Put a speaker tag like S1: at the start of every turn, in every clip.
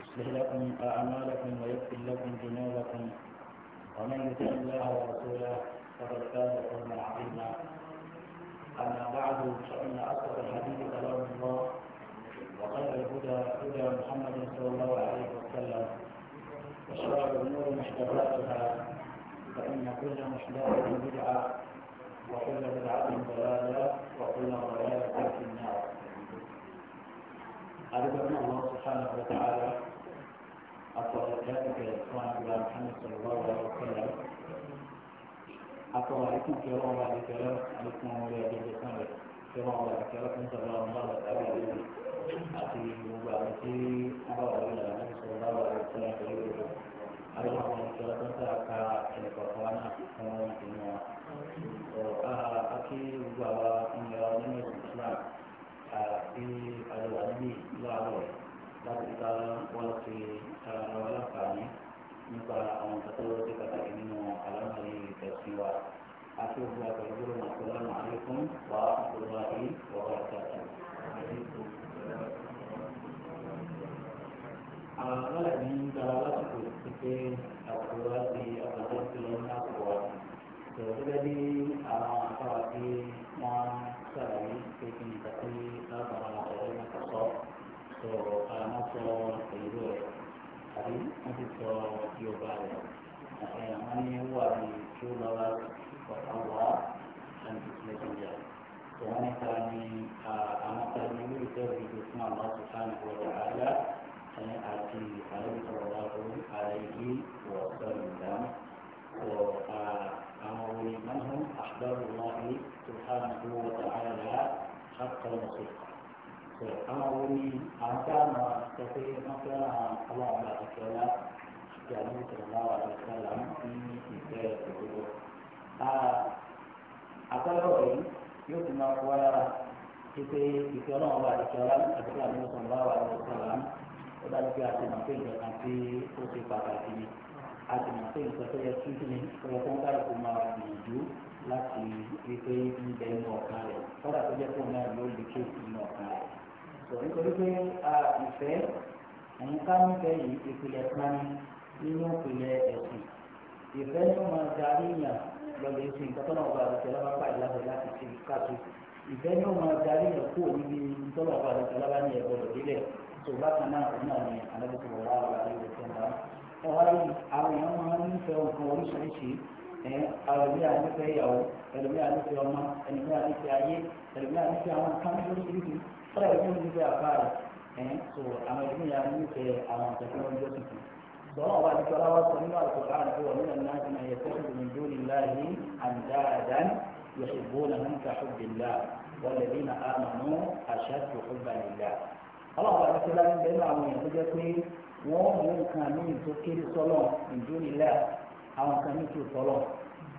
S1: يصلح لكم أعمالكم ويغفر لكم ذنوبكم ومن يطع الله ورسوله فقد فاز فوزا عظيما أما بعد فإن أصدق الحديث كلام الله وخير الهدى هدى محمد صلى الله عليه وسلم وشرع الأمور محتفاتها فإن كل محدثة بدعة وكل بدعة ضلالة وكل ضلالة في النار أرجونا الله سبحانه وتعالى أطول ذلك الإخوان إلى محمد صلى الله عليه وسلم أطول عليكم كرام الله الكرام عليكم ولي أبي الإسلام كرام الله الكرام أنت الله الله تعالى أتي مباركي أبا إلى النبي صلى الله عليه وسلم أرجو الله الكرام أنت أكا الإخوان كمان إنه أكيد بابا إن يرى النبي صلى الله عليه وسلم àti àlùwà níbi láàárọ̀ láti ká wọ́n ṣe ara wa láǹfààní nípa àwọn ìtàkùrọ̀ ti pàtàkì nínú àlámọ̀lẹ́ ìtẹ̀sìn wa àti òkú àtẹ̀gbọ́n àtẹ̀lámà àlékún wà á kúrò báyìí wọ́n wà káàkiri. Àwọn ẹ̀mí ń dára lásìkò pípé àkùrọ̀ àti àkàtà ìpìlẹ̀ ńlá kọ̀ wá. Ìrọ̀lẹ́ bí àwọn àkàwà bíi wọ́n ṣàlàyé pé kí ni kàtí lábàá ọ̀rẹ́ náà sọ sọ àwọn sọ èlò rẹ̀ àbí wọ́n ti sọ yorùbá rẹ̀ àwọn ní wà ní tó lọ́wọ́ ọ̀tá wà àti ìṣẹ̀lẹ̀ tó wọ́n nípa ní àwọn tá a ní wíwí tó fi gbé fún àwọn sọ̀tà ní wọ́n àyà ẹni àti àlejò ọ̀rọ̀ àlejò wọ̀ sọ̀rọ̀ ìdáná. أمرني منهم أحباب الله سبحانه وتعالى حقا وصدقا أمرني أن كان كثير مثلا الله على أكلا كان صلى الله عليه وسلم في كتاب الوضوء أقرأ يسمى ولا كتاب كتاب الله عليه وسلم أكلا صلى الله عليه وسلم وذلك يعتمد في الأنفي وصفاته àjùmọ̀ pé nǹkan tó yẹ kí ni ọ̀rọ̀ tó ń bá ìkó máa gbìyànjú láti rí pé ń bẹ inú ọ̀kan rẹ̀ kọ́dà tó jẹ́ fún náà ló lè ké inú ọ̀kan rẹ̀. sọ nítorí pé ìfẹ́ ẹ̀yin ká nífẹ̀
S2: yìí ìpìlẹ̀ kan nínú ìpìlẹ̀ ẹ̀sìn ìfẹ́ ni ó máa darí yàn lọ́dọ̀ ìsìn nǹkan tó náà wà lọ́dọ̀ ìjọba pàdé láti láti ṣe káàtó ni ó máa pàdé
S1: láti lábá ní ẹ̀gbọ́dọ̀ ẹ̀wárí àwọn èèyàn máa ń nífẹ̀ẹ́ nǹkan oríṣiríṣi ẹlòmíà nífẹ̀ẹ́ ìyàwó ẹlòmíà nífẹ̀ẹ́ ọmọ ẹlòmíà nífẹ̀ẹ́ ayé ẹlòmíà nífẹ̀ẹ́ àwọn
S2: nǹkan oríṣiríṣi fúnra ẹ̀mí nífẹ̀ẹ́ àbá rẹ̀ ẹ̀ so àwọn ẹlòmíà nífẹ̀ẹ́ àwọn ìtẹ̀kùn ọjọ́ tuntun sọ̀rọ̀ wà ní sọ́lá wa sọ nínú àlùkò láàrin tó wà nínú náà ní ẹ̀yẹ tẹ́sí min
S1: dunillahi andadan yuhibbunahum ka hubbillah walladhina amanu ashaddu hubban lillah. ọlọ́run bá ti sọ́lá ní bẹ́ẹ̀ ní àwọn èèyàn tó jẹ́ pé wọ́n mú nǹkan míì tó kéré sọ́lọ̀ ìdúnilẹ̀ àwọn nǹkan míì tó sọ́lọ̀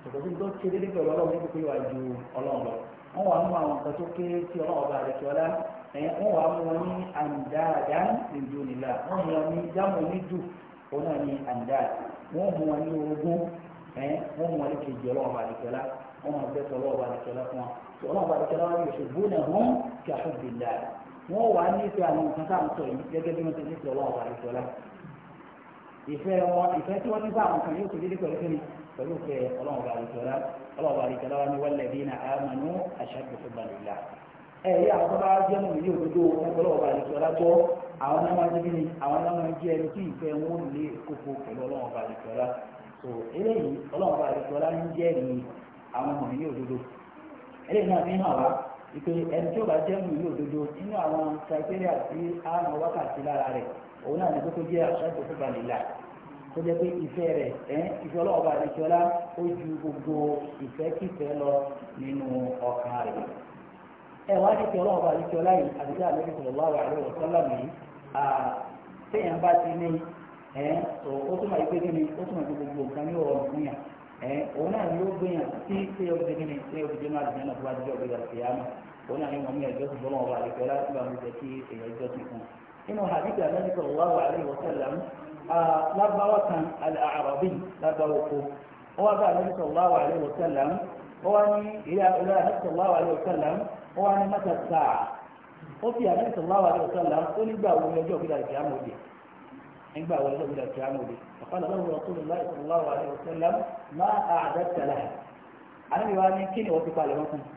S1: tòkòtò tó kéré dé pẹ̀lú ọlọ́run nípa ìwà ju ọlọ́run lọ wọ́n wà mú àwọn nǹkan tó kéré tí ọlọ́run
S2: ọba rẹ̀ tí ọlá wọ́n wà mú wọn ní àǹdáàdá ìdúnilẹ̀ wọ́n mú wọn ní jámù onídù òun náà ní àǹdáàdá wọ́n mú wọn ní ogún wọ́n mú wọn ní kejì ọlọ́run ọba rẹ̀ tí ọlá wọ́n mú wọn wọ́n wà nífẹ̀ẹ́ àwọn nǹkan tá à ń sọ yìí gẹ́gẹ́ bí wọ́n ti nífẹ̀ẹ́ ọwọ́ àwọn àìsàn ọ̀la ìfẹ́ wọn ìfẹ́ tí wọ́n ní bá àwọn kan yóò ti dídí pẹ̀lú kíni pẹ̀lú pé ọlọ́run bá ọlọ́run bá àìsàn ni wọ́n lẹ̀bi iná àmàlú àṣàbí fún balùwìlà ẹ yí àwọn tó bá jẹ́ mọ̀ ní òdodo ọlọ́run bá àìsàn ọ̀la tó àwọn náà máa jẹ́ àwọn náà máa jẹ́ ẹni tí ìfẹ́ wọn ìpè ẹni tí ó bá jẹ́ mùsùlùmí òdodo nínú àwọn criteria tí a mọ wákàtí lára rẹ̀ òun náà ní kókó jẹ́ àṣàjọ tó balẹ̀ là kó jẹ́ pé ìfẹ́ rẹ̀ ẹ́ ìfẹ́ ọlọ́ọ̀bà àdìsọ́lá ó ju gbogbo ìfẹ́kìfẹ́ lọ nínú ọkàn rẹ̀ ẹ wá ní kí ọlọ́ọ̀bà àdìsọ́lá yìí àdìsọ́ àmì sallallahu alaihi wasallam yìí téèyàn bá ti ní ẹ ó túmọ̀ ìgbé kí ni ó túmọ̀ gbogbo nǹkan ní ọ̀rọ̀ nìyà ẹ òun náà ni ó gbìyànjú sí ṣé ó ti kí ni ṣé ó ti dé náà àdìsọ́ náà tó wá òun náà ní wọn ní ẹjọ́ tó bọ́lọ́ ọba àdìgbẹ́ láti bá mi jẹ́ kí èèyàn jọ́ ti fún un. nínú hadith anabi sallallahu alayhi wa sallam lábáwá kan al-arabi lábáwá kó ó wá bá anabi sallallahu alayhi wa sallam ó wá ní ilé anabi sallallahu alayhi wa sallam ó wá ní mata sáà ó fi anabi sallallahu alayhi wa sallam ó nígbà wo ni ní kí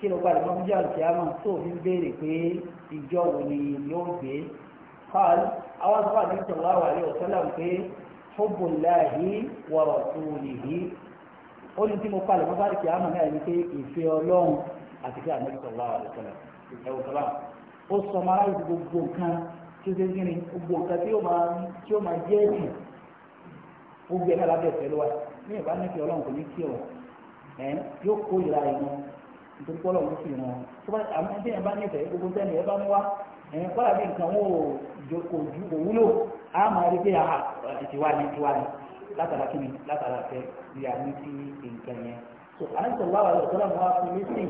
S2: kí ló padà máa ń jẹ́ àlùkìyàmà tó fi ń béèrè pé ìjọ wo ni yóò gbé paul àwọn àgbà ní sọ̀rọ̀ àwọn àlẹ́ ọ̀sọ́là ń pé fúbùláhì wọ̀rọ̀ tó lè yí ó ní tí mo padà máa bá àlùkìyàmà náà ní pé ìfẹ́ ọlọ́run àti pé àmì sọ̀rọ̀ àwọn àlẹ́ ọ̀sọ́là ẹ̀wọ̀n sọ̀rọ̀ ó sọ máa ń gbogbo nǹkan tí ó ṣe kí ni gbogbo nǹkan tí ó máa jẹ́ ẹ̀sìn gbogbo ẹ̀ lábẹ́ ìfẹ́ ló wà ní ìbánikẹ́ ọlọ́run kò ní kí ọ̀ nítorí pé ọlọ́run sì ràn tó bá àwọn ẹbí yẹn bá nífẹ̀ẹ́ gbogbo sẹ́ni ẹ bá ń wá ẹ̀yìn kọ́lá bí nǹkan wọn ò kò ju kò wúlò á máa rí pé ah, àhà ìtiwá ni ìtiwá ni látara kí ni látara fẹ́ bí a ní sí nǹkan yẹn. so anẹ́sọ̀lá wa lọ́sọ̀ làwọn wá fún mi sí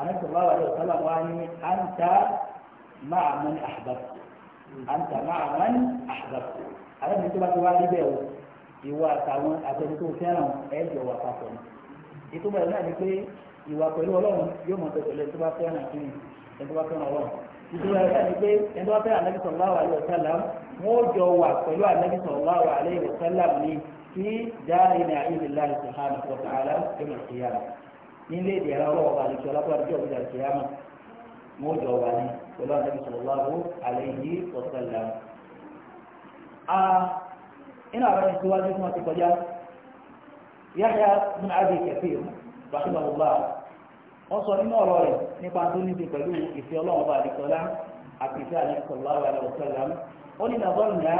S2: anẹ́sọ̀lá wa lọ́sọ̀ làwọn wá ní àǹtà máa mọ́ ní àhàbà àǹtà máa mọ́ ní àhàbà àlẹ́ tó bá ti wá níbẹ̀ o ìwọ àtàwọn àtẹnudó fẹ́ràn ẹ̀ jọ wà papọ̀ ni ìtumọ̀ ẹ̀ náà ni pé ìwà pẹ̀lú ọlọ́run yóò mọ̀ pẹ̀lú ẹni tó bá fẹ́ràn àti ẹni tó bá fẹ́ràn ọlọ́run ìdúró ẹ̀ka ni pé ẹni tó bá fẹ́ràn Ànábì sallallahu alaihi wasallam wọn ó jọ wà pẹ̀lú Ànábì sallallahu alaihi wasallam ní kí dáhìn ní àyè láì sùhánù ọ̀tà àlá ẹ̀mọ̀ ìyára nílé ìdíyàrá ọlọ́wọ́ àlejò alábàájọ́ ìjà ìyára
S1: wọn ó jọ wà ní pẹ̀lú Ànábì sallallahu alaihi wasallam.
S2: إن أردت واجب ما تقول يحيى بن أبي كثير رحمه الله wọ́n sọ nínú ọ̀rọ̀ rẹ̀ nípa tó ní pẹ̀lú ìfẹ́ ọlọ́run bá àdìsọ́lá àti ìfẹ́ àdìsọ́lá wà lọ́sọ̀lá ó ní nàbọ́nìyà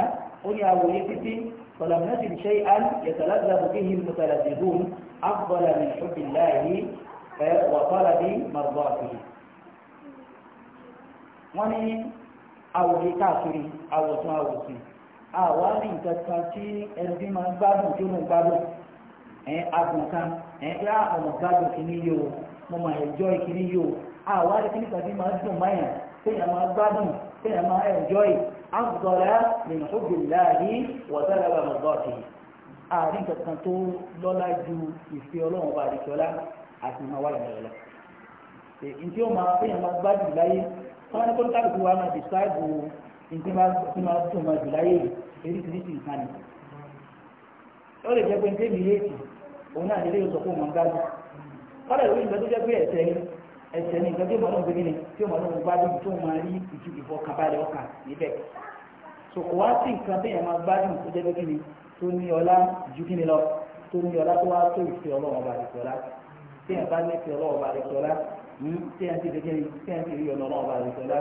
S2: ó ní àwòye títí ọ̀làmùnẹ́sì ṣe àn yẹ̀tàlágbà bùkí hin mùtàlàdìbò àbọ̀là ní ṣọ́bì láàyè ẹ̀ àfihàn. wọ́n ní káàkiri àwa ní tí máa gbádùn tó ń gbádùn ẹ̀ ẹ̀ yá gbádùn mo máa ẹ̀jọ́ ìkíní yìí o àwa rẹ̀ kíní tàbí máa dùn máyà téèyàn máa gbádùn téèyàn máa ẹ̀jọ́ ì àgbọ̀rá lè nà óbì láàyè wọ̀tẹ́lẹ̀ bá mọ̀ bọ́ọ̀tì àárín kankan tó lọ́lá ju ìfẹ́ ọlọ́run bá àdìsọ́lá àti máa wà lọ́wọ́ lọ. èyí tí ó máa téèyàn máa gbádùn láyé wọn ní kó kálukú wa máa dìsáàbù ìdí máa dùn máa jù láyé eréṣiríṣi nǹkan ni. ó lè jẹ́ pé ní kọ́lá ìwé ìgbà tó jẹ́ pé ẹ̀sẹ̀ ni ẹ̀sẹ̀ ni nǹkan tí mọ̀ lóun gbẹ́ni tí mọ̀ lóun gbádùn tó máa rí ìjú ìfọkànbalẹ̀ ọkàn níbẹ̀ sòkò wá sí nǹkan tí yẹn máa gbádùn tó jẹ́ pé ni tó ní ọlá ju kí ni lọ tó ní ọlá tó wá tó ìfẹ́ ọlọ́run ọba àdìsí ọlá tí yẹn bá ní ìfẹ́ ọlọ́run ọba àdìsí ọlá hmm, tí yẹn ti dẹ́gẹ́ tí yẹn ti rí ọlọ́run ọba àdìsí ọlá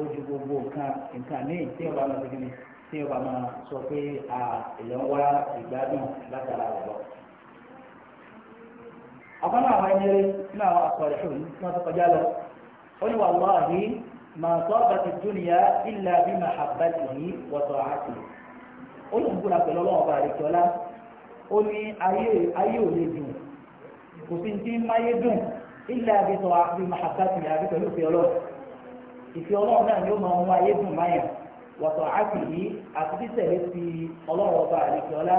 S2: ó ju gbogbo nǹkan nǹkan míì tí yẹn bá máa dẹ́gẹ́ tí yẹn bá máa sọ pé èèyàn àbámọ́ àwọn ẹni rẹ nínú àwọn àkọọ̀rẹ́ ṣòwò tí wọ́n ti kọjá lọ ó ní wàláhì màá sọ bàtì dúnìyà ilà bí màá àbàtì yìí wọ̀tọ̀ àti ó lóun búra pẹ̀lú ọlọ́wọ́ bá àríkíọ́lá ó ní ayé ò lè dùn kò sí ti máyé dùn ilà bí tọ́ àbí màá àbàtì yìí àbí pẹ̀lú ìfẹ́ ọlọ́run ìfẹ́ náà ni ó máa mú ayé dùn máyà wọ̀tọ̀ àti yìí àti títẹ̀lé ti ọlọ́wọ́ bá àríkíọ́lá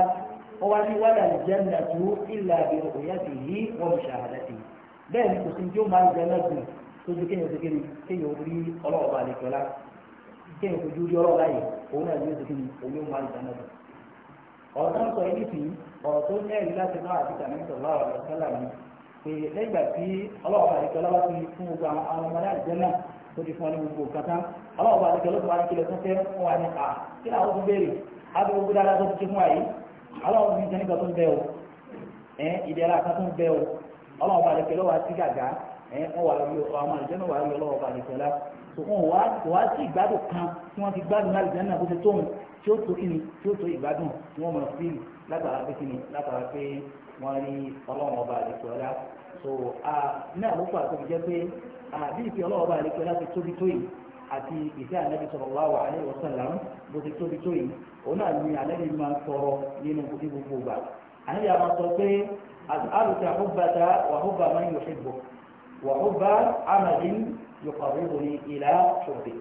S2: wọ́n wá ní wàlà ìjẹ́nà tó ìlà àbẹ̀rẹ̀ òyà sì yí wọ́n mú ṣàhàdà sí bẹ́ẹ̀ ni kò sí tí ó máa ń jẹ náà dùn tó ju kéèyàn tó kéde kéèyàn orí ọlọ́wọ́ bá lè jọlá kéèyàn tó ju orí ọlọ́wọ́ láyè òun náà yóò tó kéde òun yóò máa ń jẹ náà dùn. ọ̀rọ̀ tó ń sọ yìí nìsín ọ̀rọ̀ tó ní ẹ̀rí láti náà àti tàbí sọ̀rọ̀ ọ̀rọ̀ sálà pé lẹ́gbà aláwọ̀ bíi jẹ́ nìkan tó ń bẹ o ẹ ìdẹ́ra kan tó ń bẹ o ọlọ́wọ́ bá lẹ́kẹ́ lọ́wọ́ àti gàgà ẹ wọ́n wà lórí ọmọ àlùjẹ́ náà wà lórí ọlọ́wọ́ bá lẹ́kẹ́ lá tó wọn wá kò wá sí ìgbádùn kan tí wọ́n ti gbádùn àlùjẹ́ náà bó ṣe tóun tí ó tó kíni tí ó tó ìgbádùn tí wọ́n mọ̀ sí látara pé kíni látara pé wọ́n rí ọlọ́wọ́ bá lẹ́kẹ́ lá so náà ló fà tó fi jẹ́ pé àbí ìfi ọlọ́wọ́ bá lẹ́kẹ́ lá ti àti sallallahu alaihi wasallam bó ti òun náà ní alẹ́ mi máa tọrọ nínú ní gbogbo gbà àníyà máa sọ pé alùpùpù àhúbàtà wàhúbà máa ń yọ̀ṣẹ̀ bọ̀ wàhúbà amàdín yọ̀kọ̀rọ̀ ní ìlà ṣòfè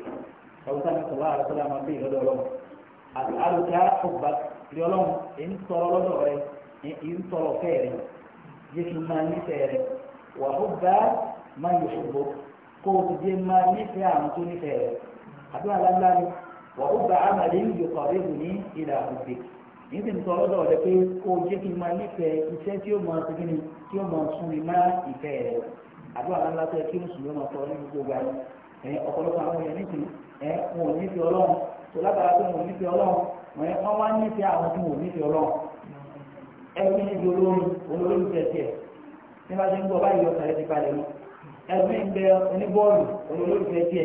S2: ọ̀rọ̀ sáà ní sọ̀rọ̀ àlùsọ̀rọ̀ àmọ́ bí ìlọ́dọ̀ ọlọ́run alùpùpù àhúbà rí ọlọ́run èyí ń tọrọ lọ́dọ̀ rẹ èyí ń tọrọ fẹ́ rẹ jésù máa nífẹ̀ẹ́ rẹ wàhúbà máa yọ̀ṣẹ̀ bọ̀ kó o ti dé máa nífẹ̀ẹ́ àwọn wọ́n bá amàlẹ́ yòkọ̀rẹ́bùnì ìlà òkè ní ti ń sọ lọ́dọ̀ rẹ pé kó o jẹ́ kí n máa nífẹ̀ẹ́ iṣẹ́ tí ó máa ṣe kíni tí ó máa sún mi má ìfẹ́ rẹ àdúrà ńlá tó yẹ kí mùsùlùmí máa sọ ní gbogbo wa ẹ ọ̀pọ̀lọpọ̀ àwọn èèyàn nìkan ẹ wọn ò nífẹ̀ẹ́ ọlọ́run tó lágbára pé wọn ò nífẹ̀ẹ́ ọlọ́run wọn wá nífẹ̀ẹ́ àwọn tí wọn ò nífẹ̀ẹ́ ọlọ́run ẹ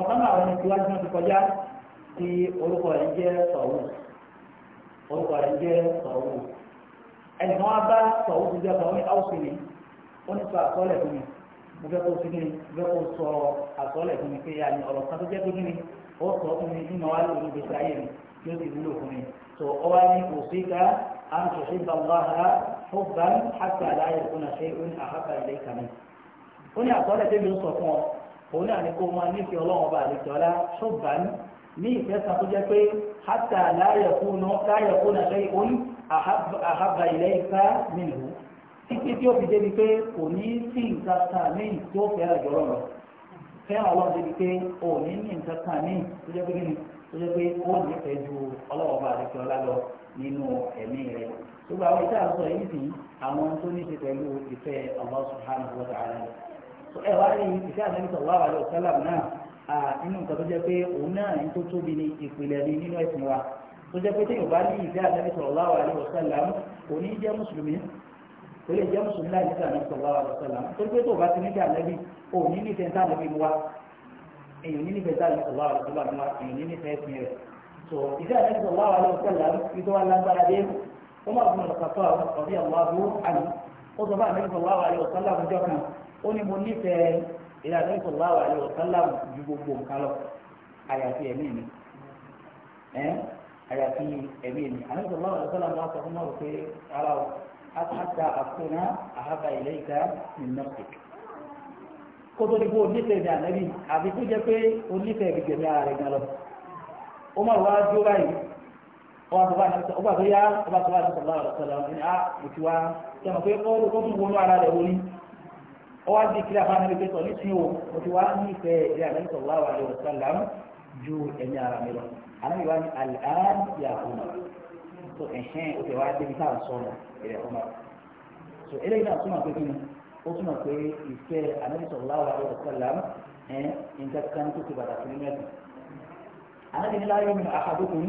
S2: ọ̀kan náà àwọn ìtiwájú náà ti kọjá tí orúkọ rẹ̀ jẹ́ sọ̀wù orúkọ rẹ̀ jẹ́ sọ̀wù ẹnì kan bá sọ̀wù ti jẹ́ sọ̀wù ní áwùsì ni ó ní sọ àsọ́ọ̀lẹ̀ fún mi mo fẹ́ kó sínú mo fẹ́ kó sọ àsọ́ọ̀lẹ̀ fún mi pé àní ọ̀rọ̀ kan tó jẹ́ pé kí ni ó sọ fún mi nínú wa lórí gbèsè ayé mi tí ó sì wúlò fún mi tó ọ wá ní òsíkà àǹtòṣe bàbáhà ó bá ń hàkà láyé fún àṣẹ ó ní àhàkà ilé ìkànnì ó ní àsọ́ọ̀lẹ̀ tẹ́lẹ̀ ó sọ fún ọ òun náà ni kó máa nífẹ̀ẹ́ ọlọ́run ọba àlejòọ́lá ṣùgbọ́n ní ìfẹ́sàn tó jẹ́ pé hátà láyẹ̀kúnà lẹ́yìn òun àhábà ilẹ̀ ìfẹ́ mìíràn títí tí ó fi débi pé kò ní sí nǹkan kan míì tí ó fẹ́ràn jọ lọ́rọ̀ fẹ́ràn ọlọ́run débi pé ò ní ní nǹkan kan míì tó jẹ́ pé kíni tó jẹ́ pé ó nífẹ̀ẹ́ ju ọlọ́run ọba àlejòọ́lá lọ nínú ẹ̀mí rẹ̀ gbogbo àwọn ìta yìí sì àwọn tó ní ẹ wá rí ìṣe ànábì sallallahu alaihi wasallam náà nínú nǹkan tó jẹ́ pé òun náà ní tó tóbi ní ìpìlẹ̀ ní nínú ẹ̀sìn wa tó jẹ́ pé téèyàn bá ní ìṣe ànábì sallallahu alaihi wasallam kò ní jẹ́ mùsùlùmí kò lè jẹ́ mùsùlùmí láì ní ànábì sallallahu alaihi wasallam tó pé tó bá ti ní jẹ́ ànábì ò ní nífẹ̀ẹ́ tá ànábì wa èèyàn ní nífẹ̀ẹ́ tá ànábì sallallahu alaihi wasallam wa èèyàn ní nífẹ̀ẹ́ ẹ̀sìn Umar bin al-Khattab radiyallahu anhu ó sọ fún ànábì sallallahu alaihi wasallam ó ní mo nífẹ̀ẹ́ ìlànà ìfọ̀lá wà lọ sálàmù ju gbogbo nǹkan lọ àyàfi ẹ̀mí mi ẹ̀ àyàfi ẹ̀mí mi àná ìfọ̀lá wà lọ sálàmù wà sọ fún mọ́rù pé ara o àtàtà àkóná àhábà ilé ìka ní nọ́ọ̀tì kótó ni kó o nífẹ̀ẹ́ mi ànábì àfi kó jẹ́ pé o nífẹ̀ẹ́ mi jẹ̀mí ara rẹ̀ gan lọ ó má wá dúró báyìí ọba tó bá ní sọ ọba tó tó bá ní sọ ọwọ́ di kílẹ̀ afáàní wípé sọ ní sinwó mo ti wá ní ìfẹ́ ìdí àlẹ́ sallallahu alaihi wasallam ju ẹ̀mí ara mi lọ àlẹ́ wa ní al'an ya Umar tó ẹ̀hẹ́n o ti wá débi tá a sọ̀rọ̀ ìrẹ̀ Umar tó eléyìí náà túmọ̀ pé kí ni ó túmọ̀ pé ìfẹ́ àlẹ́ sallallahu alaihi wasallam ẹ̀ ń kankan tó ti bàtà fún mẹ́tì àlẹ́ ní láyé mi àhàdókùn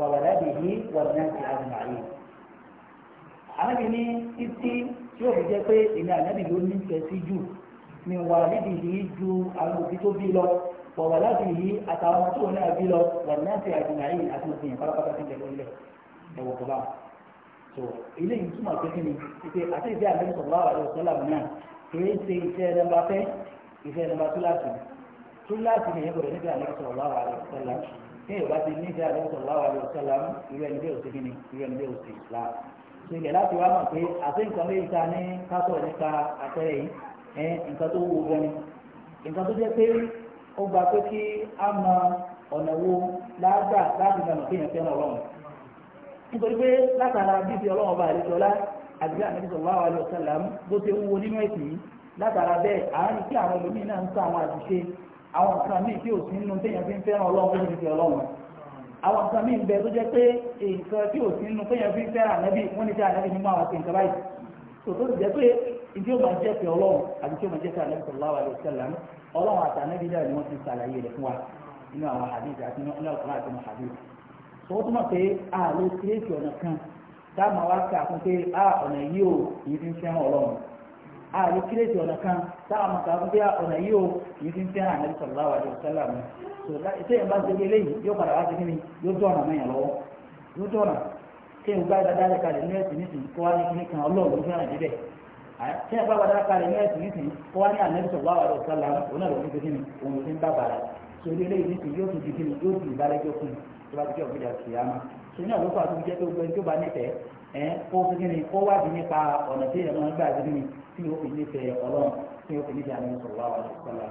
S2: wàwàládìhí wàlúùnáàtì àdùmáyé. ànábì ní títí tí yóò fi jẹ́ pé èmi ànábì ló nífẹ̀ẹ́ sí jù mi wàlúùdìhí ju àwọn òbí tó bí lọ wàwàládìhí àtàwọn tó náà bí lọ wàlúùnáàtì àdùmáyé àti òfin ìpárápátá túmọ̀ pé kí ni ìpè àti ìdí ànábì sọ̀rọ̀ àwọn àlọ́ sọ́lá náà kìí ṣe iṣẹ́ ẹ̀rọ fẹ́ iṣẹ́ ẹ̀rọ túláàsì túláàsì nìyẹn kò lè níbi ànábì sọ̀rọ̀ àwọn àlọ́ sọ́lá ní ìwà ti ní ìfẹ́ àdéhùn sọ̀rọ̀ láwàá lóò sọ̀rọ̀ láwọn irú ẹni bẹ́ẹ̀ ò sí kí ni irú ẹni bẹ́ẹ̀ ò sí islam. ṣe ìgbẹ́ láti wá mọ̀ pé àti nǹkan méjì ta ní kásọ̀ nípa àtẹ́rẹ̀ yìí ẹ̀ nǹkan tó wúwo gan ni nǹkan tó jẹ́ pé ó gba pé kí á mọ ọ̀nà wo lágbà láti mọ̀ pé yẹn fẹ́ràn ọlọ́run. nítorí pé látara bí ti ọlọ́run ọba àlejò ọlá àdìgbà àmì sọ̀rọ̀ láwàá lóò àwọn nǹkan míì tí ò sí nínú téèyàn fi ń fẹ́ràn ọlọ́run lójú ti ọlọ́run àwọn nǹkan míì ń bẹ tó jẹ́ pé nǹkan tí ò sí nínú téèyàn fi ń fẹ́ràn ànábì wọ́n ní tí ànábì nínú àwọn ti nǹkan báyìí tó tó jẹ́ pé ìdí ò máa jẹ́ pé ọlọ́run àbí tí ó máa jẹ́ pé ànábì sallallahu alaihi wasallam ọlọ́run àtànábì náà ni wọ́n ti ṣàlàyé rẹ̀ fún wa nínú àwọn hadith àti nínú ọ̀kan àti àlè kírètì ọ̀nà kan táwọn ọmọ kan bí ọ̀nà yìí ó yìí fi ń fẹ́ràn ànábì sallallahu alaihi wasallam so ìtẹ̀yìn bá ṣe eléyìí yóò padà wá sí kí ni yóò tó ọ̀nà mẹ́yìn lọ́wọ́ yóò tó ọ̀nà kí n gbá dáadáa lè kalẹ̀ ní ẹ̀sìn nísìn kó wá ní kíní kan ọlọ́run ló fẹ́ràn débẹ̀ kí n gbá dáadáa kalẹ̀ ní ẹ̀sìn nísìn kó wá ní ànábì sallallahu alaihi wasallam òun náà lọ́wọ́ kíní òun ló fi so eléyìí nísìn yóò di kíní yóò tún ìbálẹ́jọ́ fún un tó bá ti kí ọ̀gbìn sọ ní àlùfáà tó jẹ́ pé gbogbo tó bá nífẹ̀ẹ́ ẹ̀ kó kíni kó wádìí nípa ọ̀nà tí èèyàn máa gbà kíni tí o fi nífẹ̀ẹ́ ọlọ́run tí o fi nífẹ̀ẹ́ àmì sọ̀rọ̀ àwọn ọ̀sọ̀lá.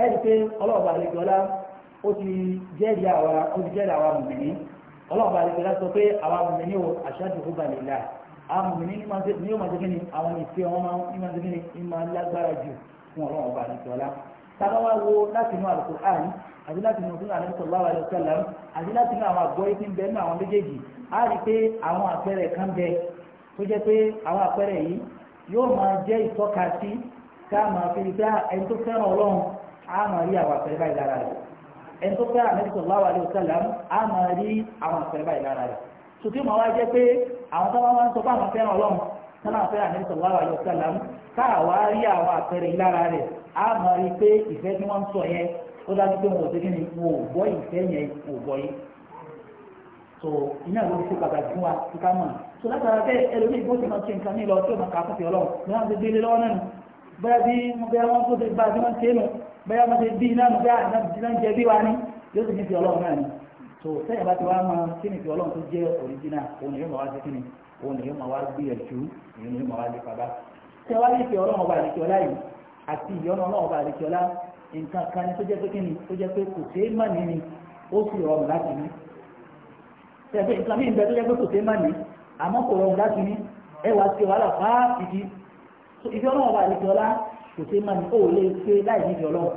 S2: ẹ rí i ọlọ́ọ̀bà àlejòọlá ó ti jẹ́rìí àwa ó ti jẹ́rìí àwa mùmìnì ọlọ́ọ̀bà àlejòọlá sọ pé àwa mùmìnì o àṣáájú ó balẹ̀ là àwọn mùmìnì ní máa ń àwọn ìfẹ́ tábà wá wo láti inú Al-Qur'an àti láti inú sunna Ànábì sallallahu alaihi wasallam àti láti inú àwọn àgbọ̀ yìí ti ń bẹ nínú àwọn méjèèjì á rí i pé àwọn àpẹẹrẹ kan bẹ tó jẹ́ pé àwọn àpẹẹrẹ yìí yóò máa jẹ́ ìtọ́ka sí ká máa fi gbá ẹni tó fẹ́ràn ọlọ́run á máa rí àwọn àpẹẹrẹ báyìí lára rẹ̀ ẹni tó fẹ́ràn Ànábì sallallahu alaihi wasallam á máa rí àwọn àpẹẹrẹ báyìí lára rẹ̀ sùtì mọ̀ wá jẹ́ pé àwọn tó bá wá ń sọ fún àwọn fẹ́ràn ọlọ́run sọ́nà fẹ́ràn Ànábì sallallahu alaihi wasallam káà wá rí àwọn àpẹẹrẹ yìí lára rẹ̀ a máa rí i pé ìfẹ́ tí wọ́n ń sọ yẹn ó dájú pé wọn ò tẹ́kẹ́ ni wọn ò gbọ́ ìfẹ́ yẹn ò gbọ́ yìí so iná ló fi pàtàkì fún wa kí ká mọ̀ so látara bẹ́ẹ̀ ẹlòmíì bó ti máa ṣe nǹkan nílọ tí ó máa kà á fún ọlọ́run ní wọ́n ti gbélé lọ́wọ́ náà nù bẹ́ẹ̀ bí bẹ́ẹ̀ wọ́n tó ti bá tí wọ́n ṣe nù bẹ́ẹ̀ wọ́n ti bí iná nù bẹ́ẹ̀ iná jẹ bí wa ní yóò sì ní fi náà ni so sẹ́yìn bá ti wá máa kí ni fi tó jẹ́ òrìjìnà òun ni yóò máa wá sí kí òun ni yóò máa wá gbìyànjú òun ni yóò máa wá lè pàbá àti ìyọ́nà ọlọ́run bá àdékíọ́lá nǹkan kan ní tó jẹ́ pé kíni tó jẹ́ pé kò sé mà ní ni ó sì rọrùn láti ní. ṣẹ̀fẹ̀ nǹkan mìíràn bẹ́ẹ̀ tó jẹ́ pé kò sé mà ní àmọ́ kò rọrùn láti ní ẹ wá sí wàhálà fá ìdí. ìfẹ́ ọlọ́run bá àdékíọ́lá kò sé mà ní ó lè ṣe láì ní ìfẹ́ ọlọ́run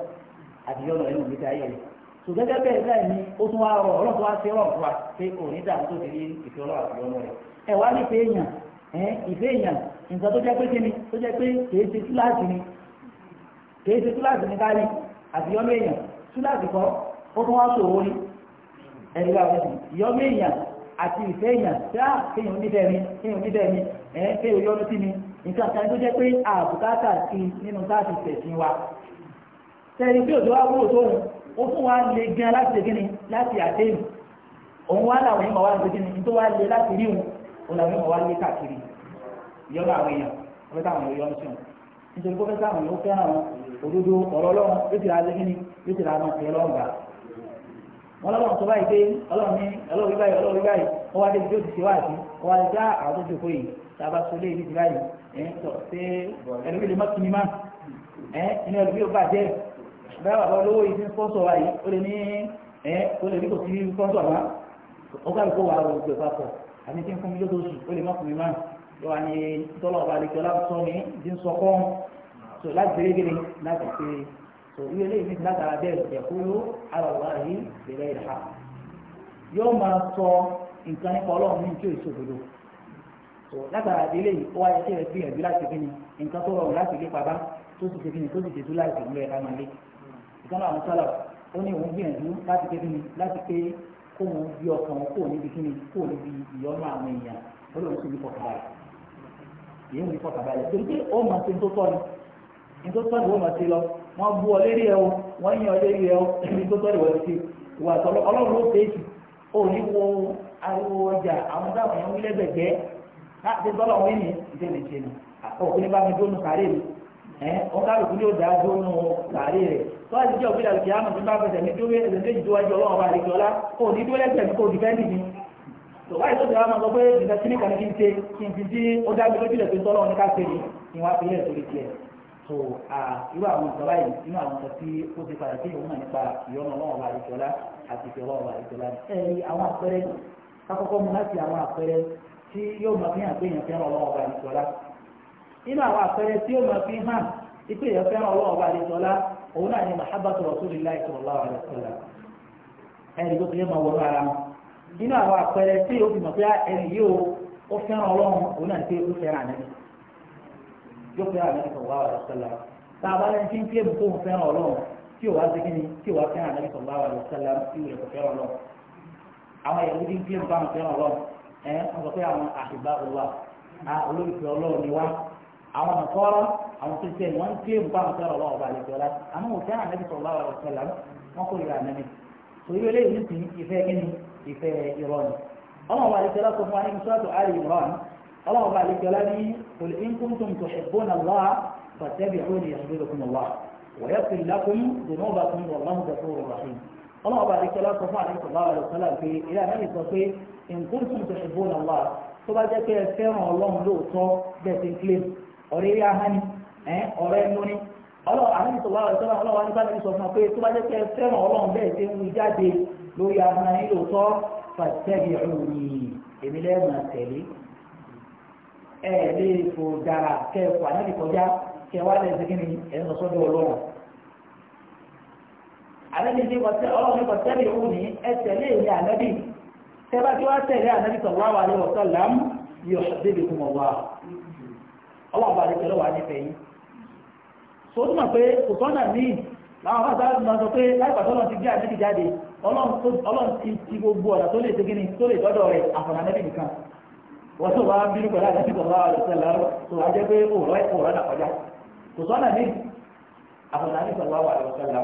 S2: àti ìyọ́nà ẹnu mi ta yẹn. sò gẹ́gẹ́ bẹ́ẹ̀ bẹ́ẹ̀ ni ó tún wá rọ ọlọ́run wá sí rọrùn kìí túláàsì ní kárí àti yọ́mọ èèyàn túláàsì kọ́ ó tún wá sòwò ní ẹ̀rí wa èèyàn àti ìfẹ́ èèyàn ṣá kéèyàn onídẹ̀ẹ́mi kéèyàn onídẹ̀ẹ́mi ẹ̀ kéèyàn yọ́nu sí mi nǹkan kan tó jẹ́ pé àbùkátà sí nínú káàtì wa tẹ̀rí pé òjò wa wúrò tóun ó fún wa gan láti láti òun wá làwọn yìí mọ̀ wá láti rí òun òun làwọn òdodo ọ̀rọ̀ ọlọ́run yóò ti ra lé kíni yóò ti ra ọmọ ìyẹn lọ́wọ́ gbà. wọn lọ́wọ́ tó báyìí pé ọlọ́run ní ọlọ́run báyìí ọlọ́run báyìí wọ́n wá débi tó ti ṣe wá àti wọ́n wá dá àwọn tó jòkó yìí tá a bá so lé ìdíje báyìí ẹ̀ ń sọ pé ẹlòmí lè ni má ẹ̀ inú ẹlòmí ò bàjẹ́ bá bàbá olówó yìí ti ń sponsor wa yìí ó lè ní ẹ̀ ó lè ní kò sí sponsor wa ó gbàgbé kó wà á gbé papọ̀ àmì tí ń fún mi lóṣooṣù ó lè má kún mi má lọ́wọ́ ni tọ́lọ́ ọba àlejò ọlá so láti ṣeré gíní láti so irú eléyìí ní látara bẹ́ẹ̀ yẹ̀kúrú àlọ́lá yìí bẹ̀rẹ̀ ìhà yóò máa sọ nǹkan nípa ọlọ́run ní ìjọ ìṣòdodo so látara délé yìí ó wáyé kí ẹ gbìyànjú láti gíní nǹkan tó rọrùn láti lépa bá tó sì ṣe gíní tó sì ṣètú láì ṣètú lẹ́ẹ̀ká máa lé ìkànnì àwọn sálà ó ní òun gbìyànjú láti pé gíní láti pé kó wọn bí ọkàn wọn kó níbi gíní kó níbi ìyọ́nú àwọn èèyàn ó lóun sì ní fọkàbalẹ̀ èyí ń ní fọkàbalẹ̀ torí pé ó mọ̀ sí tó tọ́ ni nítorí tọ́lù wọ́n máa ti lọ wọ́n bú ọ lérí ẹ o wọ́n yàn ọ lérí ẹ o nítorí tọ́lù wọ́n ti wà tọ́lọ́ ọlọ́run ló fèsì ó ní wo ariwo ọjà àwọn dáhùn yẹn wílẹ̀ gbẹ̀gbẹ́ láti tọ́lọ̀ wọ́n ní ìdílé ṣe ni òkú ní bá mi dónú kárẹ́ mi ẹ̀ wọ́n ká lóko ní ó dáa dónú kárẹ́ rẹ̀ tọ́lù jẹ́ òbí làlùkì àmọ̀ tó bá fẹsẹ̀ mi dúró ẹ̀sẹ̀ méjì tó wájú ọlọ́run bá lè jọlá ó ní dúró lẹ́sẹ̀ mi kò dìfẹ́ǹdì mi tòwáyé tó ti wá máa sọ pé ìgbà tí nìkan ní kí n ṣe kí n fi dín ó dá mi lójú lẹ̀ pé tọ́lọ́ ní ká ṣe ni ìwà fi lẹ̀ sórí tiẹ̀. so irú àwọn ìjọba yìí nínú àwọn nǹkan tí ó ti padà nípa ìyọ́nà ọlọ́run ọba àti ọba àwọn àpẹẹrẹ mu láti àwọn àpẹẹrẹ tí yóò máa fi hàn pé èèyàn ọba àwọn àpẹẹrẹ tí yóò máa fi hàn pé èèyàn fẹ́ràn ọba òun náà ni tó ti yẹ máa àwọn àpẹẹrẹ yóò fẹ́ ànábì sallallahu alaihi wasallam tá a bá lẹ́ni tí ń pè mú kóhùn fẹ́ràn ọlọ́run tí ò wá sí kí ni tí ò wá fẹ́ràn ànábì sallallahu alaihi wasallam tí ìwé kò fẹ́ràn ọlọ́run àwọn ẹ̀rú tí ń pè mú báwọn fẹ́ràn ọlọ́run ẹ̀ wọ́n sọ pé àwọn àṣìbá olúwa olólùfẹ́ ọlọ́run ni wá àwọn nàkọ́rọ́ àwọn tó ṣe wọ́n ń pè mú báwọn fẹ́ràn ọlọ́run ọba àlejò قل إن كنتم تحبون الله فاتبعوني يحببكم الله ويغفر لكم ذنوبكم والله غفور رحيم الله بارك الله صلى الله عليه وسلم في إلى من يصفي إن كنتم تحبون الله طبعا جاك يسيرون الله لوطو ذات الكليم أريد أهني أريد نوني ọlọ́run àlejò tó wá ọ̀rẹ́ sọ́nà ọlọ́run nípa lẹ́yìn sọ fún ọ pé tó bá jẹ́ pé ẹ fẹ́ràn ọlọ́run bẹ́ẹ̀ ṣe ń wí jáde lórí ahọ́n yín ẹ lè dára ànábì kọjá kẹ wá lẹ ṣẹkẹ ni sọ́dọ̀ Ọlọ́run ànábì ní kọtẹ Ọlọ́run kọtẹlẹ òun ní ẹ tẹ̀lé ìlẹ ànábì tẹbá tí wàá tẹ̀lé ànábì sọlá wà lé làm débi Ọlọ́run bá pé kò làwọn sọ pé láì pàtó Ọlọ́run ti gbé ni tó wọ́n tó wàá bínú pẹ̀lú àdásí tó wàá rẹ̀ sẹ́lẹ̀ lọ tó wàá jẹ́ pé òòrọ̀ òòrọ̀ nà kọjá kò sọ́nà ní àfọ̀nà ní sọ̀rọ̀ wà lọ sẹ́lẹ̀ lọ.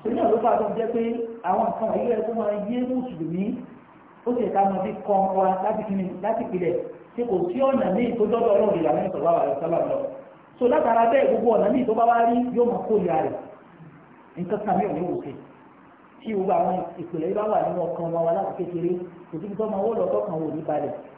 S2: tó ní ọ̀lọ́pàá tó jẹ́ pé àwọn nǹkan ìlú ẹ̀ tó máa yé mùsùlùmí ó sì ká wọn fi kọ́ wa láti kíni láti pilẹ̀ tí kò sí ọ̀nà ní ìtòjọ́dọ̀ ọlọ́run so látara bẹ́ẹ̀ gbogbo ọ̀nà ní ìtọ́ba wá rí yóò máa kó ìyá rẹ̀ nǹkan kan mi ò ní wò sí tí gbogbo àwọn ìpìlẹ̀ yìí bá wà nínú ọkàn wọn wà láti kékeré kò síbi tó máa wọ́ lọ́tọ́ kan wò ní balẹ̀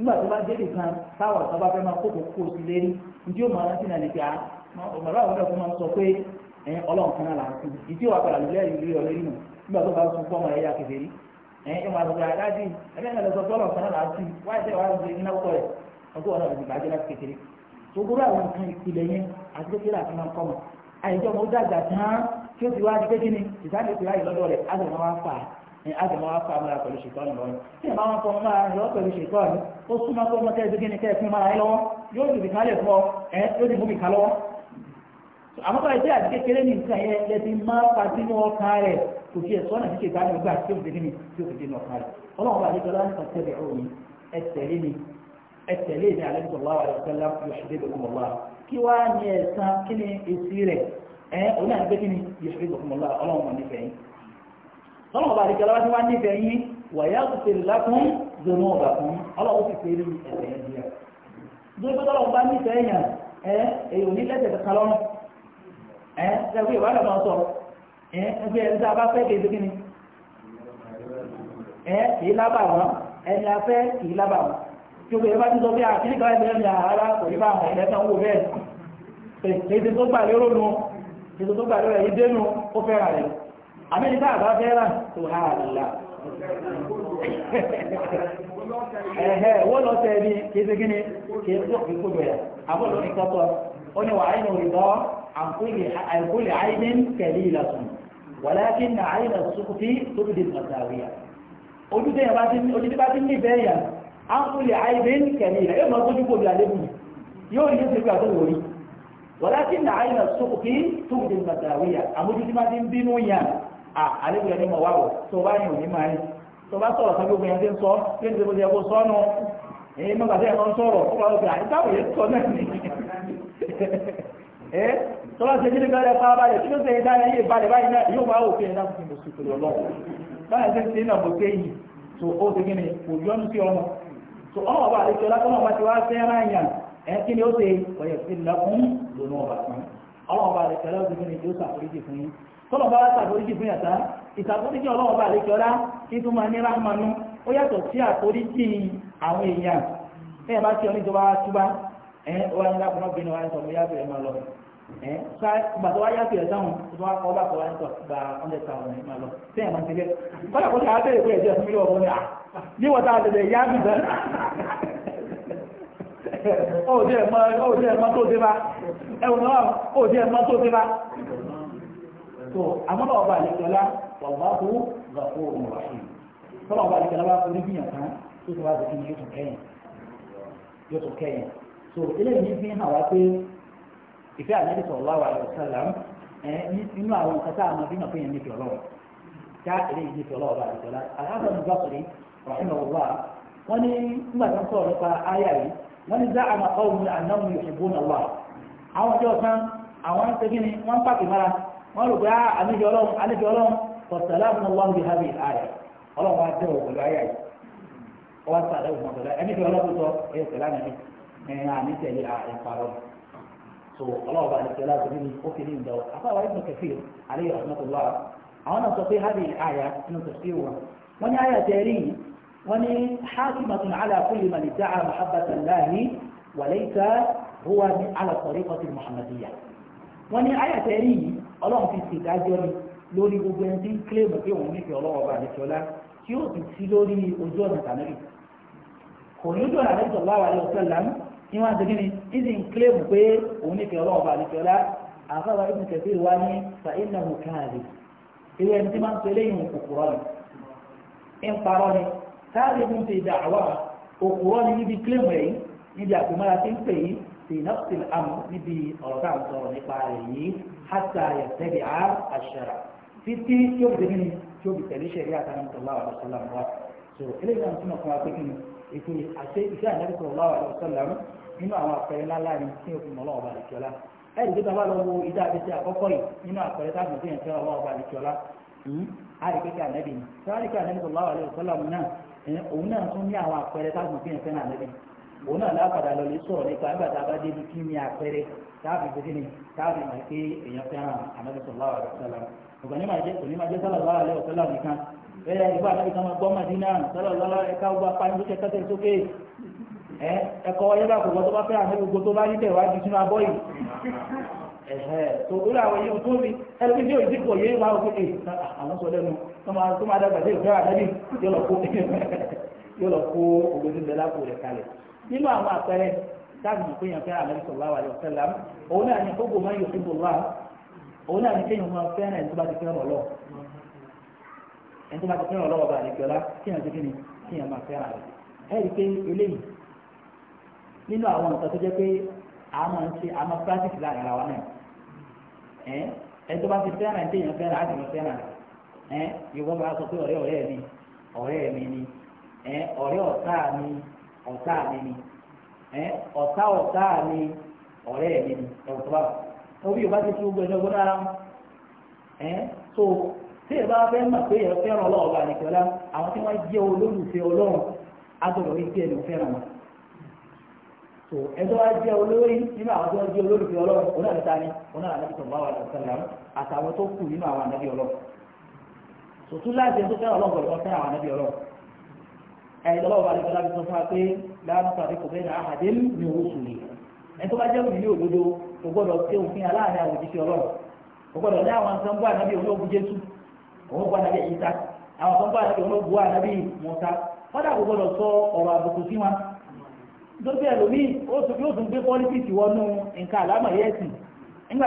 S2: nígbà tó bá dé nìkan táwọn ọ̀sán bá fẹ́ máa kókò kó sí lérí ìdí òun aláǹtí náà nìkà ọ̀mọ̀lá àwọn ọ̀dọ́ máa ń sọ pé ẹ̀yin ọlọ́run kan náà là ń sìn ìdí òun àpàlà lulẹ̀ ìrírí ọ̀rẹ́ nù nígbà tó bá sún fọ́ọ̀mù ẹ̀yà kékeré ẹ̀yin ìwà àgbà adájí ẹ̀yin náà lọ sọ ọlọ́run kan náà là ń sìn wáyé tẹ́ wàá ń gbé nínú ọkọ̀ rẹ̀ ọkọ̀ ọ̀nà òdìgbà jẹ́ láti kékeré gbogbo àwọn nǹkan ìpìlẹ̀ yẹn àti kékeré àti máa ń kọ́ mọ̀ àyíjọ́ mo dàgbà tán kí ó ti wá di pé kí ni ìsáàlì ni a jẹmọ afa amara pẹ̀lú ṣètọ́nù lọ́wọ́ tí ẹ bá wọn fọ máa lọ pẹ̀lú ṣètọ́nù ó súnmọ́ pé ọmọ kẹ́ẹ̀dógé ni kẹ́ẹ̀kún máa yín lọ́wọ́ yóò dìbì kan lè fọ ẹ yóò dìbò bì kan lọ́wọ́. àmọ́ báyìí tí àti kékeré ní nǹkan yẹn lẹ ti máa pa sínú ọkàn rẹ̀ kò fi ẹ̀sọ́ náà ti ṣe ìgbà nígbà tí ó fi dé ní tí ó fi dé ní ọkàn rẹ̀ ọlọ́run bá dé jọlá nípa tẹ́lẹ̀ òní ẹ tẹ̀lé mi ẹ tẹ̀lé ní alẹ́ ní ẹ̀sán kí ni tọ́lọ́wọ́ bá àdìkẹ́ lọ́wọ́ tí wọ́n nífẹ̀ẹ́ yín wàyà kùtè lákùn zonu ọ̀gá fún ọlọ́wọ́ ti fèrè ẹ̀sẹ̀ yẹn díẹ̀. dókítà tọ́lọ́wọ́ bá nífẹ̀ẹ́ yàn ẹ èyí ò ní lẹ́sẹ̀ kankan lọ́rùn ẹ ẹgbẹ́ ìwádà máa sọ ẹ ẹgbẹ́ ẹni tí a bá fẹ́ kéde kí ni ẹ kìí lábà wọn ẹni a fẹ́ kìí lábà wọn tí o bẹ̀rẹ̀ bá ti sọ bí àkíní kan ẹgbẹ́ amẹ́ríkà àbá fẹ́ràn tó ha àlàlà
S3: ẹ̀hẹ́ wọ́n lọ tẹ́
S2: ẹbí kéèsè gíní kéèsè òfin kó bẹ̀rẹ̀ àbọ̀lọ́ ìkọ́tọ̀ ó ní wà áyínà òrìbọ́ àǹkólè àyínín kẹ̀lí ìlàsùn wàlákì nà àyínà sùkùtì tó bí dìbò sàwíyà ojú tẹ́yà bá ti ojú tí bá ti ní bẹ́ẹ̀ yà àǹkólè àyínín kẹ̀lí ìlà yóò máa tójú kóbi àlébù yóò ní ṣe pé àmójútí má ti ń bínú yàn A àlejò ẹni mọ̀ wá wò tó bá yìn òní máa yìn tó bá sọ̀rọ̀ sábẹ́ ogun yẹn ti ń sọ kí n ti bó ti yẹ kó sọ nù èyí mọ̀ bàtẹ́ ẹ̀kọ́ ń sọ̀rọ̀ ó wàá gbà ìtàwé yẹn sọ náà ni ẹ eh, tó bá ṣe jírí gbẹ́rẹ́ pa balẹ̀ tí ó ṣe ìdá ẹ̀yẹ balẹ̀ báyìí náà yóò máa wò pé ẹ̀dá fún sí ọlọ́run báyìí ni tọ́lọ̀ bá ṣàforíjì fún yàtá ìṣàforíjì ọlọ́wọ́ bá àlejò ọlá títún máa ní rámanú ó yàtọ̀ sí àforíjì àwọn èèyàn ẹ bá tí ọ ní ìjọba túbá ẹ wà ní lápò náà bínú wa ní sọmọ yàtọ̀ ẹ máa lọ ẹ ṣá gbàtọ́ wa yàtọ̀ ẹ sáwọn tó wá kọ́ bá kọ́ wa ní sọ gba ọ̀ndẹ̀ sàwọn ẹ máa lọ sí ẹ̀ máa ti bẹ́ kọ́lá kó ṣe àbẹ̀rẹ̀ pé ẹ̀jẹ̀ fún mi lọ́wọ́ ní à ah, ní wọ́n
S3: ta
S2: tó àmọ́nà ọba àlejòlá wallahu ghafurur rahim tọ́lá ọba àlejòlá bá forí bíyàn kan tó ti wá sí kíni yóò yóò tún so eléyìí fi hàn wá pé ìfẹ́ ànábì sallallahu alaihi wasallam nínú àwọn nǹkan tá a máa bímọ péye níbi ká eléyìí níbi ọlọ́run ọba àlejòlá aláàbọ̀ nígbà pẹ̀lú rahimahullah wọ́n ní nígbà tó ń sọ̀rọ̀ nípa áyà yìí wọ́n ní àwọn ọjọ́ kan àwọn ń segin ni wọ́n ń pàkì wọ́n rò pé ah, àníjọ ọlọ́run àníjọ ọlọ́run kọ̀sẹ̀lá fún ọlọ́run bí hábì ààrẹ ọlọ́run wa dẹ̀ wọ̀ pẹ̀lú ayé ọ wá sàdé wọn pẹ̀lú ẹni tí ọlọ́run sọ ẹ sẹ̀lá nìyí ẹ̀yìn àní tẹ̀lé ààrẹ ah, parọ́ so ọlọ́run bá ní sẹ̀lá fún mi ó fi ní ìdá o afáwa ibùn kẹfì àlẹ́ ọ̀sánàtọ̀lá àwọn náà sọ pé hábì ààyà inú tẹ̀sí wọn wọ́n ní àyà tẹ̀rí wọ́n ní hákìmọ̀tún àlà kúlì mà ní dáa mahabbatan láàyè wàlẹ́ ìta huwa ní àlà tọ̀rí kọ́tì muhammadiyya wọ́n ní ayàtẹ̀ rí yìí ọlọ́run ti ṣèdájọ́ ni lórí gbogbo ẹni tí ń kílèmù pé òun nífẹ̀ẹ́ ọlọ́wọ́ bá àdìsọ́lá tí yóò ti sí lórí ojú ọ̀nà tànàbì kò ní ojú ọ̀nà àdìsọ́ láwa ẹ̀ ọ̀sẹ̀ lánà ní wọ́n ti kíni ìdí ń kílèmù pé òun nífẹ̀ẹ́ ọlọ́wọ́ bá àdìsọ́lá àfáwà ibùn kẹfì wá ní fa iná hù ẹni tí máa ń sọ eléyìí òkùrọ̀ ni ń parọ́ ni káàdì ibùn ti dà wà òkùrọ̀ ni níbi kílèmù yìí níbi àpòmọ́ra ti ń pè yìí في نفس الأمر نبي أربع دور نقاله حتى يتبع الشرع في تي شوف دهني شوف تلي شريعة النبي صلى الله عليه وسلم سو إلى أن سمع قاتكين يقول أشيء إذا النبي صلى الله عليه وسلم إنه أمر فإلا لا يمكن يكون الله بارك ولا ẹ̀rí tó dábàá lọ́wọ́ ìdá àbẹ̀tẹ̀ àkọ́kọ́ yìí nínú àpẹẹrẹ táwọn ọ̀sẹ̀ yẹn fẹ́ ọlọ́wọ́ ọba àdìsọ́lá àríkẹ́kẹ́ ànẹ́bí ni sáríkẹ́ ànẹ́bí sọ̀lá wà lẹ́yìn sọ́lá òun náà òun náà tún ní àwọn àpẹẹrẹ táwọn ọ̀sẹ̀ yẹn fẹ́ náà ànẹ́bí òun náà lápadà lọ lè sọ̀rọ̀ nípa nígbà tá a bá débi kí ni àpẹẹrẹ táàbì gbèsè ni táàbì máa pé èèyàn fẹ́ràn ànábì sallallahu alaihi wasallam ọ̀gá ní máa jẹ́ òní máa jẹ́ sallallahu alaihi wasallam nìkan bẹ́ẹ̀ ìgbà ànábì kan máa gbọ́ màdínà sallallahu ẹ̀ka gbọ́ apáyélujára kẹ́tẹ́ sókè ẹ̀ ẹ̀kọ́ yẹ́bà kò gbọ́ tó bá fẹ́ ànábì gbogbo tó bá ní tẹ̀ wájú sínú abọ́ yìí tó ó láwọn yóò tó mi ẹlẹ́bí tí yóò ti pọ̀ yéé máa wọ́pẹ́ ah, àwọn sọ lẹ́nu tó máa tó máa dàgbà sí ìfẹ́ àdábì yóò nínú àwọn àpẹẹrẹ táàbù mọ̀ pé yàn fẹ́ràn ànábì sallallahu alaihi wasallam òun náà ni gbogbo máa ń yòókù bò wá òun náà ni kéèyàn máa fẹ́ràn ẹni tó bá ti fẹ́ràn ọlọ́ ẹni tó bá ti fẹ́ràn ọlọ́wọ́ bá àlejò ọlá kéèyàn ti kíni kéèyàn máa fẹ́ràn rẹ̀ ẹ rí i pé eléyìí nínú àwọn nǹkan tó jẹ́ pé a máa ń ṣe a máa practice láàrin ara wa náà ẹ ẹni tó bá ti fẹ́ràn ẹni téèyàn fẹ́ràn á sì máa fẹ́ràn rẹ̀ ni ọ̀tá mi ni ọ̀tá ọ̀tá mi ọ̀rẹ́ mi ni ẹ̀rọ tó bá wà orí ìbá ti fi gbogbo ẹ̀jọ̀ gbọ́dọ̀ ara wọn so tí ìbá fẹ́ mọ̀ pé ẹ̀rọ fẹ́ràn ọlọ́ọ̀bà nìkọ́lá àwọn tí wọ́n jẹ́ olólùfẹ́ ọlọ́run agbọ̀dọ̀ rí tí ẹ̀rọ fẹ́ràn wọn so ẹjọ́ wa jẹ́ olórí nínú àwọn tí wọ́n jẹ́ olólùfẹ́ ọlọ́run onáàlẹ́ta ni onáàlẹ́ta tó bá wà lọ́sẹ̀lẹ̀ àtàwọn tó kù nínú àwọn ànábì ọlọ́run sòtún láti ẹjọ́ fẹ́ràn ẹ̀yìnlọ́wọ́ bá dị láti sọ fún wa pé na bẹ́ẹ̀ ní àhàdé ní owó ẹ̀ tó bá jẹ́ òní òdodo kò gbọ́dọ̀ tí òun fi hàn láàrin àwọn ọlọ́run kò gbọ́dọ̀ ní àwọn ànábì jésù òun ànábì àwọn ànábì ànábì fọ́dà kò gbọ́dọ̀ sọ ọ̀rọ̀ àbùkù sí wọn. ẹlòmíì yóò tún gbé wọnú nǹkan àlámọ̀ nígbà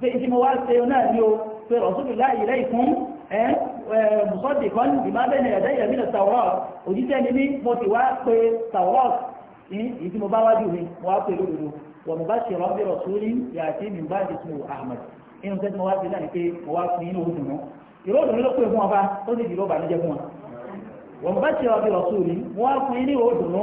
S2: pé ìdí mo wá ṣe náà ni o pé rọ̀sùlù láàyè lẹ́yìn fún mùsọ́dì kan ìmá bẹ́ẹ̀ ni ẹ̀dá ìyẹ̀mí lọ tàwọ́ òjíṣẹ́ ni mí mo ti wá pé tàwọ́ ìdí mo bá wájú mi mo wá pé lódodo wọ́n mo bá ṣe rọ́bì rọ̀sùlù yàtí mi bá ti tu Ahmad inú sẹ́ni mo wá ṣe náà ni pé mo wá fún inú òdùnú ìró òdùnú ló pè fún ọba ó sì dìrò bànújẹ́ fún wa wọ́n mo bá ṣe rọ́bì rọ̀sùlù mo wá fún inú òdùnú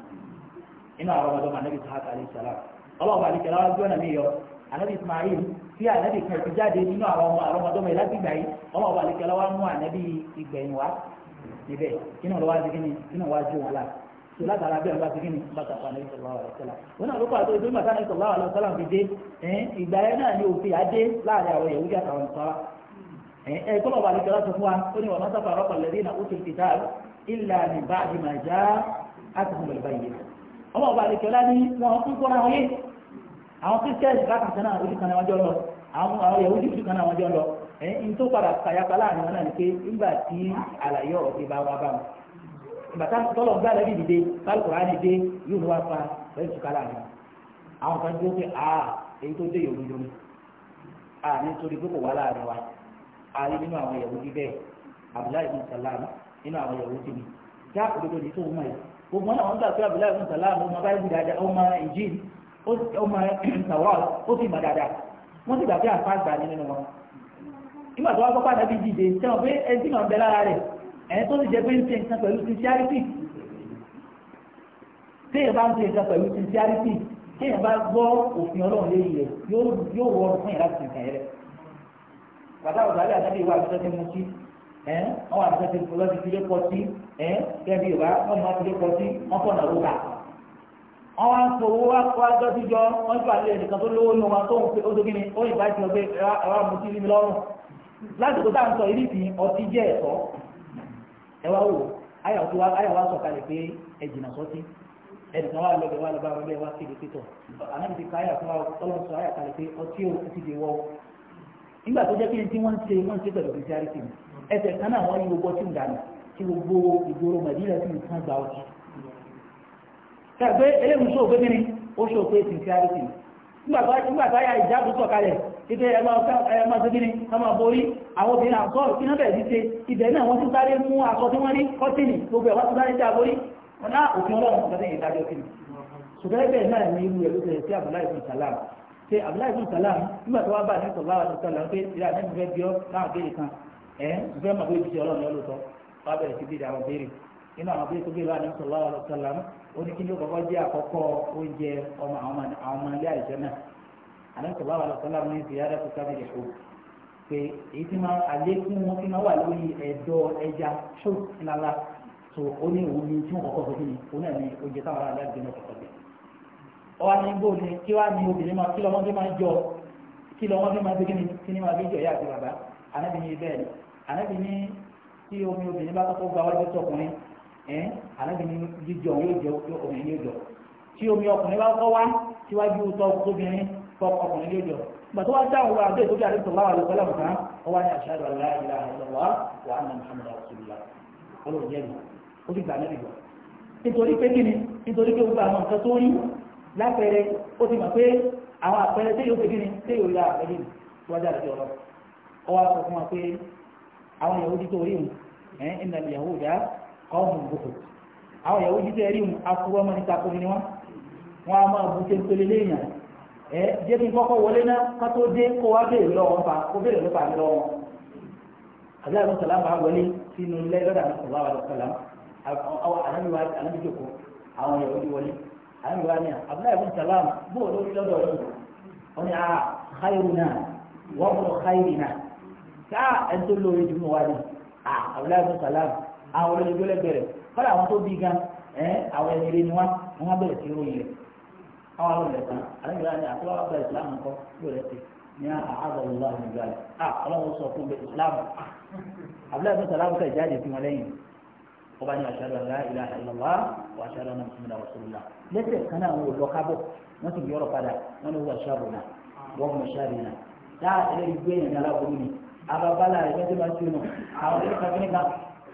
S2: inú àwọn ọmọdé anabi sahaka alayhi salam ọlọ́wọ́ àlejò aláwọ̀ gbọ́nà mi yọ anabi ismail tí anabi kan ti jáde nínú àwọn ọmọ ọmọdé ọmọ ìlàjì gbà yìí ọlọ́wọ́ àlejò aláwọ̀ mú anabi ìgbẹ̀yìn wá níbẹ̀ inú ọlọ́wọ́ àti kíni inú wa jó wọn la tó látara bí ọlọ́wọ́ àti kíni bàtà fún anabi sọlọ́wọ́ alayhi salam wọn náà ló kọ́ àti ìdúró màtá anabi sọlọ́wọ́ alayhi salam fi dé ìgbà yẹn náà ni òfin adé láàrin àwọn yẹ̀wù jẹ́ àtàwọn ìsọ́ra ẹ̀ kọ́lọ̀ wà ní kẹlá sọ ọmọ ọba àlekẹ́lá ní wọn kún kọ́ra wọn yé àwọn christians bákan kan náà ojú kan náà wọ́n jọ lọ àwọn àwọn yahudi ojú kan náà wọ́n jọ lọ ẹ̀yìn tó padà kàyàpá láàrin wọn náà ni pé nígbà tí àlàyé ọ̀rọ̀ bá wa bá wọn ìgbà tọ́lọ̀ gbá lẹ́bí dìde kálukùrá dìde yóò ní wá fa lẹ́yìn tó kálá rẹ̀ àwọn kan dúró pé a èyí tó dé yòlú lórí a nítorí pé kò wá láàrin wa a rí nínú àwọn yahudi bẹ́ẹ̀ abdullahi bin salam nínú àwọn yahudi mi já òdodo ní tó wọ́n mọ̀ yìí gbogbo náà wọ́n gbà pé abdullahi ibn salam ọmọ báyìí dáadáa ọmọ ìjìn ọmọ ìtàwọ́ ó ti mọ̀ dáadáa wọ́n ti gbà pé àfa gbà nínú wọn. nígbà tó wá gbọ́ pàtàkì dìde sẹ́wọ̀n pé ẹtí náà bẹ lára rẹ̀ ẹ̀yìn tó ti jẹ pé ń ṣe nǹkan pẹ̀lú sincerity téèyàn bá ń ṣe nǹkan pẹ̀lú sincerity téèyàn bá gbọ́ òfin ọlọ́run lẹ́yìn rẹ̀ yóò rọrùn fún yàrá ẹ na àti sẹ́sẹ́ ìfọlọ́ ti tilé pọ̀ sí ẹ kẹ́bi yorùbá wọ́n máa tilé pọ̀ sí wọ́n fọ̀ owó wá kó ajọ́ síjọ tó tó ó ti ń wò ẹsẹ̀ kan náà wọ́n yí gbogbo tí ń dànù tí gbogbo ìgboro màdínà tí nǹkan gbà ó ti. kàgbé eléyìí sọ òfin kíni ó sọ pé sincerity nígbà tó yà ìjáàbù sọ̀kalẹ̀ ibi ẹ máa ṣe kíni ká máa borí àwọn obìnrin àkọ́ kí náà bẹ̀rẹ̀ ṣe ibẹ̀ náà wọ́n ti sáré mú aṣọ tí wọ́n ní kọ́tìnì gbogbo ẹ̀ wọ́n ti sáré já borí wọn náà òfin ọlọ́run kọ́tẹ́ yìí dájọ́ kíni. ṣùgbọ́n ẹ ìfẹ́ màgbé ibi tí ọlọ́run yọ lóòótọ́ wàá bẹ̀rẹ̀ sí bíi àwọn béèrè nínú àwọn béèrè tó béèrè àdéhùn sọlá ọlọ sọlá ó ní kí ní kọ́kọ́ jẹ́ àkọ́kọ́ oúnjẹ ọmọ àwọn ọmọ ilé àìjọ náà àdéhùn sọlá ọlọ sọlá ní ìfìyàrá tó sábẹ̀ ìṣó pé èyí tí máa àlékún wọn tí máa wà lórí ẹ̀dọ̀ ẹja ṣó ńláńlá tó ó ní òun ní tí wọn kọ́kọ́ fún mi òun náà ní oúnjẹ táwọn ará ni kí wàá ní obìnrin máa kí lọ́mọdé máa jọ kí lọ́mọdé máa gbé kí ni ànábì ni? tí omi obìnrin bá kọ́kọ́ gba wájú tọkùnrin ẹ̀ ànábì ni? jíjọ yóò jẹ obìnrin yóò jọ tí omi ọkùnrin bá kọ́ wá síwájú tọkùnrin tọ ọkùnrin yóò jọ gbàtọ́ wá dáhùn wa àdó ìtọ́jú àdéhùn sọ̀rọ̀ àwọn ọ̀làwọ̀ kan ọwọ́ ní ashhadu an la ilaha illallah wa anna muhammadar rasulullah ọlọ́run yẹn ó ti gbà náà lọ nítorí pé kíni nítorí pé gbogbo àwọn nǹkan tó rí lápẹẹrẹ ó ti mọ̀ pé àwọn àpẹẹrẹ tí yóò fi kíni tí yóò rí àpẹẹrẹ níwájú àti ọ̀rọ̀ ọwọ́ sọ fún wa pé àwọn yahudi tó rí mu ẹ̀ ẹ̀ ẹ̀ yahuda kọ́ọ̀mù gbogbo àwọn yahudi tó rí mu akuru ọmọ níta kó ni wọn wọn a máa bu tẹ́ntẹ́lẹ́ lẹ́yìn ẹ̀ jẹ́ kí n kọ́kọ́ wọlé náà kátó dé kó wá béèrè lọ́wọ́ fa kó béèrè lọ́wọ́ fa lọ́wọ́ àdúrà ló sàlámù bá wọlé sínú lẹ́lọ́dà ló sọ̀rọ̀ àwọn sàlámù àwọn àlámìwá àlámìjòkó àwọn yahudi wọlé àlámìwá ni abdullahi bin salam bó lórí lọ́dọ̀ ọ̀hún ọ̀hún wọ́n mú khairu káà ẹni tó lórí jùmọ̀ wá ní Abdullahi bin Salam àwọn olóyìnbó lẹ́gbẹ̀rẹ̀ kọ́lá àwọn tó bí gan àwọn ẹni eré ni wá wọn á bẹ̀rẹ̀ sí ròyìn rẹ̀ àwọn àwọn ọ̀rẹ́ kan àlejò àti àtúwà ọ̀gá ìsìlámù kọ́ yóò rẹ̀ sí ní àhàzọ̀ ìlú àwọn ìgbà rẹ̀ ọlọ́run sọ fún ìsìlámù Abdullahi bin Salam kọ́ ìjáde sí wọn lẹ́yìn ọba ní aṣáájú àlá ilá ìlọ́wà wà aṣáájú àná mùsùlùmí rasulùlá lẹ́sẹ̀ wọ́n mọ̀ aṣáájú náà dáa ẹlẹ́rìí gbé yẹn ní aláboyún ni ababala rẹ̀ lọ́jọ́ bá ti nù àwọn tó kọ́ kíní kan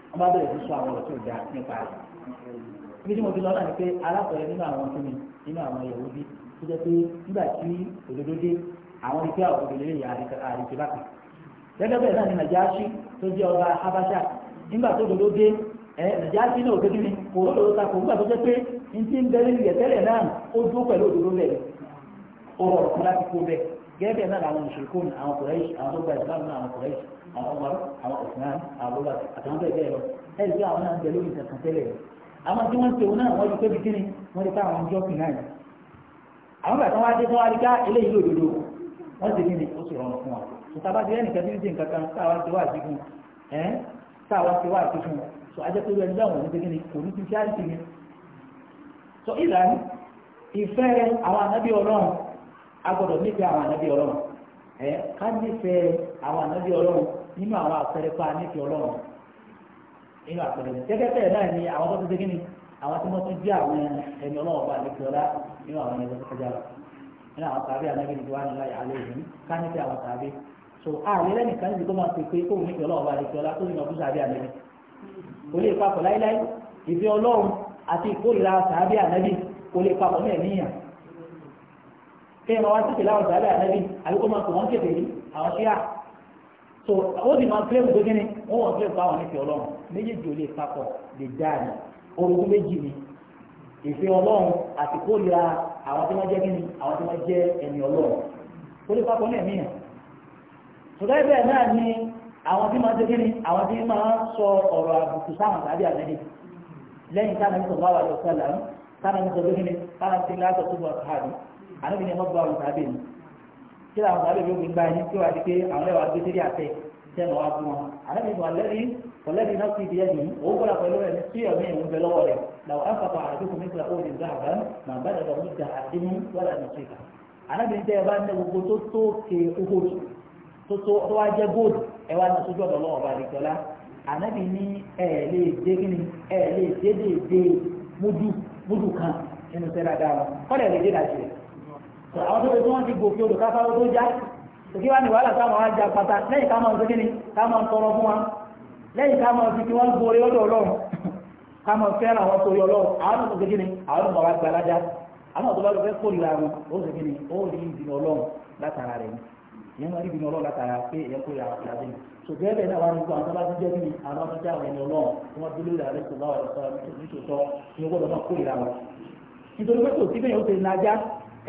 S2: wọ́n bá bẹ̀rẹ̀ sí sọ àwọn ọ̀tún ìjà nípa rẹ̀. ibi tí mo ti lọ náà ni pé alákọ̀ọ́rẹ́ nínú àwọn kíni nínú àwọn ìyàwó bí tó jẹ́ pé nígbà tí òdodo dé àwọn ibi àwọn òdodo lè yà àrètí bákan. gẹ́gẹ́ bẹ́ẹ̀ náà ni nàjàásí tó jẹ́ ọba habasha nígbà tó òdodo dé nàjàásí náà òdodo ni kò ró lòó takò nígbà tó jẹ́ pé n ti ń bẹ́rẹ̀ yẹ̀tẹ́lẹ̀ náà ó dúró pẹ̀lú òdodo bẹ́ẹ̀ ó rọrùn fún láti kó bẹ́ẹ̀ gẹ́gẹ́ náà làwọn mùsùlùkún àwọn kùrẹ́ṣì àwọn tó gba ìsìlámù náà àwọn kùrẹ́ṣì àwọn ọmọ àwọn òsìnàn àwọn bọ́lá àtàwọn bẹ́ẹ̀ bẹ́ẹ̀ lọ ẹ̀rí pé àwọn náà ń bẹ lórí ìtẹ̀sán tẹ́lẹ̀ rẹ̀ àwọn tí wọ́n ń tẹ̀wọ́n náà wọ́n ti pé bikini wọ́n ti ká àwọn ọjọ́ kì náà àwọn bàtà wọn á dé fún wa ká eléyìí lòdòdò wọ́n ti kíni ó sì rọrùn fún wa tó tá a bá ti rẹ́nìkan tí ń sìn kankan agbọ́dọ̀ nífẹ̀ẹ́ àwọn ànábì ọlọ́run ẹ ká nífẹ̀ẹ́ àwọn ànábì ọlọ́run nínú àwọn àpẹẹrẹ pa nífẹ̀ẹ́ ọlọ́run nínú àpẹẹrẹ gẹ́gẹ́ bẹ́ẹ̀ náà ni àwọn tó ti dégé ni àwọn tí wọ́n tún jẹ́ àwọn ẹni ọlọ́run bá nífẹ̀ẹ́ ọlá nínú àwọn ẹni tó kọjá lọ nínú àwọn tàbí ànábì ni wọ́n á nílá ìhàlẹ́ ìlú ká nífẹ̀ẹ́ àwọn tàbí so ààrẹ lẹ́nu kan níbi tó máa fi pé kóun nífẹ̀ẹ́ ọlọ́run bá nífẹ̀ẹ́ ọlá tó ní ọdún tàbí ànábì kò lè papọ̀ láíláí ìfẹ́ ọlọ́run àti ìkórìíra tàbí ànábì kò lè papọ̀ náà níyàn kéèyàn máa wá sí ìlà ọ̀sán àlẹ́ àlẹ́bí àbí kó máa sọ wọ́n kéde ní àwọn ṣíà so ó sì máa kílẹ̀mù tó kíni wọ́n wọ́n kílẹ̀mù fáwọn oníṣẹ́ ọlọ́run méjèèjì ò lè papọ̀ lè dá ní orogún méjì ni ìfẹ́ ọlọ́run àti kórìíra àwọn tí wọ́n jẹ́ kíni àwọn tí wọ́n jẹ́ ẹni ọlọ́run ó lè papọ̀ náà míyàn ṣùgbọ́n ẹgbẹ́ náà ni àwọn tí máa jẹ́ kíni àwọn tí máa sọ ọ̀rọ̀ àbùkù sáwọn tàbí àlẹ́bí lẹ́yìn táwọn ẹni sọ̀rọ̀ àwọn àlọ́ àlọ́ mi ni wọ́n gba ọ̀rọ̀ sábẹ́ mi kí làwọn sábẹ́ mi ò gbé gba ẹni tí wàá di pé àwọn ẹ̀wà gbé sílé àtẹ sẹ́nu wa fún wọn àlọ́ mi wà lẹ́rìí kọ̀lẹ́rì náà ti di ẹ̀dùn owó kọ́lá pẹ̀lú ẹ̀mí tí ẹ̀mí ìhun bẹ lọ́wọ́ rẹ̀ làwọn afọ̀pọ̀ àdúgbò nípa òòlù gbàgbà màá bá dàgbà mú gbà àdínú wọ́lá ní ṣèkà. alábìrin tẹ́ ẹ bá ní gbogbo tó tó ke owó tó tó tó wá jẹ́ gold ẹ wá ní sójú ọ̀dọ̀ lọ́wọ́ bàrẹ̀ ìjọlá ànábì ní ẹ lè dé kíni ẹ lè dé dé dé múdù múdù kan nínú sẹ́dáadáa wọn kọ́lẹ̀ lè dé dàjẹ́ àwọn tó tó wọ́n ti gòkè odò káfáwó tó já òkè wá ní wàhálà táwọn á já pátá lẹ́yìn ká máa ń sókè ní ká máa ń tọrọ fún wa lẹ́yìn ká máa fi kí wọ́n gbóore lọ́dọ̀ ọlọ́run ká máa fẹ́ràn àwọn torí ọlọ́run àwọn tó sókè ní àwọn tó bàbá gba alájá àwọn tó bá fẹ́ kórìíra wọn ó sókè ní ó rí ìdìnnà ọlọ́run látara rẹ̀ ni ìyẹn máa rí ìdìnnà ọlọ́run látara pé ẹ̀yẹ kórìíra wọn kìlá sí sòtẹ́ bẹ́ẹ̀ náà wà ní gbọ́n àtàlá jíjẹ́ bí àwọn ajíjá àwọn ẹni ọlọ́run tí wọ́n dúró ìlànà ìṣòwò àwọn ọ̀sán nítòótọ́ ní owó lọ́nà kórìíra wọn. nítorí pé kò sí bẹ́ẹ̀ yóò ṣe nàájá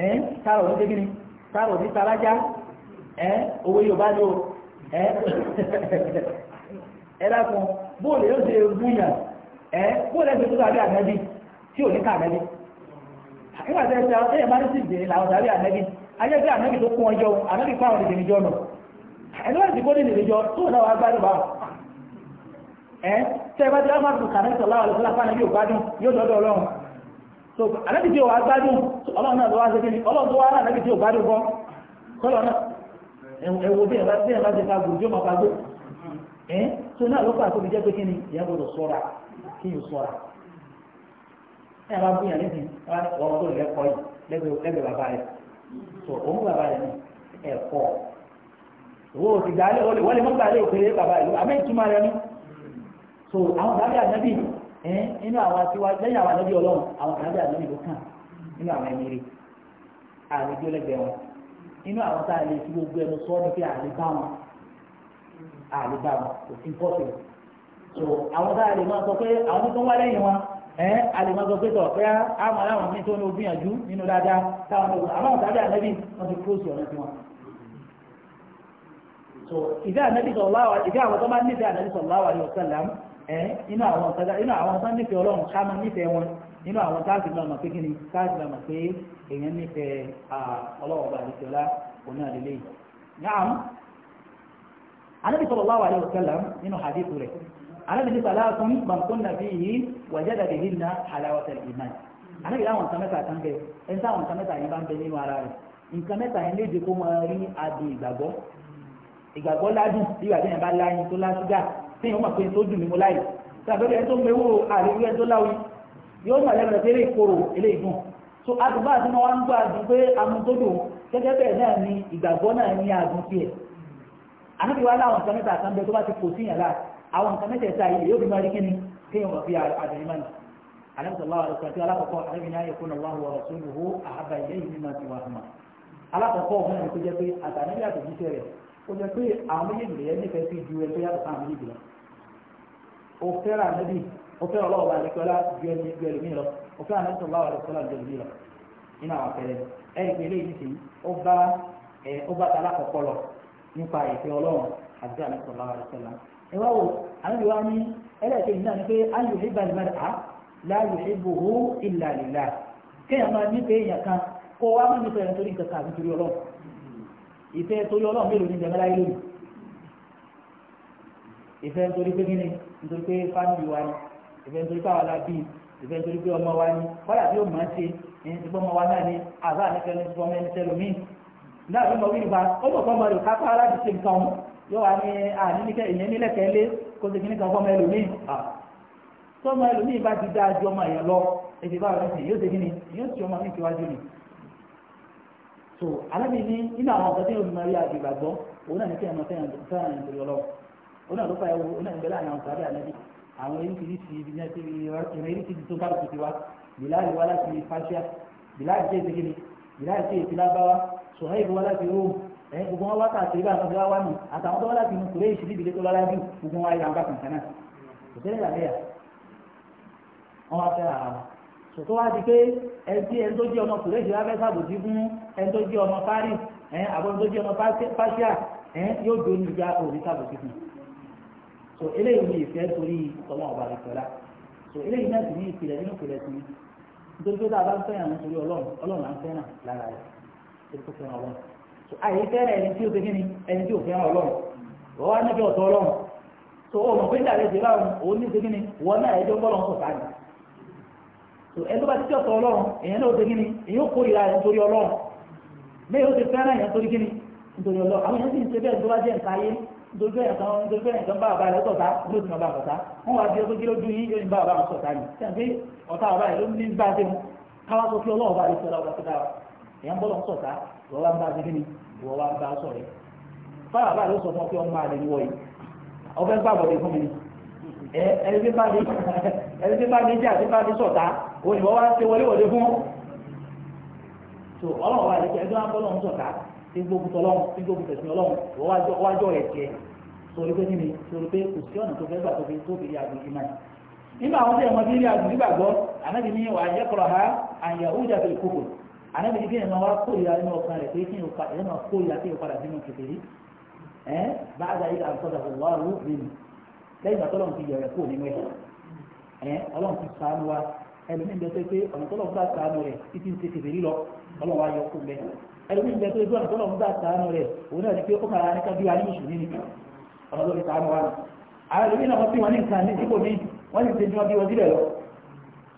S2: ẹ́ tààrà òní dégínì tààrà òní tààrájá ẹ́ owó yóò bá ní o ẹ́ dákun bóòlù yóò ṣe gbúyàn ẹ́ bóòlù ẹ̀ṣẹ̀ tó tàbí ànábì tí ò ní ká ànábì nígbà tẹ́ ṣe ẹ̀yẹ bá ní sí ìdèrè làwọn tàbí pé tó kún ọjọ́ fáwọn nù kó ní tó náà wá gbádùn ẹ́ tẹ́ bá ti so alábi tí ó wà gbádùn ọlọ́run náà ló wá ṣe ọlọ́run tó wá rà alábi tí ó gbádùn náà bí bí ti ka gùn gbó ẹ̀ so náà ló pàṣẹ omi jẹ́ pé kí ìyá gbọdọ̀ sọ́ra kí yóò sọ́ra ẹ̀ máa gbìyànjú ní ọ̀rọ̀ tó yìí lẹ́gbẹ̀ẹ́ bàbá rẹ̀ so òun bàbá rẹ̀ ni owó wọlé òkèlè bàbá rẹ̀ ìtumọ̀ inú àwọn tiwa lẹ́yìn àwọn àlẹ́bí ọlọ́run àwọn àlẹ́bí àlẹ́bí ló kàn inú àwọn ẹni rè àlejò ẹlẹgbẹ́ wọn inú àwọn tá a lè fi gbogbo ẹnu sọ ní pé àlebá wọn àlebá wọn kò sí pọ́ọ̀tù so àwọn tá a lè máa sọ pé àwọn tó ń wá lẹ́yìn wọn ẹ a lè máa sọ pé tọ̀ pé àwọn aláwọn mi tó ń lo gbìyànjú nínú dáadáa táwọn ọmọ àwọn àtàlẹ́ àlẹ́bí wọn ti kúrò sí ọ̀nà tiwọn so ìdí àlẹ́bí sọ̀rọ̀ láwà ìdí àwọn tó bá ní ìdí àlẹ́bí sọ̀rọ̀ láwà inú àwọn sáńdá inú àwọn sáńdá nífẹ̀ẹ́ ọlọ́run ká máa nífẹ̀ẹ́ wọn inú àwọn táàsì máa mọ̀ pé kí ni táàsì máa mọ̀ pé èèyàn nífẹ̀ẹ́ ọlọ́run bá àdìsí ọlá òun náà lélẹ́yìn. yàrá anábì sallallahu alaihi wasallam nínú hadith rẹ̀ anábì ní sàlásùn gbàǹkún nàbí yìí wàjẹ́dà bí yìí ná àlàwọ̀tẹ̀ ìmáì anábì láwọn nǹkan mẹ́ta kan bẹ ẹni táwọn nǹkan mẹ́ta yìí bá ń bẹ nínú ara rẹ̀ nǹkan mẹ́ta yìí léde kó máa rí adùn tí yóò mọ̀ pé tó dùn mí mo láyè tàbí ẹni tó ń gbéwò àríwí ẹni tó láwí yóò mọ̀ lẹ́nu pé eléyìí korò so àdùbá àti wọn wá ń gbọ́ àdùn pé amútódò gẹ́gẹ́ bẹ́ẹ̀ náà ni ìgbàgbọ́ náà ní àdùn tiẹ̀ ànábi wa láwọn nǹkan mẹ́ta kan bẹ tó bá ti kò síyàn láà àwọn nǹkan mẹ́tẹ̀ẹ̀ta yìí yóò fi máa rí kíni kéèyàn wà fi àdùn ìmọ̀ nìyí anabi sallallahu alaihi wasallam alakoko anabi náà ó jẹ́ pé àwọn méjèèjì lè yẹ nífẹ̀ẹ́ sí ju ẹgbẹ́ yàtọ̀ sáà méjèèjì lọ o fẹ́ràn ànábì o fẹ́ràn ọlọ́wọ́ àlekọ́lá ju ẹni ju ẹlòmíì lọ o fẹ́ràn ànábì sọ̀rọ̀ àwọn àlekọ́lá ju ẹlòmíì lọ nínú àwọn àpẹẹrẹ ẹni pé eléyìí sì ó bá ẹ ó bá ta alákọ̀ọ́kọ́ lọ nípa ìfẹ́ ọlọ́run àti ànábì sọ̀rọ̀ àwọn àlekọ́lá ẹ wá wò ànábì wa ní ẹlẹ́ẹ̀kejì náà ni pé ayò ìbá ìmọ̀lá láyò ìbòho ìlàlìlà kéèyàn máa nífẹ̀ẹ́ ìfẹ́ torí ọlọ́run mélòó ní ìjọba láyé lónìí ìfẹ́ nítorí pé kíni nítorí pé fámìlì wa ni ìfẹ́ nítorí pé àwọn alábí ìfẹ́ nítorí pé ọmọ wa ni kọ́lá tí ó máa ń ṣe ẹni tí ọmọ wa náà ni àbá àníkẹ́ ní fọmọ ẹni tẹ́lu mí náà ló mọ wí nípa ó mọ̀ fọmọ rẹ̀ kápá aláàbí ṣe nǹkan ọ̀hún yóò wá ní àníníkẹ́ ìyẹn nílẹ̀kẹ́ lé kó ṣe kíní kan fọmọ ẹlòmíì tọ́mọ ẹlòmíì bá ti dáa ju ọmọ so alábi ní inú àwọn ọ̀gá tí yóò máa rí àgbègbè àgbọ̀ òun náà ní kí ẹ máa fẹ́ràn fẹ́ràn ìtòlú ọlọ́run òun náà ló fà ẹwọ òun náà ń bẹ̀rẹ̀ àwọn sàbẹ̀ ànábì àwọn eréṣiríṣi ibi ní ẹsẹ̀ ìrìn eréṣiríṣi tó bá ti wá bìláàlì wá láti fásíà bìláàlì jẹ́ ìdíkìlì bìláàlì jẹ́ ìtìlábáwá sọ̀hẹ́ẹ̀bù wá láti róòmù ẹ̀ gbogbo wọn wá káàkiri bá àwọn wá nù àtàwọn tó wá láti inú kùrẹ́ ìṣìlì ìdílé tó lọ́lá jù gbogbo wọn ayé àwọn bá kàn kàn náà kò tẹ́lẹ̀ làbẹ́yà wọn wá fẹ́ràn àwọn tòtò wá di pé ẹtí ẹni tó jẹ́ ọmọ kùrẹ́jì wá fẹ́ sàbòjì fún ẹni tó jẹ́ ọmọ paris ẹ àbọ̀ ẹni tó jẹ́ ọmọ pàṣíà ẹ yóò do ní ìjà òní sàbòjì fún so eléyìí ni ìfẹ́ torí ọmọ ọba àdìsọ́lá so eléyìí náà sì ní ìpìlẹ̀ nínú ìpìlẹ̀ sí nítorí pé tá a bá ń fẹ́ràn nítorí ọlọ́run ọlọ́run à ń fẹ́ràn lára rẹ̀ torí fẹ́ràn ọlọ́run so àyè fẹ́ràn ẹni tí ó tó ẹni tó bá ti tí ọ̀tọ̀ ọlọ́run èèyàn náà ó ti gíní èèyàn ó kórìíra ẹ̀ nítorí ọlọ́run lẹ́yìn ó ti fẹ́ràn èèyàn torí gíní nítorí ọlọ́run àwọn èèyàn sì ń ṣe bẹ́ẹ̀ tó bá jẹ́ nǹkan ayé nítorí bẹ́ẹ̀ kan nítorí bẹ́ẹ̀ kan bá àbá rẹ̀ sọ̀tá ló ti mọ̀ bá sọ̀tá wọ́n wá bí ọgbẹ́gí lójú yín yóò ní bá àbá rẹ̀ sọ̀tá yìí sẹ́ǹpé ọ̀tá àbá rẹ̀ ló ní bá a déhùn káwá sọ fí ọlọ́run bá rẹ̀ sọ̀rọ̀ ọ̀gá tó dára èèyàn ń bọ́ lọ́n sọ̀tá ìwọ wá ń bá a déhùn ìwọ wá ń bá a sọ̀rẹ́ bá àbá rẹ̀ sọ fún ọ pé ọmọ àlè ni wọ̀ yìí ọbẹ̀ gbàgbọ́ òun ìwọ wá ṣe wọléwọlé fún so ọlọ́run wa àdékẹ́ ẹjọ́ abọ́lọ́run sọ̀tà tí gbógun tọlọ́run tí gbógun tẹ̀sìn ọlọ́run wọ́wájọ́ rẹ̀ tiẹ̀ pé pé kò sí ọ̀nà tó fẹ́ gbà tó fi tó fi rí nígbà àwọn tí bí rí ní wà ha ní wa kó ìyá inú ọkàn rẹ̀ pé kí ẹ̀mọ́ kó ìyá kí ìpadà sínú kékeré ẹ̀ bá a dáyé ẹlòmí ń bẹ tó pé ọ̀nà tọ́lọ̀ ń bá sàánù rẹ̀ títí ń ṣe kèbèrè lọ ọlọ́wọ́ ayọ̀ kó mẹ́ ẹlòmí ń bẹ tó pé ọ̀nà tọ́lọ̀ ń bá sàánù rẹ̀ òun náà ni pé ó máa ní kábíyà ní mùsùlùmí ni ọ̀nà tó fi sàánù wa nù àwọn ẹlòmí náà wọ́n fi wọn ní nǹkan ní sípò mi wọ́n sì ṣe ní wọ́n bí wọ́n sílẹ̀ lọ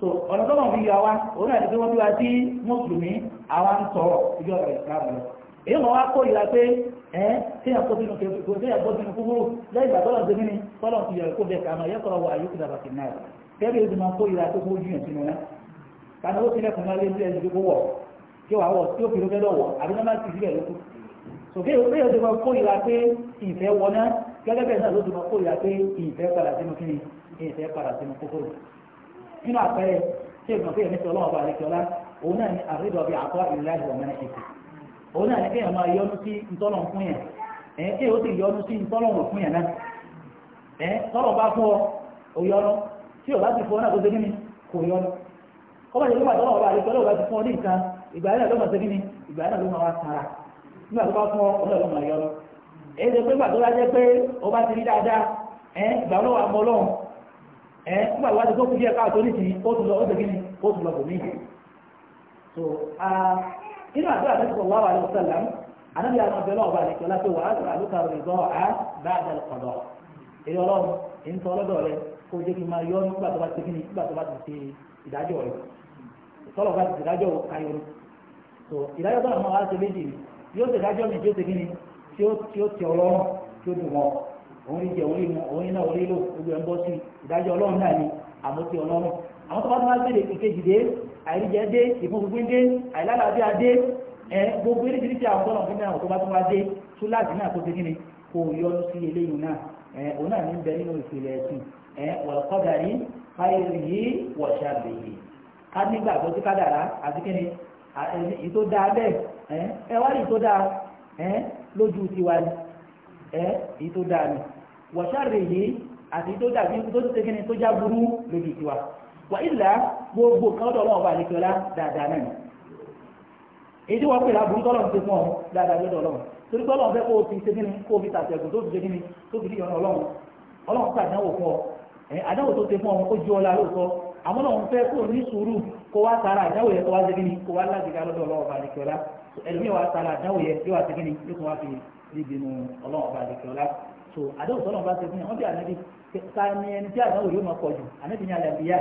S2: so ọ̀nà fi yà wá òun náà ni pé wọ́n bí wa sí mùsùlùmí àwa ń sọ ìjọ rẹ̀ ìsìlámù lọ èyí wọn wá kó ìlà pé ẹ kéèyàn kó sínú kéèyàn kó sínú kúkúrú lẹ́yìn ìgbà tọ́lọ̀ ń ṣe mí ni tọ́lọ̀ ń fi yọ̀ bẹ́ẹ̀ kà yẹ kọ́ra wọ àyíkú dàbà sí náà tẹ́lẹ̀ ìdùnnà kó ìlà tó kó jùyàn sínú náà kàná ti lẹ́kùn náà lé ní ẹ̀sìn tó wọ̀ kí wàá wọ̀ tí ó fi ló fẹ́ àbí náà má ti síbẹ̀ lókù sòkè ó yẹ ìdùnnà kó ìlà pé ìfẹ́ wọ gẹ́gẹ́ bẹ́ẹ̀ náà ló dùnnà kó ìlà pé ìfẹ́ padà sínú kíni ìfẹ́ padà sínú kókóró nínú àpẹẹrẹ ṣé ìgbọ̀n pé ẹ̀mẹ́sì ọlọ́wọ́ bá lẹ́kẹ́ ọlá òun náà ni àrídọ̀ bíi àkọ́ ìlà ìwà mẹ́rin ṣètò òun náà ni kéèyàn máa yọnu sí ntọ́lọ̀ fún yẹn ẹ̀ẹ́n kéèyàn ó sì yọnu sí ntọ́lọ̀ fún yẹn náà ẹ̀ẹ́n tọ́lọ̀ bá fún ọ òyọnu tí ọ̀rá ti fún náà kó ṣe kíni kò yọ ọ kọ́mọ̀ ṣe nígbà tọ́lọ̀ ọba àríkọ́ lọ́wọ́ ti fún ní nǹkan ìgbà yẹn ló máa ṣe ìgbà yẹn ló máa wá nígbà tó bá ló máa yọ èyí ṣe pé bá jẹ́ pé ti rí kó o jẹ́ kí n máa yọ ọ́ nígbà tó bá ti kíni nígbà tó bá ti ṣe ìdájọ́ rẹ̀ tọ́lọ̀ bá ti ṣe ìdájọ́ ayọ̀ rẹ̀ tó ìdájọ́ tọ́lọ̀ méjì ni yóò ṣe ìdájọ́ mi tí ó ṣe kíni tí ó tí ó ti ọlọ́run tí ó dùn wọn òun jẹ orí mu òun iná orí lò gbogbo ẹ̀ ń bọ́ sí ìdájọ́ ọlọ́run náà ni àmọ́ ti ọlọ́run àwọn tó bá tó bá gbé ìkejì dé àìríjẹ dé ìfúnfúnfún dé àìlálàbíà dé ẹ gbogbo eréjìrìjì àwọn tọ́lọ̀ fún náà tó bá tó bá dé túláàsì náà tó ṣe kíni kò yọ sí eléyìí náà ẹ òun náà ní bẹ nínú ìpìlẹ̀ ẹ̀sìn wọ̀lọ́kọ́dàrí fáyẹ̀rì wọ̀ṣàbẹ̀ yìí ká nígbà tó ti kádàrá àti kíni ìtò dáa bẹ́ẹ̀ ẹ wá rí dáa lójú tiwa ni dáa ni wọ̀ṣàbẹ̀ yìí àti dàbí tó ti tó já burú lójú tiwa wà ìlà gbogbo kan tó lọ́wọ́ bá lè kíọ́lá dáadáa náà wọ́n pè láburú tọ́lọ̀ ti fún ọ dáadáa lọ́dọ̀ ọlọ́run torí tọ́lọ̀ fẹ́ kó o fi ṣe kó o fi tó fi ṣe tó fi ọlọ́run àdáwò tó ṣe fún ọmọ kó ju ọlá lóòótọ́ àmọ́ náà wọ́n fẹ́ kó ní sùúrù kó wá tara àdáwò yẹn kó wá segin ni kó wá láti ká lọ́dọ̀ ọlọ́wọ́ balẹ̀kẹ́ọ́lá ẹlòmíì wá tara àdáwò yẹn yóò wá segin ni yóò tún wá fi níbi nu ọlọ́wọ́ balẹ̀kẹ́ọ́lá so àdáwò tọ́lọ́ bá ṣe fún yẹn wọ́n bí ànábì ká ní ẹni tí àdáwò yóò máa pọ̀ jù ànábì ní àlàbíyá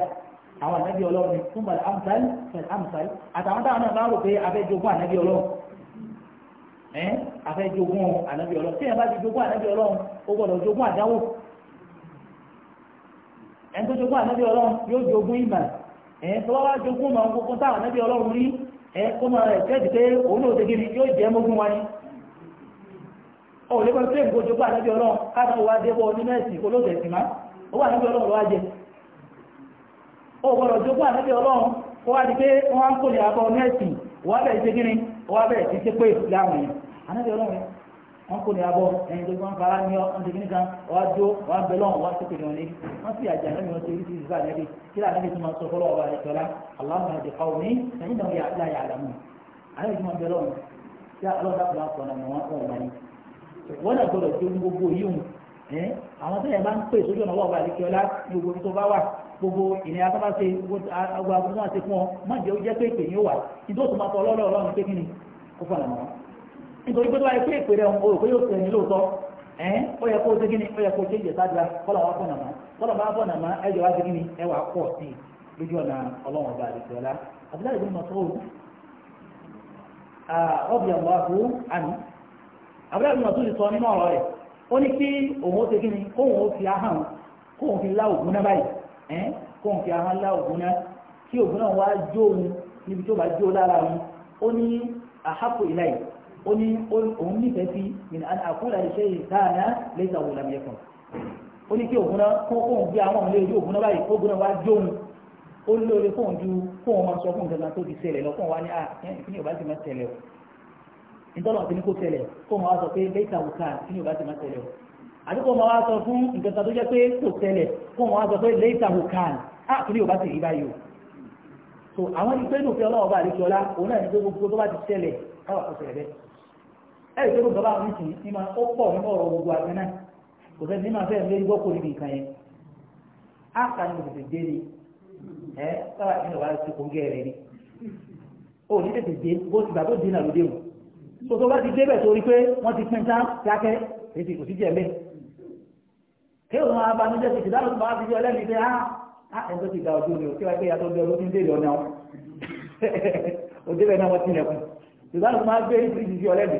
S2: àwọn ànábì ọlọ́run ni fún balẹ̀ amsal fẹ̀lẹ̀ amsal àtàwọn táwọn náà bá rò pé abẹ́jogún ànábì ọlọ́run ẹ̀ afẹ́jogún ànábì ọlọ́run tí yẹn bá ti jogún ànábì ọlọ́run ó gbọ́dọ̀ jogún àdáwò ẹni tó jogún ọlọ́run yóò jogún ìmọ̀ ẹni tó wá jogún ọmọ gbogbo táwọn ànábì ọlọ́run rí ẹni kó máa rẹ̀ pé òun tẹ́gìrì ni nǹkan jogún ọlọ́run káàkiri dé bọ́ olóòtẹ̀ má ó wà ọlọ́run wá jẹ ó gbọ́dọ̀ jogún ọlọ́run kó wá di pé wọ́n á wọn kò ní abọ ẹni tó wọn fara ní ọ wọn tẹbi nìkan wọn adó wọn bẹ lọhùn wọn sẹpẹ níwọn níbi wọn sì àjà lẹnu wọn tẹbi tìrìsì báyìí níbi kí làwọn níbi tó máa sọ fọlọ ọba àdìsọlá aláwọn àti kọ òní ẹni náà yà láyà àlàmù àlẹ tó máa bẹ lọhùn tí alọ́dà kò bá sọ ọ̀nà wọn wọn wà ní. wọn náà gbọdọ̀ tó gbogbo yíwù ẹ àwọn tẹ̀yẹ̀ bá ń pè sójú ọ̀nà ọba àdìsọlá gbogbo tó bá wà gbogbo ìnira tó bá ṣe gbogbo àgbo náà ṣe fún ọ má jẹ́ ó jẹ́ pé èpè ní ó wà ní tó tó máa fọ ọlọ́rọ̀ ọlọ́run pé kí ni ó fọ̀nà mọ́ nítorí pé tó wáyé pé ìpèrè ọ̀hún o rò pé yóò sọ ẹni lóòótọ́ ẹ̀ẹ́n ó yẹ kó segin ni ó yẹ kó ṣe ìjẹta dira kọ́lọ̀ wá bọ̀nà mọ́ ni wà pọ̀ sí i lójú ọ̀nà ọba àdìsí ọ̀la ọ̀bì àmì nínú ọ̀rọ̀ rẹ̀ ó ní kí òun ó ni kóun ó fi ahọ́n kóun fi lá ògùn náà báyìí ẹ̀ẹ́n kóun fi ahọ́n lá ó ní òun nífẹ̀ẹ́ sí min an aqula li shay'in kana laysa huwa lam yakun ó ní kí òun náà kó òun gbé àwọn ọmọ ilé òun náà báyìí kó gbóná wá jóun ó lóore fóun ju fóun máa sọ fóun gangan tó ti ṣẹlẹ̀ lọ fóun wá ní à ah, ìpínlẹ̀ òbá ti máa ṣẹlẹ̀ o ìtọ́lọ̀ ti ní kó ṣẹlẹ̀ fóun wá sọ pé laysa huwa kana ìpínlẹ̀ òbá ti máa ṣẹlẹ̀ o àdúgbò máa sọ fún nǹkan tó jẹ́ pé kò tẹ́lẹ̀ kó wọ́n sọ pé later we can àkúrí òbá sì rí báyìí o so àwọn ìpé nùfẹ́ ọlọ́ọ̀bá àdékíọlá òun náà ní pé gbogbo tó bá ti ṣẹlẹ̀ káwà kó ṣẹlẹ̀ bẹ́ẹ̀ ẹ̀rì tó gbọ́dọ̀ àwọn ìsìn ní máa ó pọ̀ nínú ọ̀rọ̀ gbogbo àgbẹ̀ náà kò sẹ́ni ní máa fẹ́ gbọ́kọ̀ níbi nǹkan yẹn á kà ní dé ni ẹ sábà nínú wàá ti kò rẹ̀ ni ó ní tètè dé bó ti gbà tó dín náà ló dé o tó tó bá ti torí pé wọ́n ti pín tán kíákẹ́ èsì kò sí mẹ́ máa pé á ẹ̀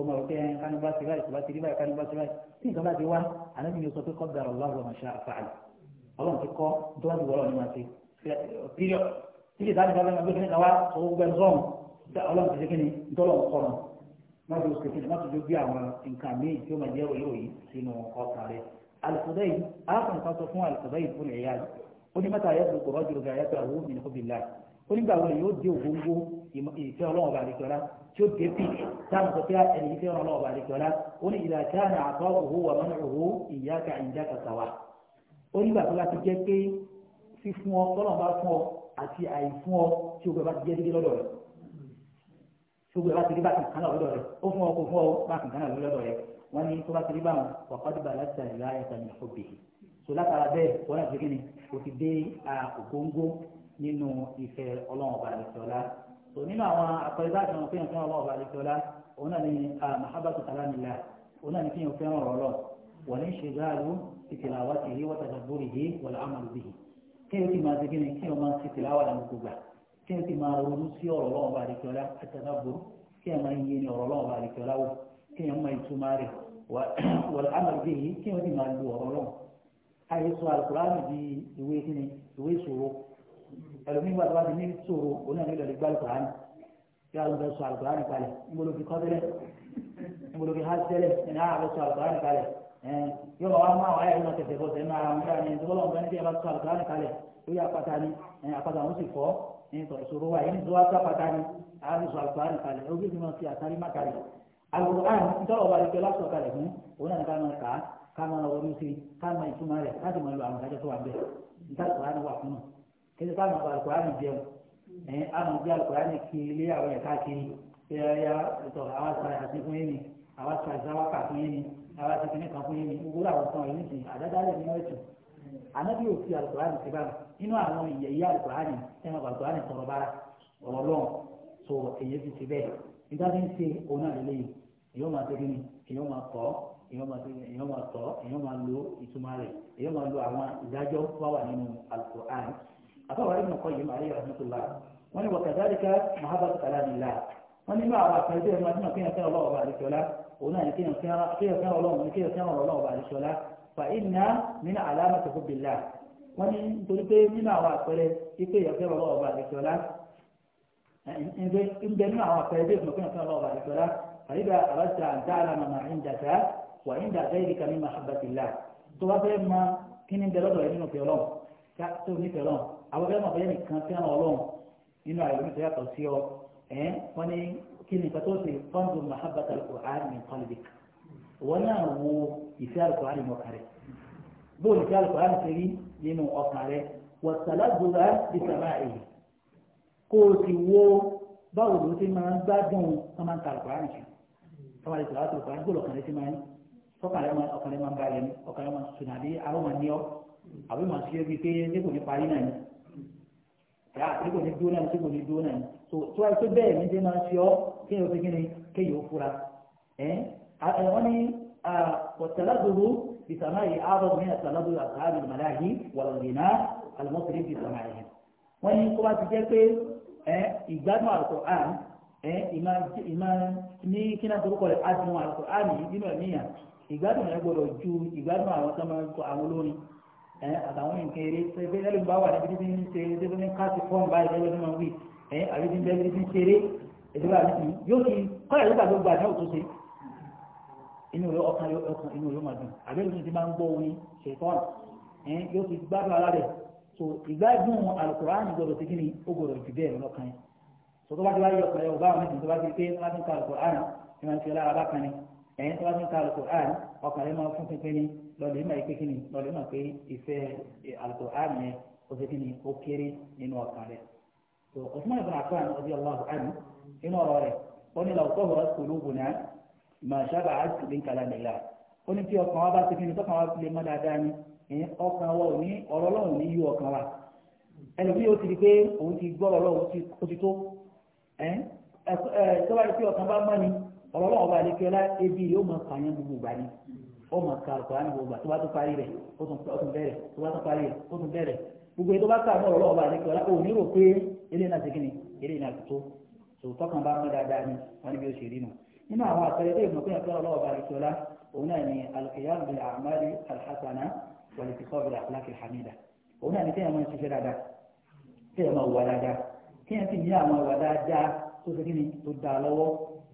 S2: kó máa wípé ẹn kánú bá ti báyìí kó bá ti rí báyìí kánú bá ti báyìí tí nǹkan bá ti wá ànábì yóò sọ pé kọ́ dara ọlọ́run wa máa ṣe àfààní ọlọ́run ti kọ́ dọ́ọ̀dù wọ́rọ̀ ni máa ṣe píríọ̀ tí lè dáni bábẹ́ máa gbé kíníkà wá sọ gbogbo ẹni sọ́ọ̀mù ọlọ́run ti ṣe kíni dọ́lọ̀ kọ́nà má fi oṣù kíni má fi jó bí àwọn nǹkan míì tí ó máa jẹ́ òye òye sínú ọkàn rẹ̀ onígbà wo yóò dé ògóńgó ìfẹ́ ọlọ́wọ́ bá àlejò ọ̀la tí ó dé bí táwọn sọ pé ẹni ìfẹ́ ọlọ́wọ́ bá àlejò ọ̀la ó ní ìlà káàna àtọ́ òhó wà mọ́nà òhó ìyáka ìjáka sàwà onígbà tó bá ti jẹ́ pé fífún ọ tọ́lọ̀ bá fún ọ àti àìfún ọ tí o gbẹ bá ti jẹ́ dídí lọ́dọ̀ rẹ̀ tí o gbẹ bá ti rí bákan kan náà lọ́dọ̀ rẹ̀ ó fún ọ kó fún ọ bákan kan náà lọ́dọ̀ rẹ̀ wọ́n ní tó bá ti rí báwọn wàkọ́dù bàlá ti àyè láyé tàbí ìfọ̀bì so látara bẹ́ẹ̀ wọ́n náà ti rí ni o ti dé ògóńgó nínú ìfẹ́ ọlọ́run ọba àlejòlá tó nínú àwọn àpẹẹrẹ bá àtàwọn fẹ́ràn fẹ́ràn ọlọ́run ọba àlejòlá òun náà ní mahabbatu kalamillah òun náà ní fíyàn fẹ́ràn ọ̀rọ̀ lọ wọ́n ní ṣe dáàlú tilawatihi wa tadabburihi wal amalu bihi kí o ti máa ṣe kíni kí o máa ṣe tìláwà lẹ́nu gbogbo kí o ti máa ronú sí ọ̀rọ̀ lọ́wọ́ bá àlejòlá àtàdàbòrò kí o máa yé ní ọ̀rọ̀ lọ́wọ́ bá wò kí ẹlòmíín wà lọ́wọ́ ní sòrò oní ẹ̀mí lọ́lẹ́ gbàlù kùránì kí a lọ bẹ sọ àlùkùránì kalẹ̀ ńgbọ́dọ̀ fi kọ́tẹ́lẹ̀ ńgbọ́dọ̀ fi hásẹ́lẹ̀ ẹ̀ná àbẹ sọ àlùkùránì kalẹ̀ ẹ̀ yọ̀wọ̀ wa máa wáyà yìí lọ tẹ̀sẹ̀ bọ̀ sẹ́nu ara wọn dáa ní ìdúgbọ́lọ́ nǹkan níbi ẹ̀bá sọ àlùkùránì kalẹ̀ ó yà pátá ni àpáta wọn sì fọ́ ìṣòro wa yìí nítorí wá sọ pátá ni àbẹ sọ àlùkùránì kalẹ̀ ó gbèsè máa kéde ká àwọn alukurani jẹun ẹ̀yìn àwọn ìdí alukurani kiri àwọn ẹ̀ka kiri yẹ́yà ìtọ̀ àwọn asàrà àti fún yẹn ni àwọn asàrà ìsáwáka fún yẹn ni àwọn asàrà ìkíní kan fún yẹn ni gbogbo àwọn kan yìí nìyí àdádálẹ̀ nínú ẹ̀tù ànábì ò fi alukurani ti bá inú àwọn ìyẹ̀yẹ alukurani ẹ̀ma alukurani sọ̀rọ̀ bára ọ̀rọ̀ lọ́n so èyí ti ti bẹ́ẹ̀ nígbà tí ń ṣe òun náà lélẹ́yìn èyí ó máa tẹ́lẹ̀ ni èyí ó máa kọ́ èèyàn máa tẹ èèyàn máa tọ èèyàn máa lo ìtumọ̀ rẹ̀ èèyàn máa lo àwọn ìdájọ́ wá wà nínú alukur'an àbáwá ibn Qayyim alayhi rahmatullah wọ́n ní wa kadhalika mahabbatu kalamillah wọ́n nínú àwọn àpẹẹrẹ ẹ̀rọ àti màkìyàn fẹ́ràn ọlọ́wọ́ bá àdìsọ́lá òun náà ní kíyàn fẹ́ràn ọlọ́wọ́ ní kíyàn fẹ́ràn ọlọ́wọ́ bá àdìsọ́lá fa inna min alamati hubbillah wọ́n ní nítorí pé nínú àwọn àpẹẹrẹ ipé ìyàfẹ́ ọlọ́wọ́ bá àdìsọ́lá ń bẹ nínú àwọn àpẹẹrẹ bí ìfọ̀kàn fẹ́ràn ọlọ́wọ́ bá àdìsọ́lá àyíká àbájá àdáàlà màmá ìdàtà wà ìdàtà ìdíkà min mahabbatillah tó bá fẹ́ mọ kí ni bẹ lọ́dọ̀ ẹ̀ nínú fẹ́ràn àwọn ọ̀rẹ́ màbẹ́yẹ nìkan fẹ́ràn ọlọ́run nínú àyè oníṣẹ́ yàtọ̀ sí ọ ẹ̀ wọ́n ní kí ni nǹkan tó ṣe fọ́ńdù mahabbata al-Qur'an min qalbik wọ́n náà wo ìfẹ́ al-Qur'an nínú ọkàn rẹ̀ bóòlù ìfẹ́ al-Qur'an ṣe rí nínú ọkàn rẹ̀ wọ́n sàlágbóra bí sàmà èyí kó o ti wo báwo ló ti máa ń gbádùn tó máa ń ta al-Qur'an jù tó máa ń ta al-Qur'an bóòlù ti máa ń tọ́kàn rẹ̀ ọkàn rẹ̀ máa ń balẹ̀ ọkàn rẹ̀ máa ń sùn àbí arọ́ máa ń ní ọ àbí máa ń ṣe é bíi pé nígbò ní parí náà ni yà á tí kò ní dúró náà tí kò ní dúró náà tó tó àìsí bẹ́ẹ̀ ní ṣe máa ṣe ọ́ kéèyàn fi kíni kéèyàn ó fura ẹ̀ wọ́n ní ọ̀tàlágbòrò ìsàmá yìí ààbọ̀ ní ọ̀tàlágbòrò àtàlábì màláyì wàlọ́dìnà àlùmọ́sílẹ̀ ti sàmà yìí wọ́n ní kó bá ti jẹ́ pé ìgbádùn àlùkò àn ìmọ̀ ní kíná torúkọ rẹ̀ adùn àlùkò àn yìí nínú ẹ̀míyàn ìgbádùn Eh, àtàwọn nǹkan eré ṣe pé ẹlòmí bá wà níbi títí ń ṣe ṣe pé ká ti fọ́ọ̀mù báyìí lẹ́yìn ọdún máa ń wí àbí ti ń bẹ́ẹ̀ títí ń ṣeré ìdúrà níbi yóò ti kọ́yà ló gbàgbé gbà náà tó ṣe inú rẹ ọkàn rẹ ọkàn inú rẹ máa dùn àbí ẹlòmí ti máa ń gbọ́ orin ṣètọ́n eh, yóò ti gbádùn ara rẹ̀ so ìgbádùn alukur'an gbọdọ̀ ti kíni ó gbọdọ̀ jù bẹ́ẹ̀ lọ́kàn yẹn so tó bá ti wáyé ọkàn rẹ ọba àwọn ènìyàn tó bá ti pé wọn á ti ń ka ni ẹ̀yin tó bá ti ń ka alukur'an ọkàn rẹ̀ máa fún pínpín ní lọ́ọ̀lì máa pé kíni lọ́ọ̀lì máa pé ìfẹ́ alukur'an yẹn ó ṣe kíni ó kéré nínú ọkàn rẹ̀ tó Usman ibn Affan radiyallahu anhu nínú ọ̀rọ̀ rẹ̀ ó ní làwùtọ́ wọ́n qulubuna ma shaba'at min kalamillah ó ní tí ọkàn wa bá ṣe kíni tọ́kàn wa lè má dáadáa ni ọkàn wa ò ní ọ̀rọ̀ Ọlọ́run ní yú ọkàn wa ẹlòmíì ó ti ọlọ́wọ́ ọba àdékẹ́lá ebi yóò máa pààyàn gbogbo ìgbà ni ó máa ka ní gbogbo ìgbà tó bá parí rẹ̀ ó tún bẹ̀rẹ̀ tó bá parí rẹ̀ ó tún bẹ̀rẹ̀ gbogbo bá kà ní ọba àdékẹ́lá ò ní rò pé eré náà ti eré náà ti tó tòótọ́ kan bá dáadáa ni wọ́n ní bí ó ṣe rí nínú àwọn àpẹẹrẹ tó ìmọ̀ pé ọlọ́wọ́ ọba àdékẹ́lá òun náà ni òun náà ni kéèyàn máa ń ṣiṣẹ́ dáadáa kéèyàn máa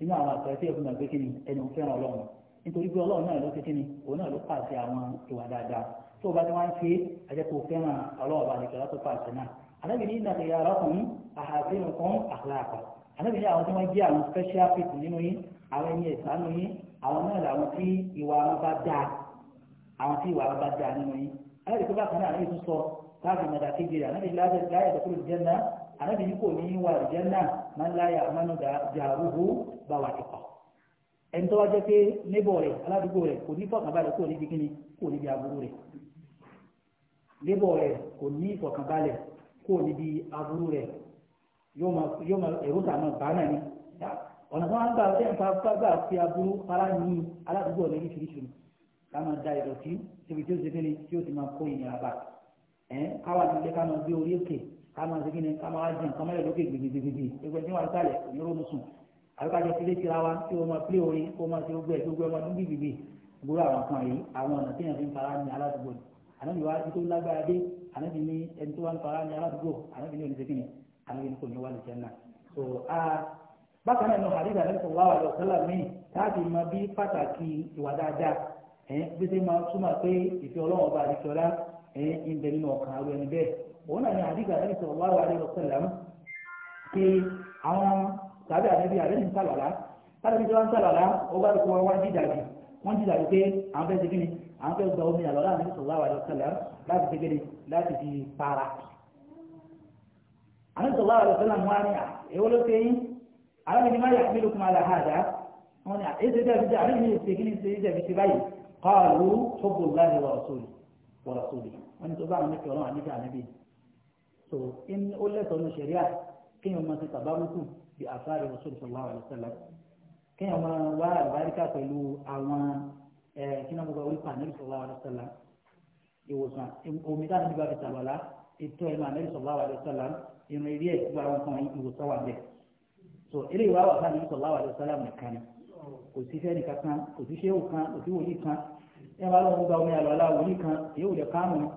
S2: nínú àwọn àpẹẹrẹ tí ẹ̀fọn àgbẹ̀ kínní ẹni òun fẹ́ràn ọlọ́run nítorí pé ọlọ́run náà ló ti kínní òun náà ló pàṣẹ àwọn ìwà dáadáa tó o bá ti wá ń ṣe àjẹkù fẹ́ràn ọlọ́run àlejò látó pàṣẹ náà alábìnrin náà ti yára ọkùnrin àhàfihàn kan àkàlàkà alábìnrin àwọn tí wọ́n jẹ́ àwọn special people nínú yín àwọn ẹni ẹ̀sán nínú yín àwọn náà làwọn tí ìwà wọn bá dáa àwọn tí ìwà wọn bá dáa nínú yín alábìnrin tó bá kan náà àlejò sọ káàkiri mọ̀dà kejì rẹ̀ àlejò láyé ànábì yìí kò ní í wà ìjẹ́nà máa ń láyà ke dàrúhù bá wà kíkọ ẹni tó wá jẹ́ pé níbọ̀ rẹ̀ aládùúgbò rẹ̀ kò ní fọkànbalẹ̀ kò ní bí kíni kò ní bí aburú rẹ̀ níbọ̀ rẹ̀ kò ní ìfọkànbalẹ̀ kò ní bí aburú rẹ̀ yóò máa ẹ̀rú sàmọ̀ bá náà ni ọ̀nà tó máa ń gbà ọdẹ nípa gbà fi aburú ara ní aládùúgbò rẹ̀ oríṣiríṣi ká máa da ìdọ̀tí síbi tí ó ti fi ni tí ó ti máa kó ìnira bá ẹ̀ káwá nílé ká máa gbé orí òkè ká máa ṣe kí ni ká máa jẹun ká máa yẹ lókè gbègbègbè ẹgbẹ́ tí wọ́n á sálẹ̀ onírúurú sùn àbíkájọ sílé tira wa tí wọ́n máa pílé orin kó máa ṣe gbogbo ẹ̀ gbogbo ẹ̀ máa dún gbègbègbè gbogbo àwọn kan yìí àwọn ọ̀nà tí yẹn fi ń fara ní aládùúgbò ni ànábi wa ti tó lágbára dé ànábi ní ẹni tó wà ń fara ní aládùúgbò ànábi ní oníṣẹ́ kí ni ànábi ní kò ní wà lè jẹun náà so bákan náà ní hadith ànábi sọ̀rọ̀ wà lọ sọ́là mí láti mọ bí pàtàkì ìwà dáadáa ẹ̀ bí ṣe máa túmọ̀ pé ìfẹ́ ọlọ́wọ́ bá àdìsọ́lá ẹ̀ ń òun náà ní àdìgbà ẹni sọ̀rọ̀ wá wàlẹ́ ọ̀sẹ̀lẹ̀ mú pé àwọn tàbí àdẹ́bí àdẹ́bí ń sàlọ̀lá tàbí tí wọ́n ń sàlọ̀lá ó bá dùkú wọn dídàbí wọ́n dídàbí pé àwọn fẹ́ẹ́ segin ni àwọn fẹ́ẹ́ gba omi àlọ́lá àdẹ́bí sọ̀rọ̀ wá wàlẹ́ ọ̀sẹ̀lẹ̀ láti segin ni láti fi para. àdẹ́bí sọ̀rọ̀ wá wàlẹ́ ọ̀sẹ̀lẹ̀ mú wa ní èwo ló ṣe yín àdẹ́bí ni má yà mí lókun àlà hàdá wọn ni èsè dẹ́bi dẹ́ àdẹ́bí ni segin ni ṣe dẹ́bi ṣe báyìí tó bá àwọn mẹ́kẹ́ ọlọ́run àdẹ́bí àdẹ́bí so in ó lẹ́tọ̀ọ́ ní sẹ̀ríà kéèyàn máa ti tàbámùkù bí àfáàrí rasul sallallahu alayhi wa sallam kéèyàn máa wá àbáríkà pẹ̀lú àwọn kí náà mo bá wípa ànábì sallallahu alayhi wa sallam ìwòsàn omi táwọn nígbà fi tàbàlá ètò ẹnu ànábì sallallahu alayhi wa sallam irun àwọn kan ìwòsàn wà bẹ́ẹ̀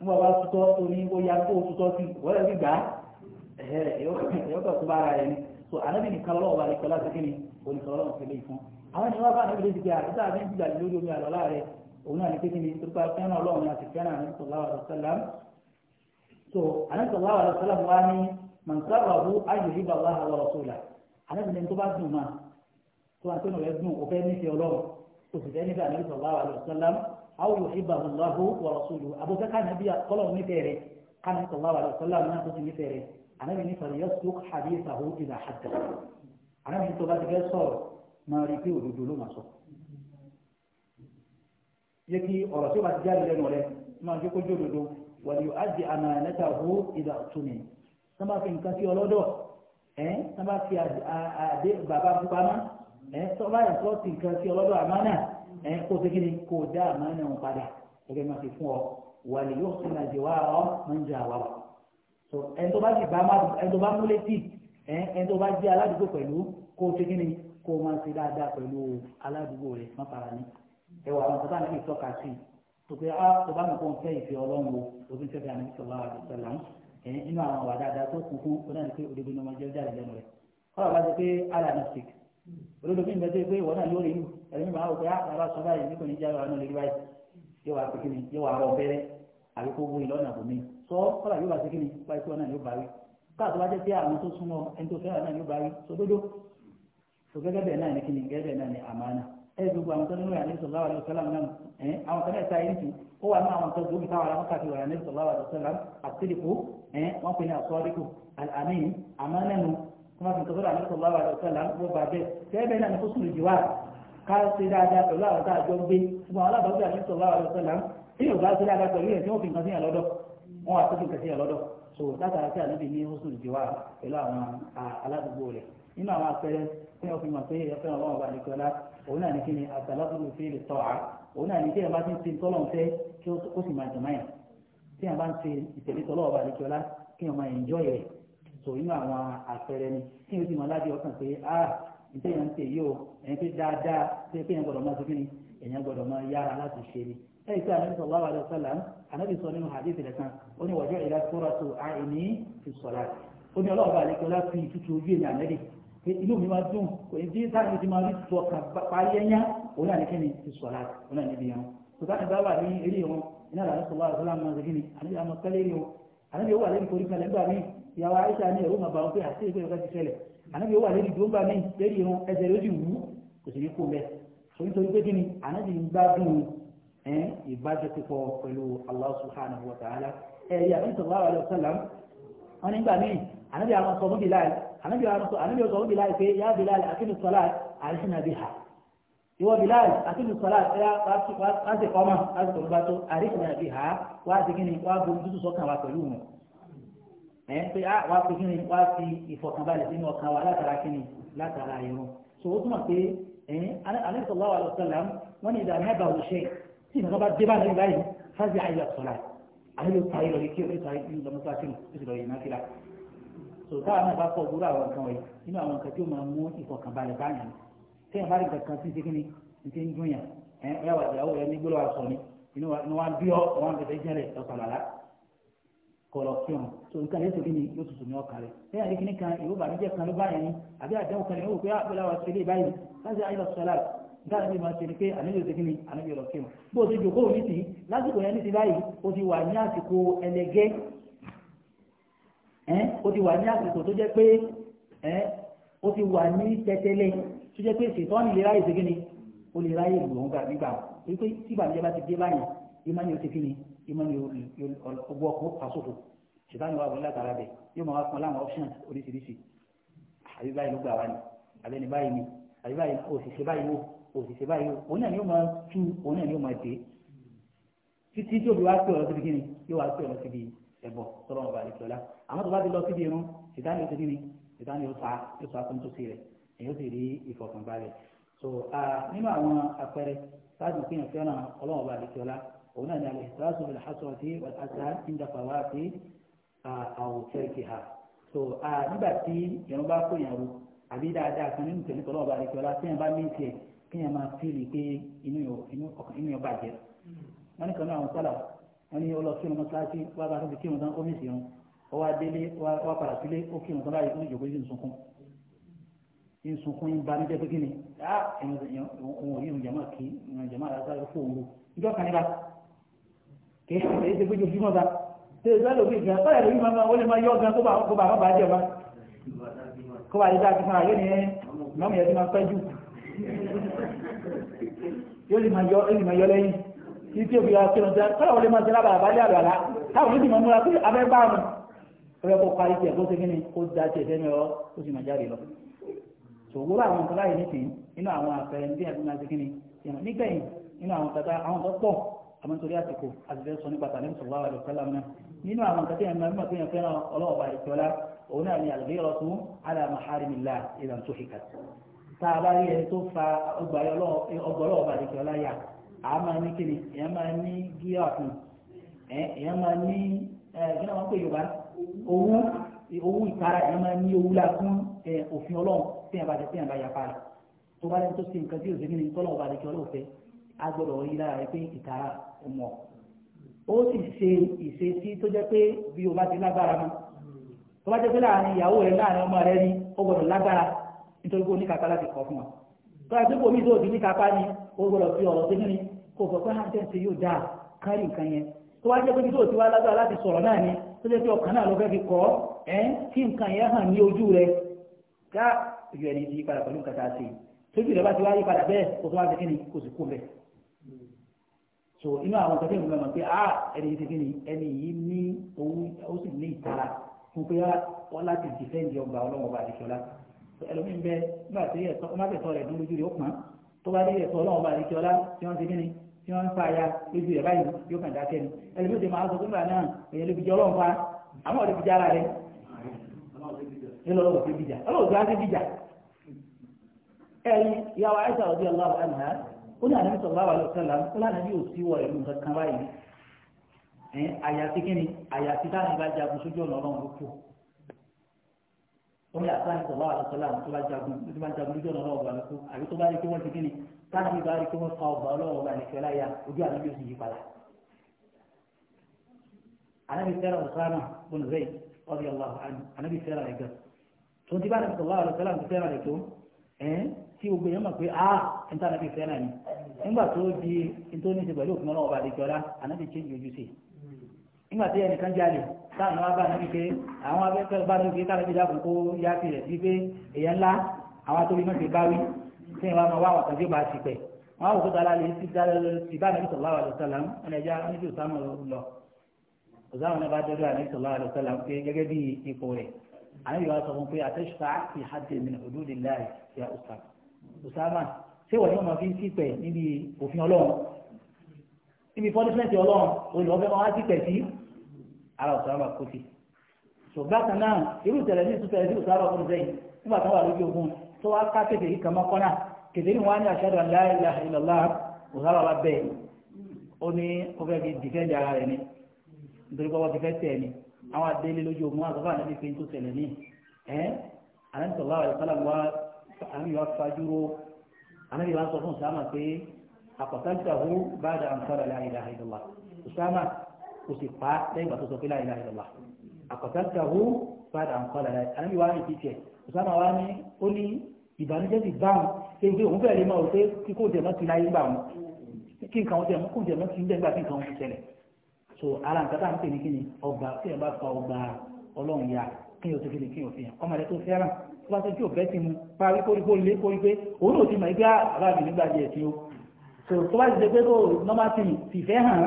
S2: mú ọba tutọ́ orí ó ya kó tutọ́ sí wọ́n ẹ̀rí gbà ẹ̀hẹ́ ẹ̀yọ́ kọ̀ tó bá ara rẹ̀ ni so anábì nìkan lọ́wọ́ balẹ̀ kọ́lá sí kíni oníkan lọ́wọ́ fẹ́lẹ́ ìfún àwọn ènìyàn bá anábì lóṣù pé àtúntà àbí ń gbà lórí omi àlọ́lá rẹ̀ òun náà ní pé kíni tó bá fẹ́ràn ọlọ́run ni àti fẹ́ràn àmì sọ̀láwà lọ́sọ̀lám so àmì sọ̀láwà lọ́sọ̀lám wá ní mọ̀nsáràbù ayòlí bàbá àwọn ọ̀ṣọ́là anábì ní tó bá dùn máa tó wà pé nù rẹ̀ dùn òfẹ́ nífẹ̀ẹ́ ọlọ́run òṣìṣẹ́ nífẹ̀ẹ́ àmì sọ̀láwà lọ́sọ̀lám awo yuhibbahu Allahu wa rasuluhu abuka kana biya kọlọ ni fẹrẹ kana sallallahu alaihi wasallam na to ni fẹrẹ anabi ni fari yasuk hadithahu idha haddatha anabi tó bá ti fẹ́ sọ̀rọ̀ ma rí pé òdodo ló ma sọ yẹ kí ọ̀rọ̀ tí ó bá ti jáde lẹ́nu rẹ̀ máa jókòó jó òdodo wal yu'addi amanatahu idha tuni sábà fi nǹkan sí ọlọ́dọ̀ ẹ̀ sábà fi àdé bàbá fipamọ́ ẹ̀ sábà ẹ̀kọ́ sí nǹkan sí ọlọ́dọ̀ àmánà ẹ kó o ṣe kí ni kó o dá àmọ́ náà wọn padà gẹ́gẹ́ bí wọ́n fún ọ wà yóò ṣe máa jẹ wá ọ máa ń jẹ àwa ọ so ẹni tó bá sì bá ẹni tó bá mú létí ẹni tó bá jẹ aládùúgbò pẹ̀lú kó o ṣe kí ni kó o máa ṣe dáadáa pẹ̀lú aládùúgbò rẹ má fara ní ẹwà àwọn tó bá níbi ìtọ́ka sí tó pé á ah, tó bá nìkan fẹ́ ìfẹ́ ọlọ́run wo òfin fẹ́ fẹ́ àná olódò bí nǹkan tó yẹ pé ìwọ náà yóò rí inú ẹlẹ́yìn máa wò pé ah, àbá sọ báyìí nípa níjà yóò wà náà lórí báyìí yóò wà pékinì yóò wà rọ bẹ́rẹ́ àbí kó wú ìlọ́nà kò ní sọ kọ́là yóò bá pékinì báyìí kó náà yóò bá rí káàtó wájẹ́ pé àwọn tó súnmọ́ ẹni tó fẹ́ràn náà yóò bá rí sódódó tó gẹ́gẹ́ bẹ́ẹ̀ náà ní kíni gẹ́gẹ́ bẹ́ẹ̀ náà ní àmàna ẹ gbogbo àwọn tó nínú yàrá ní sọláwà ní sọláwà náà ẹ àwọn kan náà ta yìí tù ó wà ní àwọn tó kuma fi tọ́sọ́rọ̀ àmì sọ̀rọ̀ àwọn àdọ̀tọ́ là ń kó bá bẹ́ẹ̀ tẹ́ẹ̀bẹ́ náà ni kó sùn ìjìwà ká ṣe dáadáa pẹ̀lú àwọn tá a jọ ń gbé fún àwọn alábàágbé àmì sọ̀rọ̀ àwọn àdọ̀tọ́ là ń tí yóò bá ṣe dáadáa pẹ̀lú yẹn tí wọ́n fi nǹkan sí yàn lọ́dọ̀ wọ́n wá tó so látara tí àníbi ní ó sùn ìjìwà pẹ̀lú àwọn aládùúgbò rẹ̀ nínú àwọn àpẹẹrẹ tí wọ́n fi mọ̀ pé ẹ̀fẹ́ wọn wà ní kíọ́lá òun náà ní kí ni àtàlábùrù fi lè tọ́ a òun náà ní kí ẹ̀ bá ti ń ṣe tọ́lọ́hún fẹ́ kí ó sì máa jọ̀máyà tí ẹ̀ bá ń ṣe ìtẹ̀lé tọ́lọ́hún wà tò nínú àwọn àpẹẹrẹ ni kí n sì mọ aládé ọkàn pé a níta yẹn ń tè yí o ẹni pé dáadáa pé pé yẹn gbọdọ̀ máa sókè ni èèyàn gbọdọ̀ máa yára láti ṣe ni. ẹ̀yìn tí anabi sallallahu alaihi wasallam anabi sọ nínú hadith rẹ̀ kan ó ní wàjú ìlà kóra tó a ìní fi sọ̀rọ̀ ó ní ọlọ́ọ̀bà àlekọ́lá fi tutù ojú èèyàn ànẹ́lì pé inú mi máa dùn kò ní dín sáà ti máa rí tutù ọkàn parí òun náà ní kí ni fi òun náà níbi yẹn tó bá ti bá wà ní eré wọn iná ìyàwó àyíṣà ní ẹ̀rọ màbà ọ̀pẹ́ àti ìpè ọ̀gá ti ṣẹlẹ̀ ànábì ó wà lórí dùnbà mí lórí irun ẹsẹ̀ lójú wù kò sì ní kó mẹ́ sóyún torí pé kíni ànábì ń gbádùn ìbájọpọ̀ pẹ̀lú Allah subhanahu wa ta'ala ẹ̀rí àbíntàwá wa lọ́sàlám wọn nígbà míì ànábì àwọn sọ fún Bilal ànábì àwọn sọ ànábì sọ fún Bilal pé yá Bilal akínú sọlá àrísìnà bí ha ìwọ Bilal akínú sọlá ẹ̀yà wá sí ẹ̀ ń pé á ah, wá fi kíni wá fi ìfọ̀kànbalẹ̀ sínú ọkàn wa látara kíni látara irun so ó túmọ̀ pé ẹ̀yìn alẹ́ sọ̀rọ̀ àwọn ọ̀sán wọn ni ìdààmú ẹ̀bà òṣìṣẹ́ tí ìnáwó bá dé bá lẹ́yìn báyìí fásitì ayé ọ̀sọ̀lá àwọn yóò parí lọ kí orí parí ní lọmọ sáà sínú ó sì lọ yìí náà kíra so táwọn náà bá fọ òwúrọ àwọn nǹkan wọ̀nyí nínú àwọn nǹkan tí ó máa mú ìfọ̀kànbalẹ̀ báyìí téèyàn kọ̀rọ̀ fún un tó nǹkan yẹn sókè ni yóò tutù ní ọkà rẹ̀ ṣé àyè kìíní kan ìwọ bànújẹ́ kan ló bá yẹn ni àbí àdéhùn kan yóò pé àpẹẹrẹ ah, wa ṣe lé báyìí láti ayé lọ sọlá nǹkan àti ìmọ̀ ṣe ni pé àníbi òsèké ni àníbi ọ̀rọ̀ fún un bó o ti jòkó òní sí lásìkò yẹn ní ti báyìí o ti wà ní àsìkò ẹlẹgẹ́ ẹ o ti wà ní àsìkò tó jẹ́ pé ẹ o ti wà ní tẹtẹlẹ tó jẹ́ pé ṣètọ́ni lè ráyè ṣe kí ni o lè ráyè lòún gbà gbígbà wípé tí ìbànújẹ́ bá ti dé báyìí ìmọ̀ ni o ti kí ìmọ̀ ọgbọ́ ọkọ̀ pàṣọkò ṣètàní wà wọlé àtàrà bẹ̀ yóò máa pọn láwọn options oríṣiríṣi àbí báyìí ló gbà wá ni àbí ẹni báyìí ni àbí báyìí òṣìṣẹ́ báyìí wò òṣìṣẹ́ báyìí wò òun náà o yóò máa tú òun náà ni yóò máa dé títí tí òbí wá pè ọ̀rọ̀ síbi kíni yóò wá pè ọ̀rọ̀ síbi ẹ̀bọ̀ tọ́lọ́ ọba àdìsọ́lá àmọ́ tó bá ti lọ síbi irun ṣètàní ó ti kíni ṣètàní ó sa ó sa fún tó sí rẹ̀ èyí ó sì rí ìfọ̀kànbalẹ̀ so ah, nínú àwọn àpẹẹrẹ láti fi hàn fẹ́ràn ọlọ́run ọba àdìsọ́lá òun náà ni al-ihsas bil-hasrati wal-asal inda so nígbà tí ìrún bá kó yàn ro àbí dáadáa kan nínú tẹ̀lé tọ́lọ́ ọba àdìsọ́lá tí yẹn bá mí tiẹ̀ kí yẹn máa fíìlì pé inú yẹn bàjẹ́ wọ́n ní kan náà àwọn sọ́là wọ́n ní ọlọ́ kírun mọ́ṣáláṣí wọ́n bá tó fi kírun tán ó mí sí irun ó wá délé wá padà sílé ó kírun tán báyìí ó ní ìjòkó yìí ń sunkún ń sunkún ń banújẹ́ pé kí ni ah ìrùn jẹ̀mọ́ kí kìí ṣe pé jù ta ṣe ìgbà lóbi gan báyà lóbi máa wọlé máa yọ gan kó bá kó bá má jẹ ọba kó bá yẹ dáa fífún ayé ni mọ́mù yẹn ti máa pẹ́ jù yóò lè máa yọ lẹ́yìn kí tí òbí wa kí lọ kọ́lá wọlé máa ṣe lábàrà bá àlọ́ àlá táwọn oníṣìí máa múra pé abẹ́ bá wọn ọ̀rẹ́ kó parí tiẹ̀ kó ṣe kí ni da tiẹ̀ sẹ́ni ọ ó sì máa jáde lọ ṣòwúrọ̀ àwọn nǹkan láyé nísìnyí nínú àwọn àpẹẹrẹ àmọ́ nítorí àsìkò àtìfẹ́ sọ nípa tàlẹ́ sallallahu alaihi wasallam náà nínú àwọn nǹkan tí yẹn máa ń mọ̀ pé yẹn fẹ́ràn ọlọ́ọ̀bà ìtọ́lá òun náà ni al-ghiratu ala maharimillah idha intuhikat tá a bá rí ẹni tó fa ọgbà ọlọ́ọ̀bà ìtọ́lá yà á máa ní kíni èèyàn máa ní gíyà fún èèyàn máa ní gíná owó ìtara èèyàn máa ní owó la òfin ọlọ́run tí yẹn bá jẹ tí yẹn bá yà pa tó bá lẹ́ni agbọ́dọ̀ rí lára pé ìtara ọmọ ó sì ṣe ìṣesí tó jẹ́ pé bí o bá ti lágbára mọ́ tó bá jẹ́ pé láàrin ìyàwó rẹ láàrin ọmọ rẹ ni ó gbọ́dọ̀ lágbára nítorí pé oníkàpá láti kọ́ fún ọ tó bá jẹ́ pé omi tó ti ni ó gbọ́dọ̀ fi ọ̀rọ̀ sínú ni kò sọ pé hàn tẹ́sí yóò dáa kárí nǹkan yẹn tó bá jẹ́ pé tó ti wá lágbára láti sọ̀rọ̀ náà ni tó jẹ́ pé ọkàn náà ló fẹ́ fi kọ́ ẹ́ kí nǹkan so inú àwọn kan tí mo mọ̀ pé a ah, ẹni yìí ti kí ni ẹni yìí ní owó ó sì ní ìtara fún pé wọ́n láti dìfẹ́ǹdì ọgbà ọlọ́wọ́ bá àdìsọ́lá ẹlòmíín bẹ nígbà tí ẹ̀tọ́ ọmọ àtẹ̀tọ́ rẹ̀ dún lójú rẹ̀ ó pọ́n tó bá dé ẹ̀tọ́ ọlọ́wọ́ bá àdìsọ́lá tí wọ́n ti kí ni tí wọ́n ń fa aya lójú rẹ̀ báyìí yóò kàn dákẹ́ ni ẹlòmíín ti ó ní àdébí sọ̀rọ̀ àwọn ọ̀sẹ̀ làwọn ó lànà yóò sí wọ ìlú kankan báyìí ẹ̀yìn àyàfi kí ni àyàfi táwọn ìbá jagun sójú ọ̀nà ọlọ́run ló kù ó ní àtàwọn ìsọ̀rọ̀ àwọn ọ̀sẹ̀ làwọn tó bá jagun tó bá jagun sójú ọ̀nà ọlọ́run ló kù àbí tó bá rí pé wọ́n ti kí ni táwọn ìbá rí pé wọ́n fa ọgbà ọlọ́run ọba nìkẹ́ láyà ojú àná yóò sì padà. anabi fẹ́ràn ọ̀sánà tí gbogbo èèyàn mọ̀ pé a ah, níta náà fi fẹ́ náà ni nígbà tó di nítorí ní ti pẹ̀lú òfin ọlọ́wọ́ bá àdéjọ́ la ànábì chéjì ojú sí nígbà tí ẹnìkan jalè táwọn wá bá ànábì pé àwọn abẹ́fẹ́ bá ní pé káàdé dákun kó yá sí rẹ̀ sí pé èèyàn ńlá àwọn atóbi náà ti bá wí tí wọn máa wá àwọn tàbí bá a sì pẹ̀ wọn á wò kó tala lè ti dá ti bá ànábì sọ̀lá ẹnìjà oníbi òsàmù lọ òsàmù náà bá dọ́dọ̀ ya òsàmù Usama ṣé wọ́n ní wọ́n máa fi ń sípẹ̀ níbi òfin ọlọ́run níbi pọ́nísẹ́ǹtì ọlọ́run olùwọ́fẹ́ máa wá sípẹ̀ sí ara Usama kò sí. ṣùgbọ́n kan náà irú ìṣẹ̀lẹ̀ ní ìṣúṣẹ̀lẹ̀ sí Usama kò sẹ́yìn nígbà táwọn àlejò ogun tó wá ká tètè yìí kan mọ́ kọ́nà tètè ní wọ́n á ní ashhadu an la ilaha illallah Usama bá bẹ́ẹ̀ ó ní ó fẹ́ fi dìfẹ́ǹdì ara rẹ̀ ni nítorí pé wọ́n ti fẹ́ tẹ̀ ni àwọn adélé lójú ogun àtọ́fà náà ti fi ń tó ṣẹlẹ̀ ní ẹ́ àlẹ́ ànábì wa fajúro ànábì wa sọ fún Usama pé àpàtàkìtàwó bá dà àǹkárà la ilaha illallah Usama kò sì pa lẹ́yìn ìgbà tó sọ pé la ilaha illallah àpàtàkìtàwó bá dà àǹkárà la ànábì wa ní ti tiẹ̀ Usama wa ní ó ní ìbànújẹ́ ti bá wọn ṣe pé òun fẹ́ẹ́ lè máa wò pé kíkó jẹ̀mọ́ ti láyé gbà wọn kí nǹkan wọn jẹ̀mọ́ kó jẹ̀mọ́ ti ń dẹ́gbà kí nǹkan wọn ti ṣẹlẹ̀ so ara nǹkan tá à ń pè ní kíni ọgbà tí ẹ bá fa ọgbà ọlọ́run ya kí yóò tóbi ní kí yóò fi hàn ọmọ rẹ tó fẹ́ràn tó bá tọ́jú ọ̀bẹ ti mu parí kórikó lé kórikó òun ò ti mọ̀ ẹgbẹ́ aláàbì ah, nígbà díẹ̀ tí ó tó tó bá ti ṣe pé kó nọ́mà tì tì fẹ́ hàn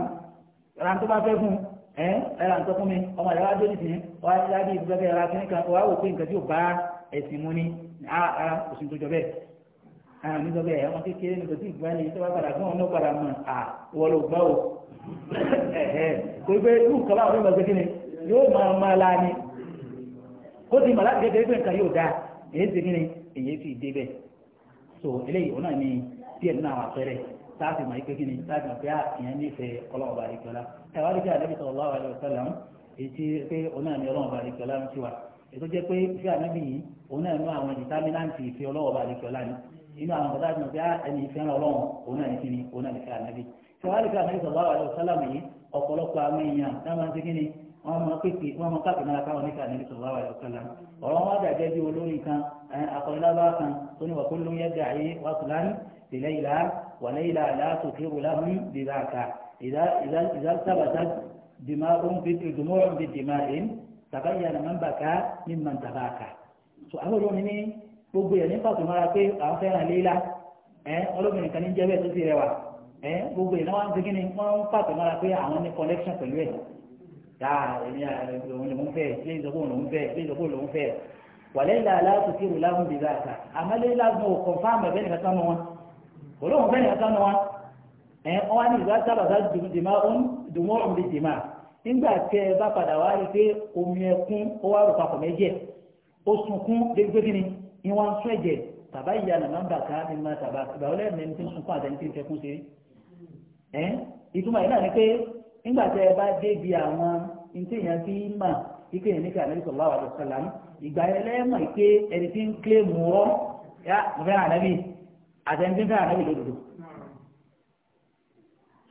S2: ra tó bá fẹ́ fún ẹ ẹ ra nǹkan fún mi ọmọ rẹ wá dé nìsín wá yá bí ibùdó bẹ́ẹ̀ ra kíní kan wá wò pé nǹkan tí ò bá ẹ̀sìn mu ni ara ah, ah, òsì tó jọ bẹ́ẹ̀ àwọn nígbà bẹ́ẹ̀ ọmọ kékeré nígbà tí ìgbà yẹn tó bá padà fún ọmọ padà mọ̀ à wọ́n ló gbá o kò gbé irú nǹkan báwọn ló máa gbé kí ni yóò máa máa la ni kó di màlá ti gẹ́gẹ́ pé nǹkan yóò dáa èyí ti kí ni èyí ti dé bẹ́ẹ̀ so eléyìí òun ni díẹ̀ nínú àwọn àpẹẹrẹ láti mọ̀ pé kí ni láti mọ̀ pé àyàn nífẹ̀ẹ́ ọlọ́run bá rìkẹ́ ọlá ẹ wá rí pé ànábì sallallahu alaihi wasallam èyí ti pé òun náà ni ọlọ́run bá rìkẹ́ ọlá ń ti wà ètò jẹ́ pé ìfẹ́ ànábì yìí òun náà nú àwọn dìtámínáǹtì ìfẹ́ ọlọ́run bá rìkẹ́ ọlá ni inú àwọn ọ̀dá àti ọ̀dá ẹni ìfẹ́ràn ọlọ́run òun náà ní kí ni òun náà sallallahu alaihi wasallam yìí ọ̀pọ̀lọpọ̀ àwọn èèyàn náà máa wọn mọ pèsè wọn mọ káàkiri náà káwọn níta níbi sọlá wa ìwọsọlá ọ̀rọ̀ wọn dàjẹ bí olórin kan akọlọlọba kan tó ní wàkó ló ń yẹgbẹ ayé wa fúlàn tìlẹ ìlà wàlẹ ìlà aláàtò kí wòlá hún bìbá àká ìdá sábàtà dìmá ohun fi dùmọ́ ohun fi dìmá rìn tàbá ìyá nàmá ń bà ká ní mà ń tàbá àká. tó àwọn olórin ní gbogbo yẹn ní pàtó mọ́ra pé àwọn fẹ́ràn léla olómìnir kan ní jẹ́ bẹ́ẹ̀ tó ti rẹwà gbogbo yẹn náà wọ́n ń dáa èmi òun lòún fẹ́ ilé ìdókòwò lòún fẹ́ ilé ìdókòwò lòún fẹ́ wàlẹ́lá aláàtò tí ìrùlá ń bìbá àkà àmàlẹ́lá gbọ́n ò kọ̀ǹfàmù ẹ̀fẹ́ nìkan sánú wọn kò lóun fẹ́ nìkan sánú wọn ẹ̀ ọ́n wá ní ìgbà sábàtà dùmọ́ òun bí dìmá nígbà tẹ ẹ bá padà wá rí pé omi ẹkún ó wá rò papọ̀ mẹ́jẹ̀ ó sunkún dégbé kí ni ni wọ́n sún ẹ̀jẹ̀ tàbá ìyá nàmá bàtà ni má tàbá ìgbà wọlé ẹ̀mí ti ń sunkún àtẹnitì ìfẹ́kún ṣe ẹ̀ ìtumọ̀ yìí náà ni pé nígbà tí ẹ bá débi àwọn fi ń mà ike yẹn níkà nàbí sallallahu alaihi wasallam ìgbà yẹn lẹ́mọ̀ ike ẹni tí ń kílé mú ọ yá mo fẹ́ràn ànábì fẹ́ràn ànábì lódodo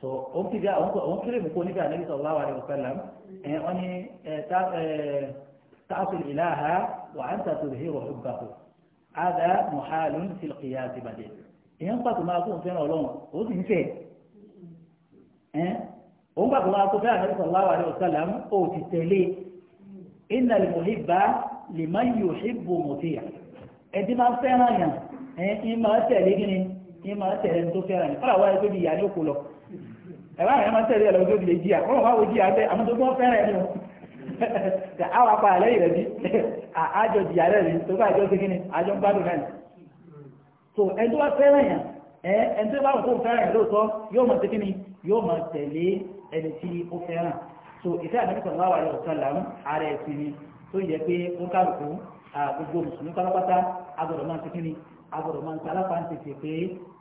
S2: so òun ti dá òun kílé mú kó níkà nàbí sallallahu alaihi wasallam ẹ wọ́n ní ẹ tá ẹ تعصي الإله وأنت تظهر حبه هذا òun gbàgbọ́ wa kó fẹ́ àná sallallahu alaihi wasallam ó ti tẹ̀lé innal muhibba liman yuhibbu muti'a ẹtí máa fẹ́ràn yàn ẹ máa tẹ̀lé kí ni ẹ máa tẹ̀lé tó fẹ́ràn yàn fọlá wáyé tó di ìyá ní òkú lọ ẹ̀rọ àwọn ẹ̀ma tẹ̀lé ẹ̀lọ́dún òbí lè jí à wọ́n wá wo jí à bẹ́ẹ̀ àmọ́ tó gbọ́ fẹ́ràn ẹ̀ lọ àwọn apá àlẹ́ yìí rẹ̀ bí àjọ jìyà rẹ̀ tó bá àjọ sí kí ni àjọ ń gbádùn náà so ẹni tó fẹ́ràn yàn ẹni tó ẹni tí ó fẹ́ràn so ìfẹ́ ànábì sallallahu alaihi wasallam ààrẹ ẹ̀sìn ni tó yẹ pé ó kálukú gbogbo mùsùlùmí pátápátá agbọ̀dọ̀ máa ń ti kíni agbọ̀dọ̀ máa ń ta alápá ń tètè pé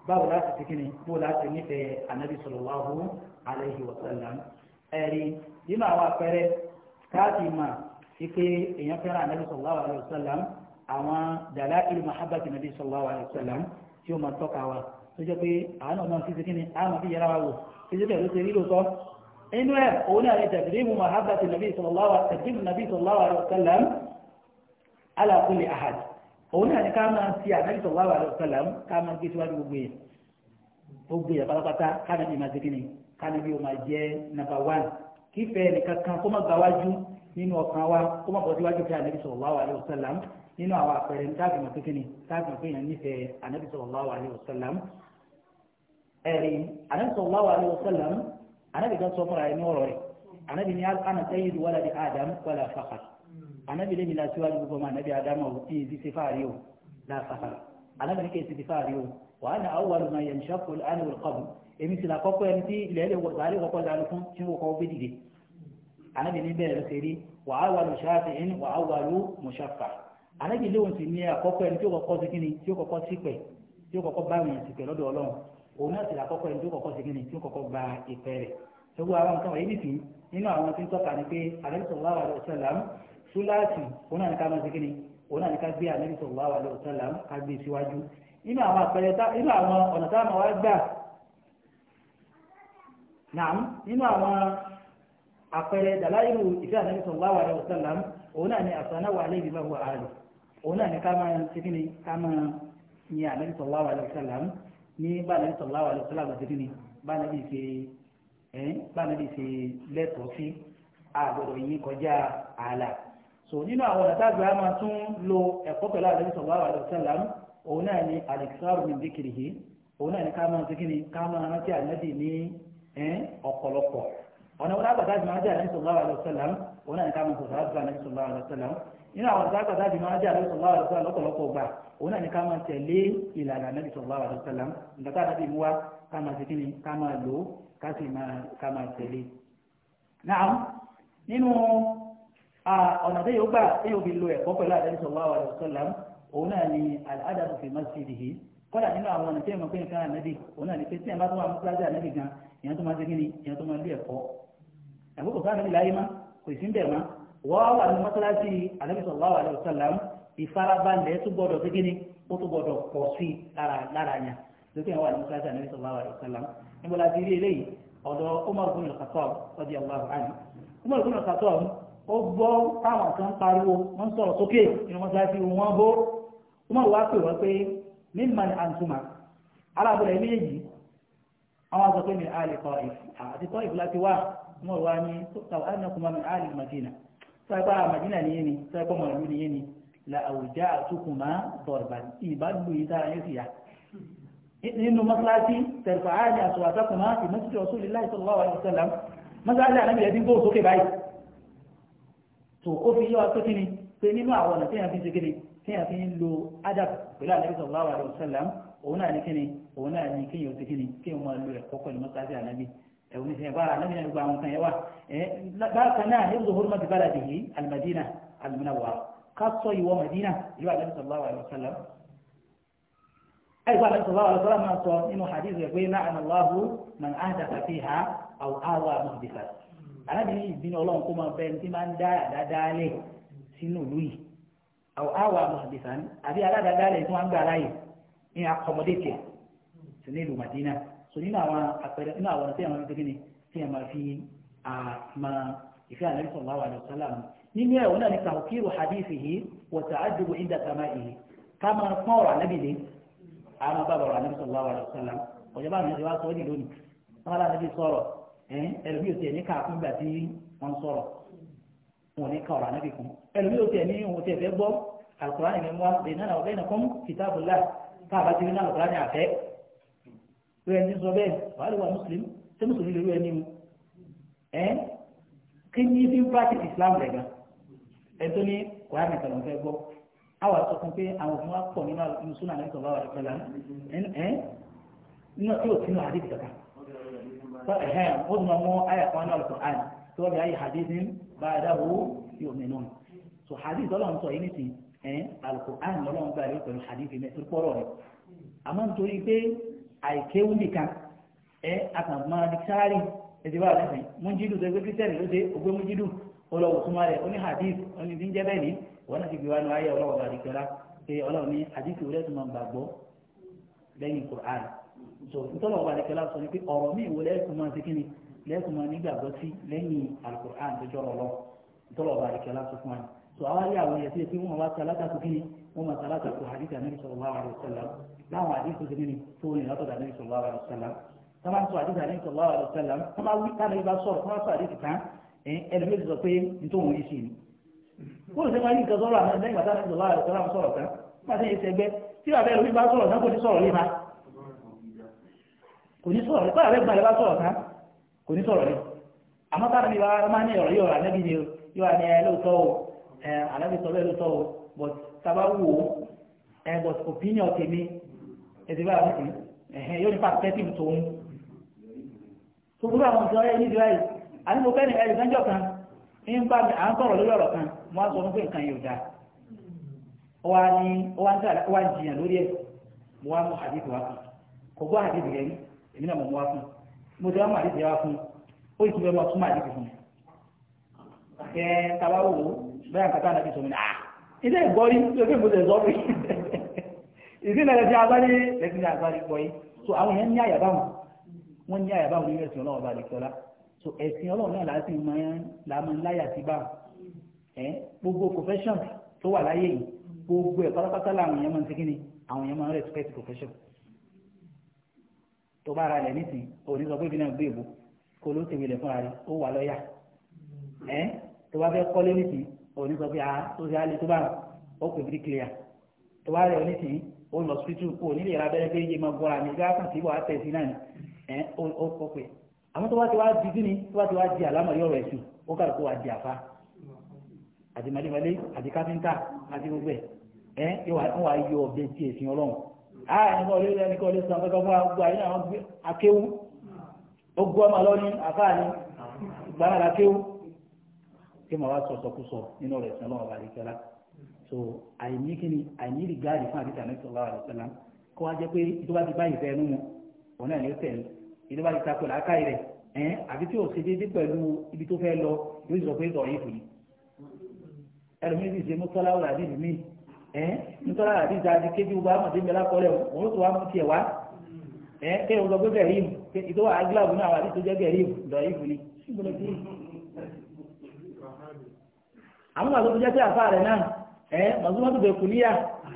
S2: báwo láti ti kíni bó láti nífẹ̀ẹ́ ànábì sallallahu alaihi wasallam ẹ̀rí nínú àwọn àpẹẹrẹ káàkiri mà ipe èèyàn fẹ́ràn ànábì sallallahu alaihi wasallam àwọn dalail mahabbati nabi sallallahu alayhi wa sallam tí ó máa tọ́ka wa tó jẹ́ inú ẹ̀ òun náà ní tẹ̀sírímù mahabbati nàbí sallallahu tẹ̀sírímù nàbí sallallahu alaihi wasallam ala kulli ahad òun náà ní ká máa ti ànábì sallallahu alaihi wasallam ká máa gbé síwájú gbogbo yẹn gbogbo yẹn pátápátá kánàbí máa ti kíni kánàbí ó máa jẹ́ nàbà wán kífẹ́ nìkan kan kó má gbáwájú nínú ọkàn wa kó má bọ́ síwájú fẹ́ ànábì sallallahu alaihi wasallam nínú àwọn àpẹẹrẹ ní táàbì mọ̀ kékeré táàbì mọ̀ kéèyàn nífẹ̀ẹ́ ànábì sallallahu alaihi wasallam ẹ̀rí ànábì sallallahu alaihi wasallam anabi gan sọ fúnra rẹ̀ ní ọ̀rọ̀ rẹ̀ anabi ní ana sẹ́yìn ìlú wàlá di adam wàlá fàkàr anabi lè mi la síwájú gbogbo ọmọ anabi adam ò tí ì ti ṣe fáàrí o la fàkàr anabi ní kí ì ti fáàrí o wà á na awo wàlú ma yẹn ṣàkó àni wòl kọ́bù èmi sì là kọ́kọ́ ẹni tí ilẹ̀ ilẹ̀ wọ sàárè kọ́kọ́ lanu fún tí wọ́n kọ́ bẹ́ dìde anabi ní bẹ́ẹ̀ lọ́sẹ̀ rí wà á wàlú ṣáàfin wà anabi léwọ̀n sì ní àkọ́kọ́ ẹni tí ó kọ́kọ́ sí kíni tí ó kọ́kọ́ sí pẹ̀ tí ó kọ́kọ́ bá àwọn èèyàn sì òun náà sì là kọ́kọ́ ẹni tó kọ́kọ́ ṣe kíni tó kọ́kọ́ gba ìpẹ́ rẹ̀ gbogbo àwọn nǹkan wọ̀nyí nìfín nínú àwọn tí ń tọ́ka ni pé Ànábì sallallahu alaihi wasallam súláàtì òun náà ní ká máa ṣe kíni òun náà ní ká gbé Ànábì sallallahu alaihi wasallam ká gbé e síwájú nínú àwọn àpẹẹrẹ tá nínú àwọn ọ̀nà táwọn wá gbà nàám nínú àwọn àpẹẹrẹ dàláìlú ìfẹ́ Ànábì sallallahu alaihi wasallam òun náà ní àṣànà wà lẹ́yìn bá wà áàlù òun náà ní ká máa ṣe kíni ká máa yin Ànábì sallallahu alaihi ní báyìí sọ̀rọ̀ àwọn àlùfáà àgbà tẹ́lẹ̀ ni báyìí ṣe ẹ̀ báyìí ṣe lẹ́tọ̀ọ́ sí àgbọ̀dọ̀ yìí kọjá ààlà so nínú àwọn ọ̀nà tágbà á máa tún lo ẹ̀kọ́ pẹ̀lú àlùfáà sọ̀rọ̀ àwọn àlùfáà òun náà ni alexander min dikirihi òun náà ni ká máa sikini ká máa rántí ànábì ní ọ̀pọ̀lọpọ̀ ọ̀nà wọn àgbàdo máa jẹ́ ànábì sọ̀rọ̀ àwọn àlùfáà òun náà ni ká máa sọ̀rọ̀ àgbà ànábì sọ̀rọ̀ nínú àwọn sábà sábì máa ń jà lọ́sọ̀ láwà lọ́sọ̀ lọ́pọ̀lọpọ̀ gbà òun náà ni ká máa tẹ̀lé ìlànà anábì sọ̀rọ̀ láwà lọ́sọ̀ lám nígbà tá anábì mú wa ká máa tẹ̀lé ká máa lò ó ká sì máa tẹ̀lé. náà nínú ọ̀nà tó yóò gbà tó yóò fi lo ẹ̀kọ́ pẹ̀lú anábì sọ̀rọ̀ láwà lọ́sọ̀ òun náà ni al-adabu fi masjidihi kọ́dà nínú àwọn ọ̀nà tí èèmọ̀ pé nǹkan ànábì ni pé tí ẹ̀ bá tó wà ní máa ṣe kí ni ìyẹn tó máa lé ẹ̀kọ́ àkókò sáà ànábì láyé má kò sí ń bẹ̀ má wọ́n wà ní mọ́sálásí Ànábì sallallahu ìfarabalẹ̀ tó gbọ́dọ̀ ó tó pọ̀ sí lára nya. lókè wà ní mọ́sálásí Ànábì sallallahu alaihi ti rí eléyìí ọ̀dọ̀ Umar Umar ó gbọ́ táwọn kan pariwo wọ́n sọ̀rọ̀ sókè wọn bó Umar wá pè wọ́n pé antuma alábùrẹ̀ méjì àwọn pé mi àlè kọ́ àti kọ́ sọ́pá àmàdínà ni yé ni sọ́pá màlúù ni yé ni la àwùjá àtúkùmá bọ̀rọ̀bà ìbálò yìí tára yóò sì yá. nínú mọ́sálásí tẹ̀fà á ní àṣọ àtàkùmá ìmọ̀síjì Rasulullahi sallallahu alaihi wasallam mọ́sálásí àná bìrẹ̀ dínkù sókè báyìí. tó ó fi yé wa pé kíni pé nínú àwọn ọ̀nà téèyàn fi ń ṣe kíni téèyàn fi ń lo adab pẹ̀lú Ànábì sallallahu alaihi wasallam òun náà ní kíni òun náà ní kíyàn ó ṣe kíni kíyàn máa lo ẹ̀kọ́ pẹ̀lú mọ́sálásí Ànábì ẹ̀wù ní sẹ́yìn bára lẹ́yìn ẹ̀rù gba àwọn kan yẹn wá bákan náà yóò zuhur mọ́tì bára dìhì alimadina alimunawa ká sọ ìwọ madina ìlú alẹ́ sallallahu alaihi wasallam ẹ̀rù alẹ́ sallallahu alaihi wasallam máa sọ nínú hadith rẹ̀ pé náà aláhu man ahdatha fiha aw awa muhditha alábìnrin ìbínú ọlọ́run kó máa bẹ́ẹ̀ tí máa ń dá àdáadáalẹ̀ sínú ìlú yìí aw awa muhditha àbí aládáadáalẹ̀ tí wọ́n ń gbà láyè ní akọmọdé tẹ̀ sí nílùú madina so nínú àwọn àpẹẹrẹ nínú àwọn tí a máa fi gbé ní tí a máa fi àmà ìfẹ́ àlẹ́ sallallahu alaihi wasallam nínú ẹ̀ wọn náà ní tàwùkìrù hadithihi wa ta'addubu inda sama'ihi ká máa pọ́n ọ̀rọ̀ ànábì lé àwọn bàbá ọ̀rọ̀ ànábì sallallahu alaihi wasallam ọ̀jọ̀ bá mi ṣe wá sọ ọ́ ní lónìí wọn bá láti sọ̀rọ̀ ẹlòmíì ò tiẹ̀ ò pé ẹni sọ bẹ́ẹ̀ wàá lè wà mùsùlùmí ṣé mùsùlùmí lè rú ẹni mu ẹ kí ni fi ń practice Islam rẹ̀ gan ẹ tó ní kòránì kan ló ń fẹ́ gbọ́ àwọn sọ fún pé àwọn òfin wa pọ̀ nínú musulmi àti sọ̀rọ̀ àwọn ìfẹ́ lánàá ẹ nínú tí yóò sínú àdébì kankan ẹ̀hẹ́n ó dùn mọ́ àyà kan náà lọ́kọ̀ àná tí wọ́n bí ayé hadith bá a dáwọ́ yóò mí nù so hadith ọlọ́run sọ yìí nìsín ẹ̀ alùpùpù àná lọ́lọ́run gbà yóò pẹ̀lú hadith mẹ́tò pọ̀rọ̀ àìkéwú nìkan ẹ àtàmọ́ dikitari ẹ̀dí wà lẹ́sìn mújídù tó gbé kírísítẹ́nì ló dé ògbé mújídù ó lọ wò súnmọ́ rẹ̀ ó ní hadith ó ní díjẹ́ bẹ́ẹ̀ ni wọn náà ti gbé wa nù ayé ọlọ́wọ́ àdìgbẹ́lá pé ọlọ́run ní hadith rẹ̀ tó máa gbàgbọ́ lẹ́yìn Qur'an so ntọ́lọ̀ ọba àdìgbẹ́lá sọ ni pé ọ̀rọ̀ mi ìwò lẹ́ẹ̀kú máa ti kíni lẹ́ẹ̀kú máa nígbàgbọ́ sí lẹ́yìn al-Qur'an tó jọrọ̀ lọ so àwọn ayé àwọn yẹn ti pé wọn wọ́n máa sàlátà kó hadith anabi sallallahu alayhi wa sallam láwọn hadith tó ní tó ní látọ̀dọ̀ anabi sallallahu alayhi wa sallam tó máa ń sọ hadith anabi sallallahu alayhi wa sallam tó máa wí káàdì bá sọ̀rọ̀ tó máa sọ hadith kan ẹlẹ́mi ti sọ pé nítorí yìí sí ni. wọ́n lè sẹ́kọ̀ọ́ ní nǹkan sọ̀rọ̀ àná lẹ́yìn bàtà anabi sallallahu alayhi wa sallam sọ̀rọ̀ kan má sẹ́yìn sẹ́gbẹ́ tí bàbá ẹlòmí bá sọ̀rọ̀ náà kò ní sọ̀rọ̀ léba kò ní sọ̀rọ̀ nípa àbẹ́ gbọ́n kò ní sọ̀rọ̀ lé àmọ́ táwọn ìwà máa ní ọ̀rọ̀ yóò rà nẹ́bí ni yóò wà ní ẹ lóòótọ́ o ẹ àlẹ́bí sọ bẹ́ẹ̀ lóòótọ́ o but tàbá wò ó ẹ̀ but opinion tèmi ẹ̀sìn bá wọn sìn ẹ̀hẹ́ yóò ní perspective tòun gbogbo àwọn ìjọ ẹ̀ nídìí báyìí àti mo fẹ́ ní ẹ̀rì sánjọ́ kan ń bá mi à ń sọ̀rọ̀ lórí ọ̀rọ̀ kan mo á sọ fún pé nǹkan yóò dáa wa ni wa ń sàlẹ̀ wa ń jiyàn lórí ẹ̀ mo wá mú àdìsí wa fún kò gbọ́ àdìsí rẹ̀ rí èmi náà mo mú wa fún mo ti wá mú àdìsí wa fún ó sì fẹ́ mọ́ túmọ̀ àdìsí fún mi. ẹ tàbá wò ó bẹ́ẹ̀ nǹkan tá a nàbí sọ mi náà ah, ilé ìgbọ́rí tó fi mú tẹ̀sọ́ rí ìdí náà lẹ́sìn agbárí lẹ́sìn gbọ́ yìí so àwọn èèyàn ní àyàbá wọn wọ́n ní àyàbá wọn nínú ẹ̀sìn ọlọ́run ọba àdìsọ́lá so ẹ̀sìn ọlọ́run náà láti máa ń láyà sí bá ẹ̀ gbogbo profession tó wà láyé yìí gbogbo ẹ̀ pátápátá làwọn èèyàn máa ń ti kíni àwọn èèyàn máa ń respect profession tó bá ara rẹ̀ nísìn òní sọ pé bí náà gbé ìbò kó òní sọ pé àá ah, tó ṣe á lè tó bá ó pè bí kílíà tó bá rẹ̀ oníṣìí ó lọ sí tù òní lè ra abẹ́rẹ́ pé yé máa gbọ́ra mi gbá kàn sí wàá tẹ̀sí náà ẹ̀ ó kọ́ pé àmọ́ tó bá ti wá di kí ni tó bá ti wá di àlámọ̀rí ọ̀rọ̀ ẹ̀sùn ó kàrọ̀ kó wá di àfa àti màdìmọ́lé àti káfíńtà àti gbogbo ẹ̀ ẹ̀ wọ́n wá yọ ọ̀bẹ ti ẹ̀sìn ọlọ́run ẹnìkan ọ̀lẹ́ ilé ẹnìkan ọ̀lẹ́ sàn kankan fún agbó àyìn àwọn akéwú ó gbọ́ ọmọ lọ́ní àfáà ni ìgbà náà akéwú tí mo wá sọ̀sọ̀ kú sọ nínú ọ̀rọ̀ ìsìn ọlọ́wọ́ àbàlẹ̀ so àìní kíni àìní rí gáàdì fún àdìsí àmì sọ̀rọ̀ àbàlẹ̀ ìkẹ́lá kó wá jẹ́ pé tó bá ti bá ìfẹ́ ẹnu mu òun náà ni ó tẹ̀lé ìdí bá ti takò làákàyè rẹ̀ ẹ̀ẹ́n àbí tí ò ṣe déédé pẹ̀lú ibi tó fẹ́ lọ yóò sọ pé dọ̀rí ìfò yìí ẹlòmíín sì ṣe mọ́tọ́lá ọ̀rọ̀ àdìsí mi ẹ̀ẹ́n mọ́tọ́lá àdìsí àti kébí ọba àmọ̀débẹ̀ lákọ́lẹ̀ òun tó wá mú tiẹ̀ wá ẹ̀ẹ́n àwọn àgbà tó jẹ́ sí àfa rẹ̀ náà ẹ mọ̀túnmọ́ tó bẹ̀kù níyà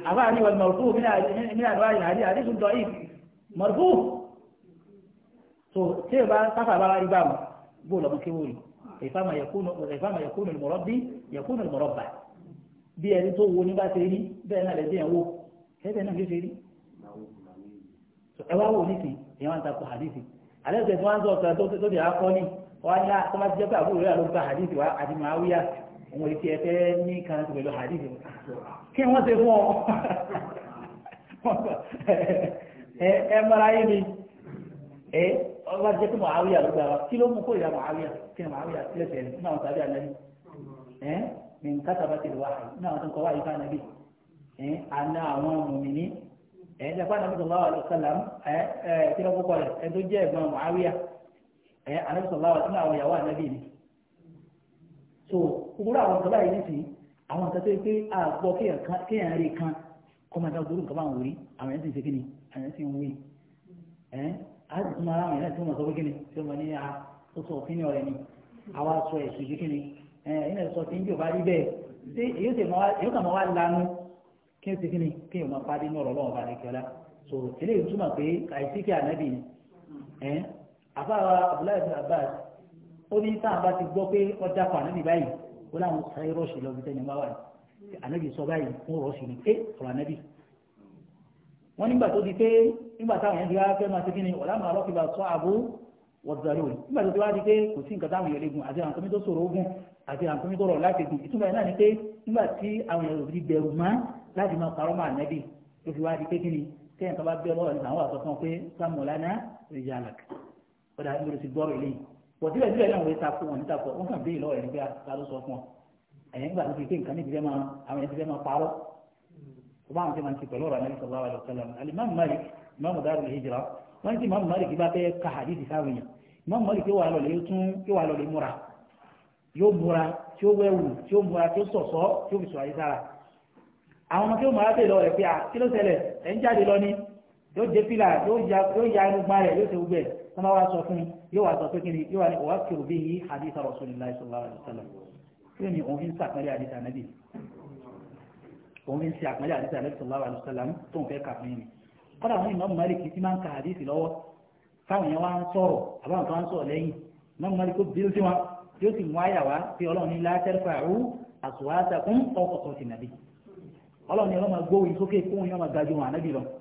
S2: àfa ní wàlú mọ̀rùfù mí àdúrà ìhàdí àdísùn tọ́ yìí mọ̀rùfù tó tí ì bá sáfà bá rí bá mu bó lọ́mọ kéwò rí ìfàmà yẹkúnù mọ̀rọ́bí yẹkúnù mọ̀rọ́bà bí ẹni tó wo ní bá ṣe rí bẹ́ẹ̀ náà lẹ́sìn ẹ̀wọ́ ẹ̀sẹ̀ náà ló ṣe rí ẹ wá wò ní sìn ìyẹn wá ń takò hadisi àlẹ́ ìṣẹ̀tì ah, wá ń sọ ọ̀sẹ̀ òun ètí ẹ fẹ́ ní kan pẹ̀lú hadith kí wọ́n ṣe fún ọ ẹ mara yín ni ẹ ọba jẹ́ kí Muawiya ló gbà wá kí ló mú kó ìyá Muawiya kí Muawiya tilẹ̀ tẹ̀lé ní àwọn sábẹ́ àná yìí ẹ ní nkátà bá tẹ̀lé wáhà ní àwọn tó ń kọ́ wáyé fún ànábì ẹ àná àwọn mùmíní ẹ ẹ dàgbà ànábì sallallahu alaihi wasallam ẹ ẹ kí ló kókó rẹ ẹ tó jẹ́ ẹ̀gbọ́n Muawiya ẹ ànábì sallallahu alaihi àwọn ìyàwó ànábì ni so gbogbo àwọn nǹkan báyìí nìsí àwọn nǹkan tó yẹ pé àgbọ̀ kéèyàn rí kan kọ́ máa dá gbogbo nǹkan báwọn wòrí àwọn ẹ̀sìn ṣe kí ni àwọn ẹ̀sìn ń wí ẹ̀ á sì tún ara àwọn ẹ̀sìn tó máa sọ pé kí ni tí ó máa ní a ah, tó sọ òfin ní ọ̀rẹ́ ni àwa sọ ẹ̀sìn ṣe kí ni ẹ̀ ẹ̀ sọ ti ń jò bá rí bẹ́ẹ̀ ṣé èyí kà máa wá lanu kí ó ṣe kí ni kí èèyàn máa pàdé ní ọ̀rọ̀ lọ́wọ́ bá nìkẹ́lá so eléyìí túmọ̀ pé àìsí kí ànábì ni ẹ̀ àbára Abdullahi Abbas ó ní sáà bá ti gbọ́ pé ọjà pa ànábì báyìí ó láwọn sáré rọ́ọ̀ṣì lọ bí tẹ́lẹ̀ bá wà ní ànábì sọ báyìí fún rọ́ọ̀ṣì ni pé ọ̀rọ̀ ànábì. wọ́n nígbà tó di pé nígbà táwọn yẹn ti wá fẹ́ máa ṣe kí ni ọ̀làmọ̀ alọ́kìlá sọ àbú wọ̀dàlú nígbà tó ti wá di pé kò sí nǹkan táwọn yẹn lè gun àti àwọn tómi tó sọ̀rọ̀ ogun àti àwọn tómi tó rọ̀ láti gun ìtumọ̀ yẹn náà ni pé nígbà tí àwọn yẹn òbí bẹ̀rù má láti máa parọ́ máa nẹ́bì tó fi wá di pé kí ni kẹ́yìn kan bá bẹ́ẹ̀ lọ́wọ́ nípa àwọn àtọ́fọ́n pé sámúlánà rìjàlák ọ̀dà ìgbèrè ti gbọ́rọ̀ eléyìí pọ̀sílẹ̀ sílẹ̀ náà wọ́n ta fún wọn níta fún wọn kàn bí ìlọ́wọ́ ẹ̀rígbẹ́ ta ló sọ fún ọ ẹ̀yìn nígbà tó fi ké nǹkan níbi máa àwọn ẹ̀sìn máa parọ́ kó bá àwọn ti máa ti pẹ̀lú ọ̀rọ̀ ànábì sallallahu alaihi wasallam alimami malik imamu darul hijra wọ́n ti imamu malik bá fẹ́ ka hadithi sáwọn yẹn imamu malik yóò wà lọ́lẹ̀ yóò tún yóò wà lọ́lẹ̀ múra yóò múra tí ó wẹ̀wù tí ó múra tí ó sọ̀sọ́ tí ó fi sọ àyíkára àwọn ọmọ tí ó máa bè lọ rẹ̀ pé à kí ló ṣẹlẹ̀ ẹ̀ ń jáde lọ ní yóò jẹ pílà yóò ya yóò ya inú gbá rẹ̀ yóò ṣe gbẹ wọn bá wá sọ fún yóò wá sọ pé kíni yóò wá ní ọwọ́ kí òbí yìí hadith Rasulullahi sallallahu alaihi wasallam kí ni òun fi ń sàpẹ́lẹ̀ hadith Ànábì òun fi ń ṣe àpẹ́lẹ̀ hadith sallallahu alaihi wasallam tó ń fẹ́ kà fún yìí kọ́dà wọn Imam Malik ti máa ń ka hadith lọ́wọ́ táwọn yẹn wá ń sọ̀rọ̀ àbáwọn tó wá ń sọ̀rọ̀ lẹ́yìn Imam Malik kó bí ó sí wọn yóò sì mú àyà wá pé ọlọ́run ní látẹ́rẹ́fàáhù àsùwàtà fún ọkọ̀ tó ti nàbí ọlọ́run ní ọlọ́run máa gbóhùn sókè fún yọ́n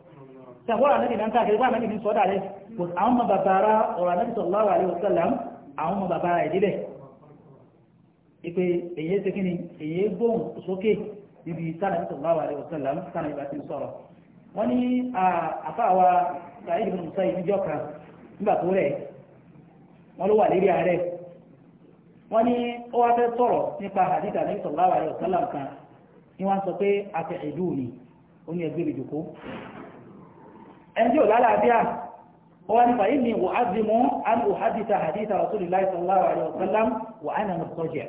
S2: sàkóra náà ìdáńtà àkẹ́lẹ́gbà náà ìdí sọ́dà rẹ̀ kò àwọn ọmọ bàbá ara ọ̀rọ̀ Ànábì sallallahu alaihi wasallam àwọn ọmọ bàbá ara ìdílẹ̀ ipe èyí ṣe kí ni èyí gbóhùn sókè níbi sànàbí sallallahu alaihi wasallam sànàbí bá ti ń sọ̀rọ̀ wọ́n ní àfáàwà Sa'id ibn Musayyib níjọ́ kan nígbà tó rẹ̀ wọ́n ló wà lérí ààrẹ wọ́n ní ó wá fẹ́ sọ̀rọ̀ nípa hadith Ànábì sallallahu alaihi wasallam kan ni wọ́n sọ pé àfẹ́ ìlú ni ó ní ẹgbẹ́ ìjòkó ẹni tí ò lálàáfíà wọ́n ní fàyí ni wàhádìmọ́ an òhádìta hadita rasulillah sallallahu alayhi wa sallam wà á nà mọ̀ sọ́jẹ̀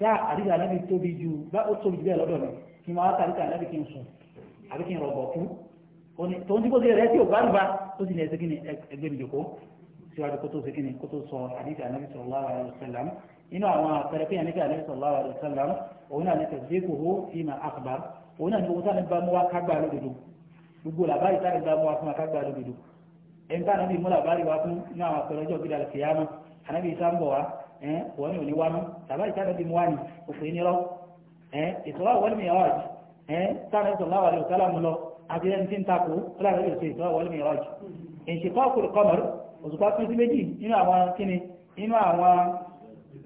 S2: tá àdìsá náà fi tóbi ju bá ó tóbi jù bẹ́ẹ̀ lọ́dọ̀ mi kí máa ta àdìsá náà fi kí n sùn àbí kí n rọ̀bọ̀ fún tó ń tí kò sí rẹ̀ tí ò bá rúbá tó sì ní ẹsẹ̀ kí ni ẹgbẹ́ mi jòkó síwájú kó tó ṣe kíni kó tó sọ àdìsí ànábi sallallahu alayhi wa sallam inú àwọn àpẹẹrẹ pé ànábi ànábi sallallahu alayhi wa sallam òun náà ní tẹ̀síkù fi mà àkùbá òun náà ní owó sáà ní bá mú wá kágbá lódodo gbogbo làbá yìí sáré gbàmú wa fún akágbá lódodo ẹnìkan náà bí mú làbá rí wa fún ní àwọn àpẹẹrẹjọ gbé dàlẹ kìyàmù ànábì sá ń bọ̀ wá ẹ wọn ni ò ní wá mú làbá yìí sáré bí mú wá ní òfin nírọ ẹ ìsọlá wọlé mi yàrá jù ẹ sáré sọlá wà lè sálà mú lọ àti ẹni tí ń takò ó lára yóò ṣe ìsọlá wọlé mi yàrá jù ìṣèkọ́ ọkùnrin kọ́mọ̀rú òṣùpá tún sí méjì nínú àwọn kíni nínú àwọn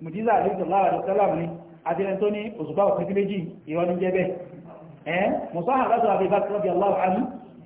S2: mùjíza àti ìsọlá wà lè sálà mú ni àti ẹni tó ní òṣùpá òkùnrin méjì ìrọ́ ní jẹ́ bẹ́ẹ̀ ẹ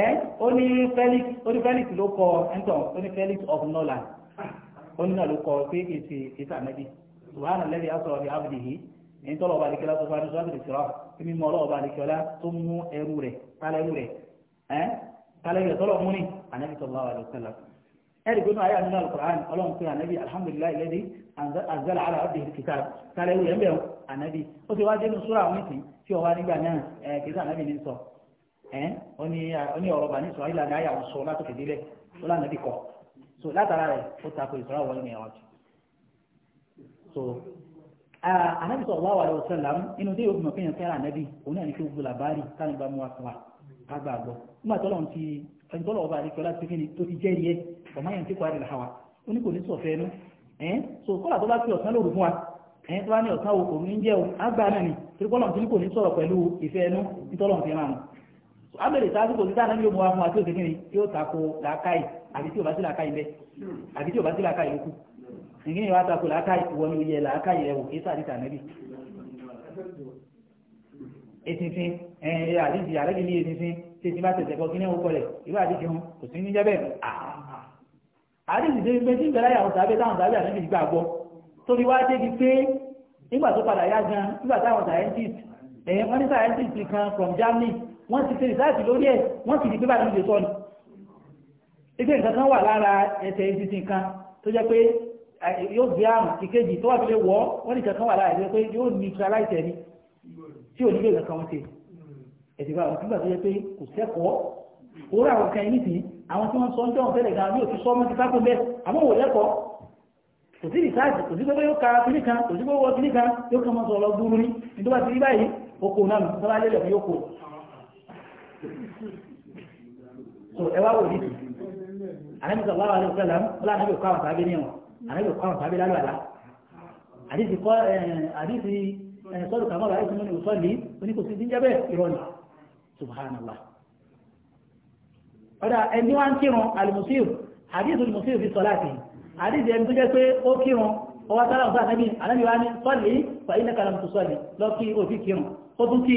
S2: ẹ́ eh? ó ní Felix ó ní Felix ló kọ ẹ̀ńtọ̀ ó ní Felix of Nolan ó ní náà ló kọ pé èsì èsì ànábì subhana lẹ́bi asọ̀rọ̀ bí abdi yìí ní tọ́lọ̀ ọba àdìkẹ́lá tó fáwọn ìṣòwò ìṣòwò kí mímọ́ ọlọ́ ọba àdìkẹ́lá tó mú ẹrú rẹ̀ tálẹ̀ ẹrú rẹ̀ ẹ́ eh? tálẹ̀ ẹrú rẹ̀ tọ́lọ̀ múni ànábì sallallahu alaihi wasallam ẹ̀rí gbẹ́nu ayé àdúrà alukur'an ọlọ́run pé ànábì alhamdulilayi lẹ́bi anzala ala abdihi kitab tálẹ̀ ẹrú rẹ̀ ń bẹ̀rù ó ti wá dénú súra àwọn ìsìn tí ọba nígbà náà eh, ẹ́n oní ọ̀rọ̀ bá ní sọ ayé lànà àyàwó sọ látòkè délẹ̀ ó lànà bí kọ́ so látara rẹ̀ ó takò ìsọ̀rọ̀ àwọn ènìyàn wọn jù so anabi sọ̀rọ̀ wàhálà ọ̀rọ̀ sẹ́lám inú dé òfin òfin fẹ́ràn anabi òun náà ní kí gbogbo làbárì táni bá mú wa fún wa ká gbà gbọ́ nígbà tó lọ́n ti ẹni tó lọ́wọ́ bá àdìkọ́ láti fi ni tó ti jẹ́rìí ẹ ọ̀mọ́ yẹn ti kọ́ àdìrẹ̀ hàwa ó ní kò ní sọ̀fẹ́ ẹnu ẹ̀ so kọ́là tó bá fi ọ̀sán lòrù fún wa ẹ̀yìn tó bá ní ọ̀sán òkò ní jẹ́ o àgbà náà ni torí kọ́lọ̀ tí kò ní sọ̀rọ̀ pẹ̀lú ìfẹ́ ẹnu nítọ́lọ̀ fi máa amẹ̀rẹ̀ sásìkò títà náà yóò mú wa fún wa tí ó ti kíni yóò tako làákàyè àbí tí ò bá sí làákàyè bẹ́ẹ̀ àbí tí ò bá sí làákàyè yókù nìyí wa tako làákàyè wọ́n ni ó yẹ làákàyè ẹ̀wò kí sáà títà nẹ́bì. etinfin ẹ̀ẹ́n àdìsí àrẹ́bí ní etinfin tí ti bá tẹ̀sẹ̀ kọ́ kíní ọkọ rẹ̀ ìwé àdìsí hun kò sí ní jẹ́ bẹ́ẹ̀. àdìsí tó gbé tí ìgbẹ́láyà wọ́n ti ṣe ìsáàtì lórí ẹ̀ wọ́n sì di pé bàtí ìdè sọ́nù ìgbé nǹkan kan wà lára ẹsẹ̀ ìdìtì kan tó jẹ́ pé yóò gbé àrùn ìkejì tó wà fi lè wọ́ wọ́n nìkan kan wà lára ẹ̀jẹ̀ pé yóò ní neutralize ẹni tí ò ní gbé nǹkan wọn ṣe ẹ̀sìn bá nígbà tó jẹ́ pé kò sẹ́kọ̀ọ́ orí àwọn kan yìí nìsín àwọn tí wọ́n sọ ń jọ̀ọ́ fẹ́lẹ̀ gan yóò ti sọ ti sákò bẹ́ẹ̀ àmọ́ wò lẹ́kọ̀ọ́ kò sí rìsáàjì kò sí pé yóò ka kiri kan kò sí pé wọ́n kiri kan yóò kàn mọ́ sọ lọ gbúrú ní nítorí báyìí oko náà nù sọ́lá lélẹ̀ yóò kó
S1: so ẹ wá wò ní tù
S2: anabi sallallahu alayhi wa sallam ọlá anabi kọ́ àwọn sábẹ́ ní ẹ̀wọ̀n anabi kọ́ àwọn sábẹ́ lálẹ́ àlá àdìsí kọ́ àdìsí sọ́dọ̀ kàmọ́ ọ̀rọ̀ àìsàn mọ́ni òsọ́ọ̀lì oníkòsí ti ń jẹ́bẹ̀ ìrọ̀lì subhanallah ọ̀dà ẹni wá ń kírun alimusir àdìsí alimusir fi sọ́lá sí àdìsí ẹni tó jẹ́ pé ó kírun ọwọ́ sára ọ̀sán anabi anabi wa ní sọ́ọ̀lì fàyínà kàlámù tó sọ́ọ̀lì lọ́kì òfin kírun ó tún kí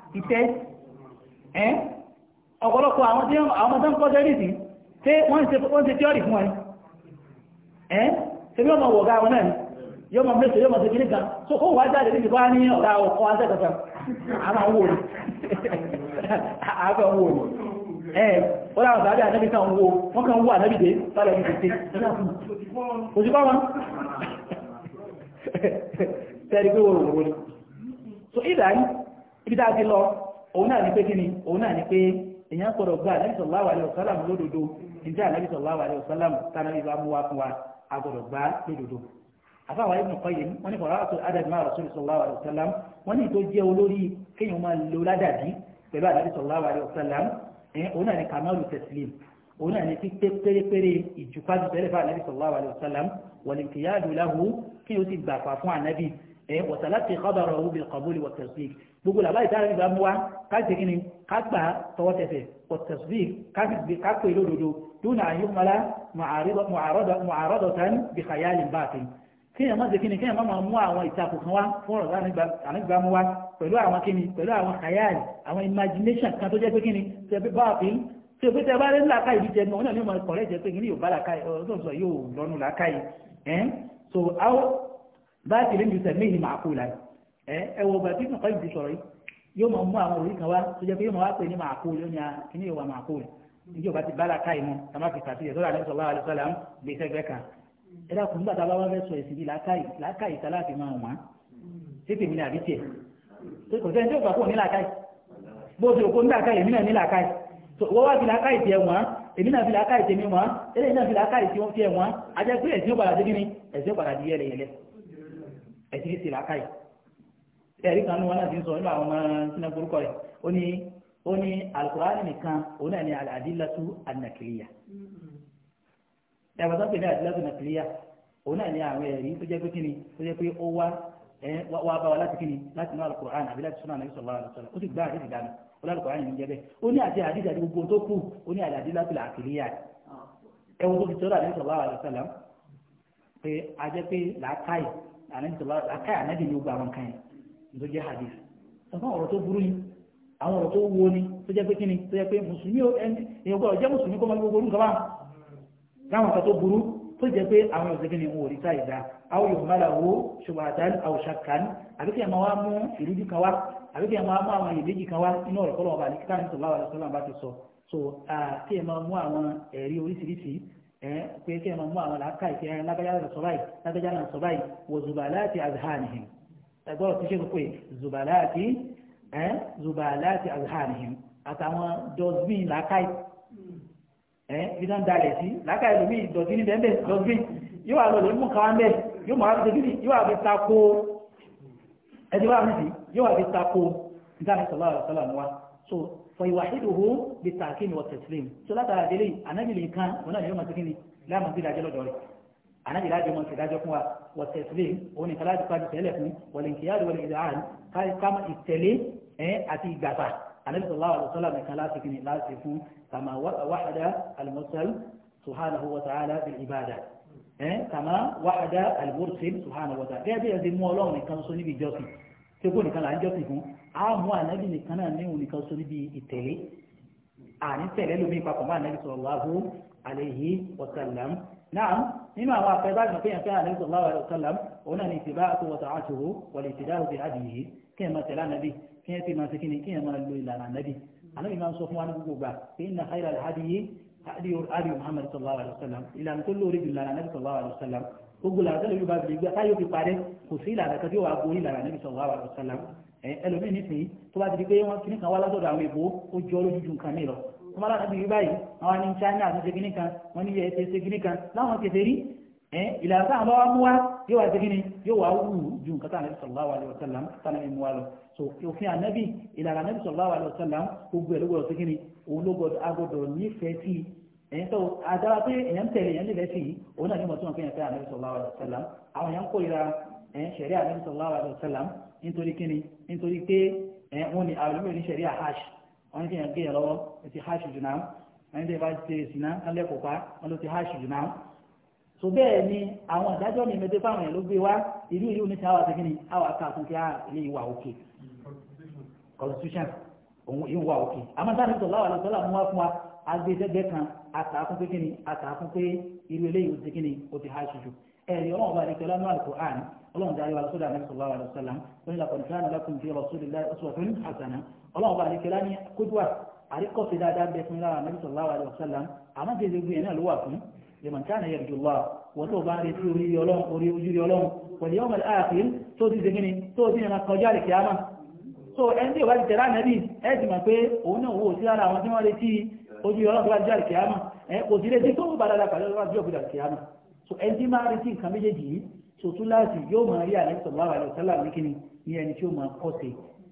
S2: iṣẹ́ ẹ́ ọ̀pọ̀lọpọ̀ àwọn tí àwọn tó kọ́ sẹ́rí sí tí wọ́n ṣe wọ́n ṣe tíọ́rì fún ẹ ẹ́ tí yóò mọ̀ wọ̀ ọ̀gá wọn yóò mọ̀ mẹ́sẹ̀ yóò mọ̀ sí kiri kan tó kó wá jáde níbi bá ní ọ̀gá ọkọ̀ azẹ́kọ̀ọ́sẹ̀ kan wọn so ibi tá a ti lọ òun náà ní pé kí ni òun náà ní pé èèyàn gbọ́dọ̀ gba ànábì sallallahu alaihi wasallam lódodo ǹjẹ́ ànábì sallallahu alaihi wasallam tánàbí bá mú wa fún wa a gbọ́dọ̀ gba lódodo àfáwọn Ibn Qayyim wọ́n ní qira'atu adab ma'a rasul sallallahu alaihi wasallam wọ́n ní tó jẹ́ olórí kéèyàn máa lo ládàbí pẹ̀lú ànábì sallallahu alaihi wasallam òun náà ní kamalu taslim òun náà ní ti pé pérépéré ìjùkájú tẹ́lẹ̀ fún ànábì sallallahu gbogbo làbáyé tá a rí ìbámu wa ká ti kí ni ká gbà tọwọ́ tẹsẹ̀ ọ̀tẹ̀síbí ká sì gbé ká pè lódodo dúnà àyùmọ́lá mọ̀àrọ́dọ̀ tán bí kàyáàlì bá a fi kéèyàn má ṣe kí ni kéèyàn má máa mú àwọn ìtakùn kan wá fún ọ̀rọ̀ ànígbàmú wa pẹ̀lú àwọn kí ni pẹ̀lú àwọn kàyáàlì àwọn imagination kan tó jẹ́ pé kí ni tẹ̀ bí bá a fi tí o tẹ bá rí làákàyè bí jẹ náà ní ọmọ ìkọ̀rẹ́ jẹ pé ẹ wo gbàgbé nǹkan yìí ti sọ̀rọ̀ yìí yóò máa mú àwọn òrí kan wá tó jẹ́ pé yóò máa wá pè ní màá kóòlù ní kíní ìwà màá kóòlù níbi ò bá ti bára káyìí mọ́ tàmá fi sàtìlẹ̀ tó rà ní sọ̀rọ̀ àlẹ́ sọ̀rọ̀ gbé sẹ́gbẹ́ kan ẹ dákun nígbà tá a bá wá fẹ́ sọ èsì bíi làákàyè làákàyè tá láti máa wọ́n tètè mi ní àbí tiẹ̀ kò sẹ́ni tí ò gbà kó ní làákàyè bó o ti òkú ní làákàyè èmi náà ní làákàyè wọ́n wá fi làákàyè náà fi làákàyè tèmi wọ́n fi làákàyè tiẹ̀ wọ́n àjẹpẹ́ ẹ̀sìn ó padà dé ni ẹ̀sìn ó padà di yẹlẹyẹlẹ ẹ̀sìn ti làákàyè ẹ̀rí kan ní wọn láti sọ nípa àwọn ọmọ sínú forúkọ rẹ̀ ó ní ó ní alukurani nìkan òun náà ní aladilatu anakiliya ẹ̀rọ sọ́kè ní aladilatu anakiliya òun náà ní àwọn ẹ̀rí tó jẹ́ pé kíni tó jẹ́ pé ó wá wá bá wa láti kíni láti ní alukurani àbí láti sọ́nà àbí sọ̀rọ̀ àlùsọ̀rọ̀ ó sì gbá àdéhùn dànù ó lálùkùránì ní jẹ́bẹ̀ ó ní àti àdéhùn àti gbogbo tó kù ó ní aladilatu anakiliya ẹ̀wọ̀n tó fi tó jẹ́ hadith sọ̀kọ́ ọ̀rọ̀ tó burú ni àwọn ọ̀rọ̀ tó wo ni tó jẹ́ pé kí ni tó jẹ́ pé mùsùlùmí èèyàn gbọ́dọ̀ jẹ́ mùsùlùmí kó máa gbogbo orúkọ bá láwọn kan tó burú tó jẹ́ pé àwọn ọ̀sẹ̀ kí ni wọn ò rí sáì dá àwọn yóò má làwọ ṣùgbọ́n àwòṣàkàn àbí kí ẹ̀ máa wá mú ìrújú kan wá àbí kí ẹ̀ máa mú àwọn ìbejì kan wá inú ọ̀rọ̀ kọ́lọ́ ọba àdìkítà ní sọ̀lá wàlẹ̀ sọ́lá bá ti sọ so kí ẹ̀ máa mú àwọn ẹ̀rí oríṣiríṣi pé kí ẹ̀ máa mú àwọn làákà ìfẹ́ lágbájá náà sọ báyìí lágbájá náà sọ wòzùbà láti azhanihim ẹgbọ́n ti ṣe ń pè zubalaati ẹ zubalaati azharihim àtàwọn dọ̀sbìn làákàyè ẹ ibi náà dalẹ̀ sí làákàyè lómi dọ̀sbìn ní bẹ́ẹ̀ ah. dọ̀sbìn yóò wà lọ́lẹ̀ mú kàwọn bẹ́ẹ̀ yóò máa fi tẹ́bí yóò wà fi tako ẹtì wà fi sí yóò wà fi tako nítorí sọlá sọlá wa so fọ ìwà ìdòwò bí tààkì ni wọ́n tẹ̀sílẹ̀ mi so látara délé anábìlì kan wọn náà yóò máa tẹ́kí ni láàmú sí ìdájọ́ lọ́dọ̀ rẹ̀ anabi láti mọ ìdájọ́ fún wa wọ tẹsílẹ òun nìkan láti pàdé tẹlẹ fún wọlé nkìyàdó wọlé ìdáhàn káàmù ìtẹlẹ ẹ àti ìgbàfà anabi sallallahu alaihi wasallam nìkan láti kìnnì láti fún kàmá wàhádà alimusal subhanahu wa ta'ala bil ibada ẹ kàmá wàhádà alimursil subhanahu wa ta'ala gẹ́gẹ́ bí ẹsẹ mú Ọlọ́run nìkan sọ níbi ìjọsìn tí kò nìkan là ń jọsìn fún a mú anabi nìkan náà ní òun nìkan sọ níbi ìtẹlẹ àní tẹlẹ lómi papọ̀ mọ́ anabi sallallahu alaihi wasallam náà nínú àwọn àfẹ́bàgbà pé yẹn fẹ́ àlẹ́ sọ̀rọ̀ láwàá ẹ̀rọ sọ́lá òun náà ní ìtìbá àti wọ̀tà àṣòwò wọ̀lẹ̀ ìtìdá òbí àdìyí kí yẹn máa tẹ̀lé ànábì kí yẹn ti máa ṣe kíni kí yẹn máa lo ìlànà ànábì ànábì máa ń sọ fún wa ní gbogbo gbà pé ń na àyè àdìyí àdìyí muhammad sallallahu alayhi wa sallam ìlànà tó lórí ìlànà ànábì sallallahu alayhi wa sallam gbogbo làwọn tẹ́lẹ̀ yorùbá bìí wọn lára bí báyìí àwọn ní China àti ṣe kìnnìkan wọn ní ẹsẹ ṣe kìnnìkan láwọn kẹsẹ rí ìlànà táwọn bá wá mú wá yóò wá ṣe kìnnì yóò wá wù ju nǹkan táwọn ẹbí sallallahu alaihi wasallam táwọn ẹbí mú wá lọ so òfin ànábì ìlànà ànábì sallallahu alaihi wasallam gbogbo ẹ ló gbọ́dọ̀ ṣe kìnnì òun ló gbọ́dọ̀ agbọ́dọ̀ nífẹ̀ẹ́ sí èyí tó àdára pé èyàn tẹ̀lé èyàn nífẹ̀ẹ́ sí yìí òun náà ní mọ̀ tí wọ́n fi yàn fẹ́ ànábì sallallahu alaihi wasallam àwọn èyàn kórìíra ṣẹ̀rí ànábì sallallahu alaihi wasallam nítorí kíni nítorí pé wọ́n ní àwọn ìlú wọ́n ní kí yẹn gé yẹn lọ́wọ́ etí hash jù náà wọ́n ní kí yẹn bá ti sìnà kálẹ̀ kó pa wọ́n ló ti hash jù náà. tó bẹ́ẹ̀ ni àwọn ìdájọ́ mi mẹ́tẹ́ fáwọn yẹn ló gbé wá ìlú ìlú ní tàwa àti kíni àwọn akáàkùn kí á ilé ìwà òkè constitution òun ìwà òkè àmọ́ sáà nítorí láwàlú sọ́lá mú wá fún wa agbẹ́sẹ̀gbẹ́ kan àtàkùn pé kíni àtàkùn pé ìlú eléyìí ó ti kíni ó ti hash jù ẹ̀rí ọlọ́run bá nìkan lánàá alukur'an ọlọ́run darí wa àmì sọ̀rọ̀ àwọn ọ̀sọ́lá wọn ọlọ́run bá àdékẹ́lá ní kójúwà àríkọ́sí dáadáa bẹ fún lára nàbí sallallahu alaihi wasallam àmọ́ kí ẹgbẹ́ yẹn náà ló wà fún liman kana yarjullah wọ́n tó bá retí orí ọlọ́run orí ojúrí ọlọ́run wal yawmal akhir tó ti segin ni tó ti yẹn kọjá lè kí á mà so ẹni tí ò bá ti tẹ̀lá nàbí ẹ ti mọ̀ pé òun náà wò sí ara àwọn tí wọ́n retí ojúrí ọlọ́run tó bá jẹ́ àlìkẹ́ á ẹ kò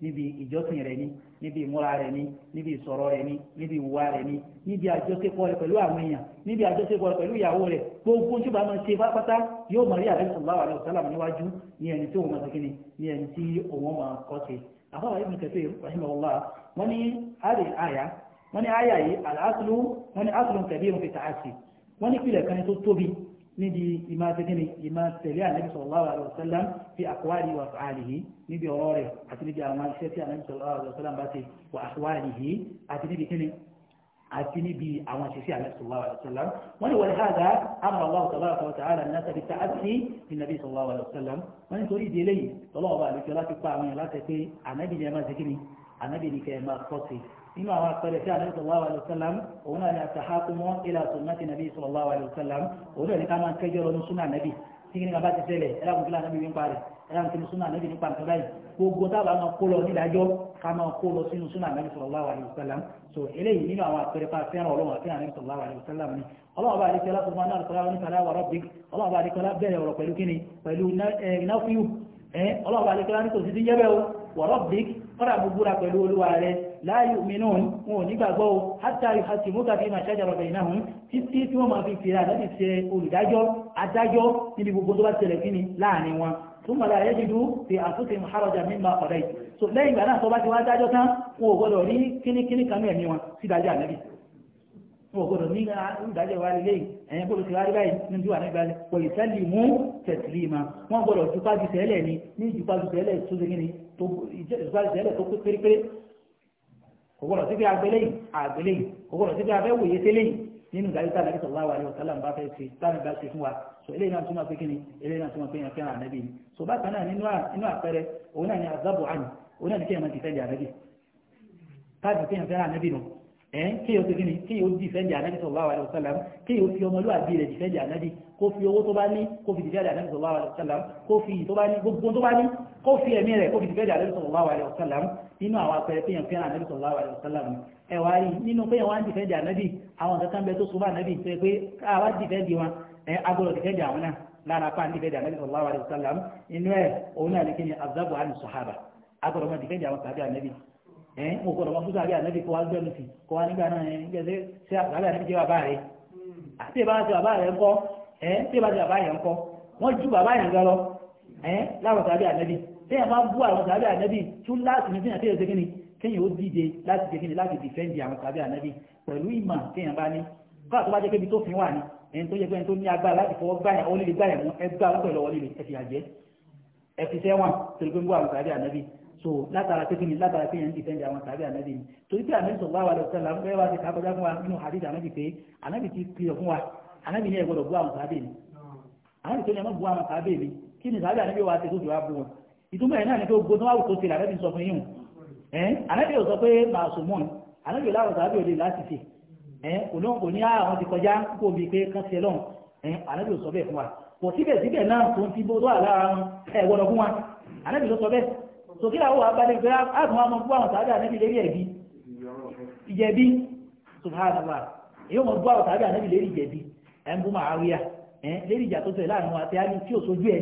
S2: níbi ìjọsìn rẹ̀ ni níbi ìmúra rẹ̀ ni níbi ìsọ̀rọ̀ rẹ̀ ni níbi ìwà rẹ̀ ni níbi àjọṣepọ̀ rẹ̀ pẹ̀lú àwọn èèyàn níbi àjọṣepọ̀ rẹ̀ pẹ̀lú ìyàwó rẹ̀ gbogbo tí bá máa ṣe pátápátá yóò mọ̀ rí àdéhùn sallallahu alaihi wasallam níwájú ní ẹni tí òun máa ṣe kíni ní ẹni tí òun máa kọ́ ṣe. àbáwá ibn Kathir rahimahullah wọ́n ní àrè àyà wọ́n ní àyà yìí al-aslu wọ́n ní aslun kabirun fi ta'asi wọ́n ní pìlẹ̀ kan tó tóbi níbi ìmọ̀tẹ́kẹ́ni ìmọ̀tẹ̀lé ànábì sallallahu alaihi wasallam fi aqwalihi wa af'alihi níbi ọ̀rọ̀ rẹ̀ àti níbi àwọn iṣẹ́ tí ànábì sallallahu alaihi wasallam bá ti wa ahwalihi àti níbi kíni àti níbi àwọn ìṣẹ́sí ànábì sallallahu alaihi wasallam wọ́n ní wọ́n hàdá amara Allahu tabaraka wa ta'ala an-nasa bi ta'ati an-nabi sallallahu alaihi wasallam wọ́n ní torí ìdílé yìí tọ́lọ́wọ́ bá àlejò láti pa àwọn yàrá nínú àwọn àpẹẹrẹ tí ànábì sallallahu alayhi wa sallam òun náà ni àtàhákùmọ́ ilà sunnati nàbí sallallahu alayhi wa sallam òun náà ni ká máa ń kẹjọ lọ ní súnà nàbí tí kí ni bàbá ti ṣẹlẹ̀ ẹ̀rọ àwọn ìlànà bíi nípa rẹ̀ ẹ̀rọ àwọn ìlànà nàbí nípa nǹkan báyìí gbogbo tábà máa kó lọ nídàájọ́ ká máa kó lọ sínú súnà nàbí sallallahu alayhi wa sallam so eléyìí nínú àwọn àpẹẹrẹ pa fẹ́ràn ọlọ́run àti ànábì sallallahu alayhi wa sallam ni ọlọ́run bá àdékẹ́ ọlá fúnfún náà kọ́lá oníkàlá wà rabbik ọlọ́run bá àdékẹ́ ọlá bẹ̀rẹ̀ ọ̀rọ̀ pẹ̀lú kíni pẹ̀lú náfíù ọlọ́run bá àdékẹ́ ọlá ní kò ti jẹ́bẹ̀ o wà rabbik gbogbo ra pẹ̀lú olúwa rẹ̀ la yu'minun wọn ò nígbàgbọ́ o hatta yuhakkimuka fima shajara bainahum títí tí wọ́n máa fi fìlà láti ṣe olùdájọ́ adájọ́ níbi gbogbo tó bá tẹ̀lẹ̀ kí ni láàrin wọn thumma la yajidu fi anfusihim harajan mimma qadayt so lẹ́yìn ìgbà náà tó bá ti wá dájọ́ tán wọn ò gbọ́dọ̀ ní kíníkíní kanú ẹ̀mí wọn sí dájọ́ ànábì wọn ò gbọ́dọ̀ ní ìdájọ́ wa lè léyìn ẹ̀yìn gbọ́dọ̀ ti wá rí báyìí nínú ìwà nígbà pẹ̀lú sẹ́lì mú tẹ̀sílì ma wọn gbọ́dọ̀ jùpá ju tẹ́lẹ̀ ni ní jùpá ju tẹ́lẹ̀ tó kò gbọ́dọ̀ sí pé agbélẹ́yìn agbélẹ́yìn kò gbọ́dọ̀ sí pé abẹ́wòye sẹ́lẹ́yìn nínú ìdájọ́ tá àlẹ́ sọ̀rọ̀ àwọn ọ̀tá làǹbá fẹ́ ṣe láàrin bá ṣe fún wa so eléyìí náà túmọ̀ pé kí ni eléyìí náà túmọ̀ pé yẹn fẹ́ràn ànábì ni so bákan náà nínú àpẹẹrẹ òun náà ni azabu àná òun náà ni kéèyàn máa ti fẹ́ di ànábì káàdì kéèyàn fẹ́ràn ànábì nù ẹn kéèyàn tó kíni kéèyàn ó dìfẹ́ndì ànábì sallallahu alaihi wasallam kéèyàn ó fi ọmọlúwàbí rẹ̀ dìfẹ́ndì ànábì kó fi owó tó bá ní kó fi dìfẹ́ndì ànábì sallallahu alaihi wasallam kó fi tó bá ní gbogbo tó bá ní kó fi ẹ̀mí rẹ̀ kó fi dìfẹ́ndì ànábì sallallahu alaihi wasallam nínú àwọn apẹẹrẹ kéèyàn fẹ́ràn ànábì sallallahu alaihi wasallam ẹ wá rí nínú kéèyàn wá ń dìfẹ́ndì ànábì àwọn kankan bẹ tó so bá ànábì sọ pé káwá dìfẹ́ndì wọn ẹ agbọ́dọ̀ dìfẹ́ndì àwọn náà lára pa dìfẹ́ndì ànábì sallallahu alaihi wasallam inú ẹ̀ ń kọ̀ lọ́mọ fúnṣà bí ànábì kó wá gbẹ́nu sí kó wá nígbà náà ẹ̀ ń gbẹ́sẹ̀ ṣé àbí ànábì jẹ́ bàbá rẹ̀
S3: hmm. àti
S2: ìbá ti bàbá rẹ̀ ńkọ́ ẹ̀ tí ìbá ti bàbá yẹn ńkọ́ wọ́n ju bàbá yẹn gan lọ ẹ̀ láwọn sàbí ànábì téèyàn bá bú àwọn sàbí ànábì tún láti ní téèyàn téèyàn ṣe kíni kéèyàn ó díje láti ṣe ni láti dìfẹ́ǹdì àwọn sàbí ànábì pẹ̀lú ìmọ̀ téèyàn bá ní kọ́ra tó bá jẹ́ pé ibi tó fi wà ní ẹni tó yẹ pé ẹni tó ní agbára láti fọwọ́ gbáyà ó lè gbáyà mú ẹgbẹ́ so látara pé kíni látara pé yẹn ń dìfẹ́ǹdì àwọn tàbí ànábì ni torí pé ànábì sọ̀rọ̀ wà lọ́sẹ̀ là ń bẹ́ẹ̀ wá ti ká kọjá fún wa nínú hadith ànábì pé ànábì ti kìlọ̀ fún wa ànábì ní ẹ̀ gbọ́dọ̀ bú àwọn tàbí mi ànábì tó ní ẹ̀mọ́ bú àwọn tàbí mi kí ni tàbí ànábì wa ti tó fi wá bú wọn ìtumọ̀ ẹ̀ náà ni pé ogbó tó wà wù tó ti ànábì sọ fún yín ànábì ò sọ pé màsùmùn ànábì láwọn ah, ti kọjá kó omi pé kán ṣe ànábì ò sọ bẹ́ẹ̀ fún sòkè àwọn abáde ìgbé àtúnwá ahụ àwọn lérí ẹ̀bí ìjẹ̀bí àwọn lérí ìjẹ̀bí ẹ̀ ń bú ẹ̀ lérí ìjà tó tẹ̀ láàrin wọn àti àlù tí ò sojú ẹ̀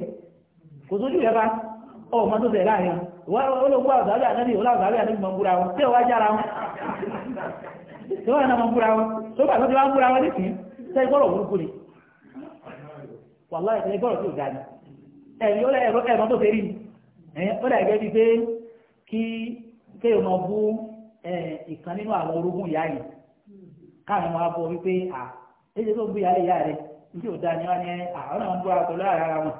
S2: kò sojú ẹ̀ bá ọmọ tó tẹ̀ láàrin wọn wọ́n ló fún àwọn sàábì ànábì wọ́n láwọn sàábì mọ̀ búra wọn tí ò wá jára wọn tí wọ́n náà mọ̀ búra wọn ó dàgẹ́ bíi pé kí kéèyàn máa bú ìkan nínú àwọn orogún ìyá yìí káàmì máa bọ̀ wípé à èyí tó gbé ayé ìyá rẹ̀ níbi òda ni wọ́n ní àwọn náà ń búra pẹ̀lú ara wọn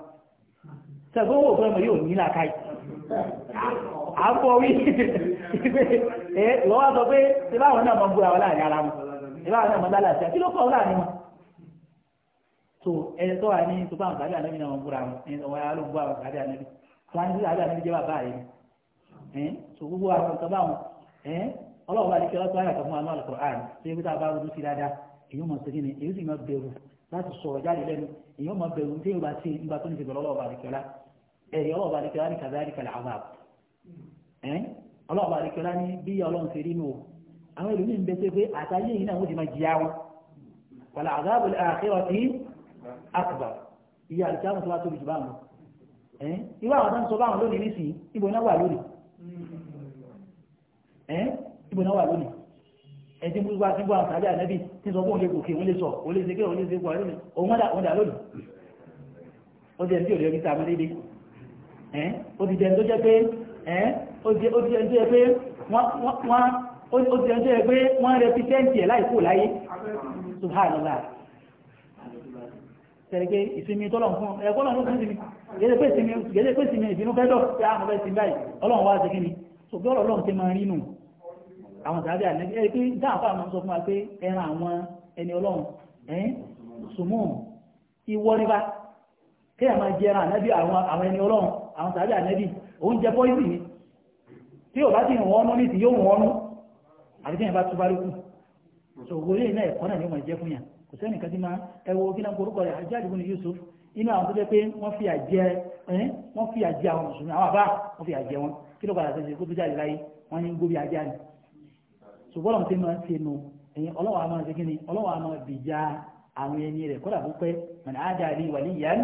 S2: sẹ́gun owó òfin ọmọ yóò ní làkàyè à ń bọ̀ wí ẹ ìwọ́n wá sọ pé ṣé báwọn náà máa ń búra wọn láàrin ara wọn ṣé báwọn náà máa ń lálàáfíà kí ló kọ́ láàrin wọn tó ẹ tó wà ní tó bá àwọn tàbí ànábì náà máa ń búra wọn ẹ wọn ní àbí àbí jẹ́ bàbá rẹ̀ ẹ̀ so gbogbo àwọn nǹkan báwọn ẹ̀ ọlọ́wọ́ bá dikẹ́ lọ́tọ́ àyàtọ̀ fún aláàlú Qur'an tó yẹ kó tá a bá rojú sí dáadáa èyí mọ̀ sí kíni èyí sì mọ̀ bẹ̀rù láti sọ̀rọ̀ jáde lẹ́nu èyí mọ̀ bẹ̀rù tí yóò bá ṣe nígbà tó ní ìṣègùn ọlọ́wọ́ bá dikẹ́ lá ẹ̀rí ọlọ́wọ́ bá dikẹ́ lá ní kàdá ní kàlẹ́ àwọn àbò ẹ̀ ọlọ́wọ́ bá dikẹ́ lá ní bí ọlọ́run ṣe rí nù àwọn ìlú mi ń bẹ ṣe pé àtàyè yìí náà wọ́n ti máa jìyà wọn wàlà àdáàbò àkérò tí akbar ìyá àti irú àwọn tó ń sọ báwọn lónìí nísìnyí ibo náà wà lónìí ibo náà wà lónìí ẹ ti mú wá sí gbọ́n tàbí ànábì tí sọ fún olóògùn kí wọ́n lè sọ òun lè ṣe kí òun lè ṣe gbọ́n lónìí òun wọ́n dà wọ́n dà lónìí ó ti ẹni tí ò lè rí ta mọ́lẹ́dẹ́ ó ti jẹun tó jẹ́ pé ó ti jẹun tó jẹ́ pé wọ́n ó ti jẹun tó jẹ́ pé wọ́n rẹ fi sẹ́ǹtì ẹ̀ láì kú láyé subhanallah tẹ̀lé pé ìsinmi tọ́lọ̀ fún ẹ̀kọ́ náà ló fún ìsinmi gẹ́gẹ́ pé sinmi ìbínú fẹ́dọ̀ tí a mọ̀ bẹ́ sí báyìí ọlọ́run wá sí kíni so bí ọlọ́run ti máa rínú àwọn tàbí àlẹ́bí ẹni pé dáàfà máa sọ fún wa pé ẹran àwọn ẹni ọlọ́run ẹ̀yìn sùmọ́ ìwọ nípa kéèyàn máa jẹ ẹran ànábì àwọn ẹni ọlọ́run àwọn tàbí ànábì oúnjẹ pọ́ìsì ni tí ò bá ti wọ́n nú nísì yóò wọ́n nú àbí tí yẹn bá túbá lókù so owó ilé náà ẹ̀kọ́ náà ni ó máa jẹ́ fún yàn kò sẹ́nìkan ti máa ẹwọ́ kí náà korúkọ rẹ̀ Hajjaj ibn Yusuf inú àwọn tó jẹ́ pé wọ́n fi àjẹ wọ́n fi àjẹ àwọn mùsùlùmí àwọn àbá wọ́n fi àjẹ wọn kí ló padà sẹ́sẹ́ kó tó jáde láyé wọ́n ní gómìnà ajá ni ṣùgbọ́n àwọn tí wọ́n máa ń ṣe nu ẹ̀yìn ọlọ́wọ́ àmọ́ ṣe kíni ọlọ́wọ́ àmọ́ bìjà àwọn ẹni rẹ̀ kódà bó pẹ́ mọ̀nà ájà rí wàlí ìyá ni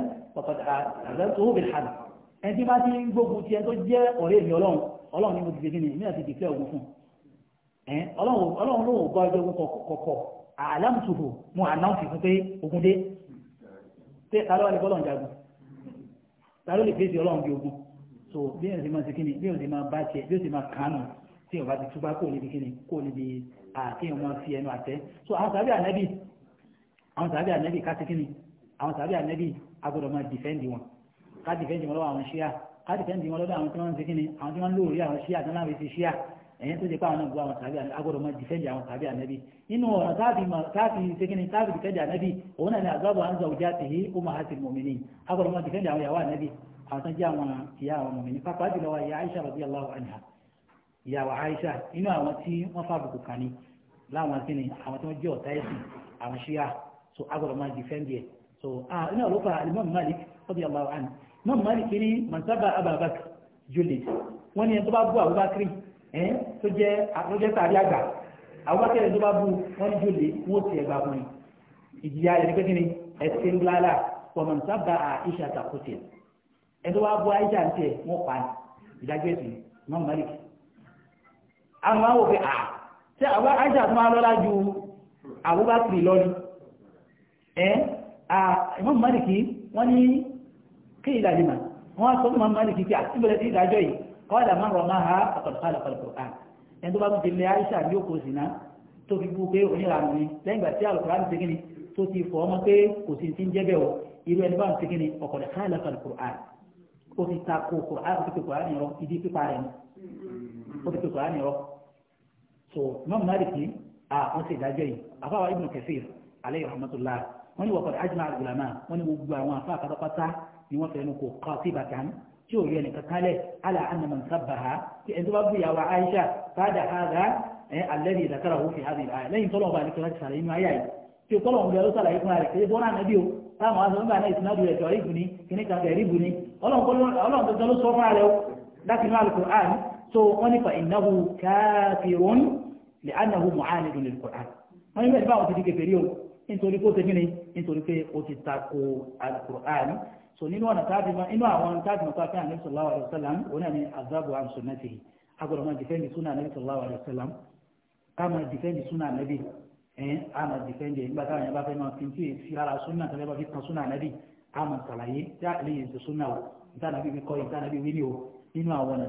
S2: ẹni tí bá ti ń gbógun ṣé tàlọ́ ni bọ́lọ̀ ń jagun tàlọ́ lè fèsì ọlọ́run bí ogun so bí èèyàn ti máa ṣe kíni bí èèyàn ti máa bá tiẹ̀ bí èèyàn ti máa kàánù tí èèyàn bá ti túbá kó níbi kíni kó níbi àkéèyàn máa fi ẹnu àtẹ so àwọn sàbí ànẹ́bì àwọn sàbí ànẹ́bì ká ti kíni àwọn sàbí ànẹ́bì agbọ́dọ̀ máa dìfẹ́ǹdì wọn ká dìfẹ́ǹdì wọn lọ́wọ́ àwọn ṣíà ká dìfẹ́ǹdì wọn lọ́dọ̀ àwọn tí wọ́n ń ṣe àwọn tí wọ́n ń lóòrí àwọn ṣíà tí wọ́n láwọn fi ṣíà ẹ̀yìn tó ṣe pé àwọn náà gbọ́ àwọn tàbí agbọ́dọ̀ mọ dìfẹ́ǹdì àwọn tàbí ànẹ́bí nínú ọ̀nà táàbì ṣẹ́kínní táàbì dìfẹ́ǹdì ànẹ́bí òun náà ni àgbàbọ̀ àǹzà òjá ti hí ó máa ti mọ̀mìnì agbọ́dọ̀ mọ dìfẹ́ǹdì àwọn ìyàwó ànẹ́bí àwọn tán jẹ́ àwọn ìyá àwọn mọ̀mìnì pápá jùlọ wa ìyá Aisha radiyallahu anha ìyàwó Aisha inú àwọn tí wọ́n fàbùkù kàn ní láwọn tí àwọn tí wọ́n jẹ́ ọ̀tá ẹ̀sìn àwọn ṣíà so agbọ́dọ̀ mọ dìfẹ́ǹdì ẹ̀ so inú àlọ́fà alimami Malik radiyallahu anhu imam Malik ni man saba Aba Bakr julid wọ́n ní ẹni tó bá bú Abubakar ẹ̀ tó jẹ́ tó jẹ́ sàrí àgbà àwọn akẹ́rẹ́ tó bá bu wọ́n ní jòlè wọ́n ti ẹ̀gbà fún yìí ìjìyà rẹ̀ ní pé kí ni ẹ̀sìn ńláńlá pọ̀mọ̀ sábà àìsà tàkùtì ẹ̀ tó wá bu àìsà ń tẹ̀ wọ́n pa ìdájọ́ ẹ̀sìn mọ́ malik àwọn máa wò pé à ṣé àwọn àìsà tó máa lọ́lá ju àbúbákiri lọ́ni ẹ̀ mọ́ malik wọ́n ní kí ìlànà wọ́n á sọ fún mọ́ malik kí àtúbọ̀lẹ̀ sí ìdájọ́ kọ́ọ̀dà máa ń ha ọ̀pọ̀lọpọ̀ àlùkùrán ẹni tó bá tún fi lé Aisha ní òkò zina tó fi bú pé oníranù ni lẹ́yìn ìgbà tí àlùkùrán ti kíni tó ti fọ́ ọmọ pé kò sí ti ń jẹ́ bẹ́ẹ̀ o irú ẹni bá ń ti kíni ọ̀pọ̀lọpọ̀ àlùkùrán ó fi ta ko kùrán ó fi pe kùrán yẹn rọ ìdí pípa rẹ̀ ni ó fi pe kùrán yẹn rọ so imam maliki a wọn ṣe ìdájọ́ yìí afáwa ibn kathir aleyhi rahmatullah ni wọ́n kọ́ tí ò rí ẹnìkan kálẹ̀ ala anamọ̀ nsábàá tí ẹni tó bá bú ìyàwó Aisha bada hadha alẹ́ni ìdàkàrà òun fi hadhihi àyà lẹ́yìn tọ́lọ̀ ọba àdìkẹ́ láti sàlẹ̀ inú àyà yìí tí tọ́lọ̀ ọba ló sàlàyé fún ààrẹ kéré bọ́nà ànábì o táwọn aṣọ nígbà náà ìsinadù rẹ̀ tọ́rí bùnì kíní kan gẹ̀rí bùnì ọlọ́run tó ló sọ fún ààrẹ o láti inú so nínú ọ̀nà táàbì máa inú àwọn táàbì máa pàṣẹ ànábì sallallahu alayhi wa sallam òun náà ni azabu an sunnatihi agbọ́dọ̀ máa dìfẹ́ǹdì súnà ànábì sallallahu alayhi wa sallam ká máa dìfẹ́ǹdì súnà ànábì ẹ̀ẹ́n á máa dìfẹ́ǹdì nígbà táwọn yẹn bá fẹ́ máa fi tí fi ara súnà tẹ́lẹ̀ bá fi kan súnà ànábì á máa sàlàyé tí àlẹ́yìn ti súnà o níta ànábì fi kọ́ níta ànábì wí ni o nínú àwọn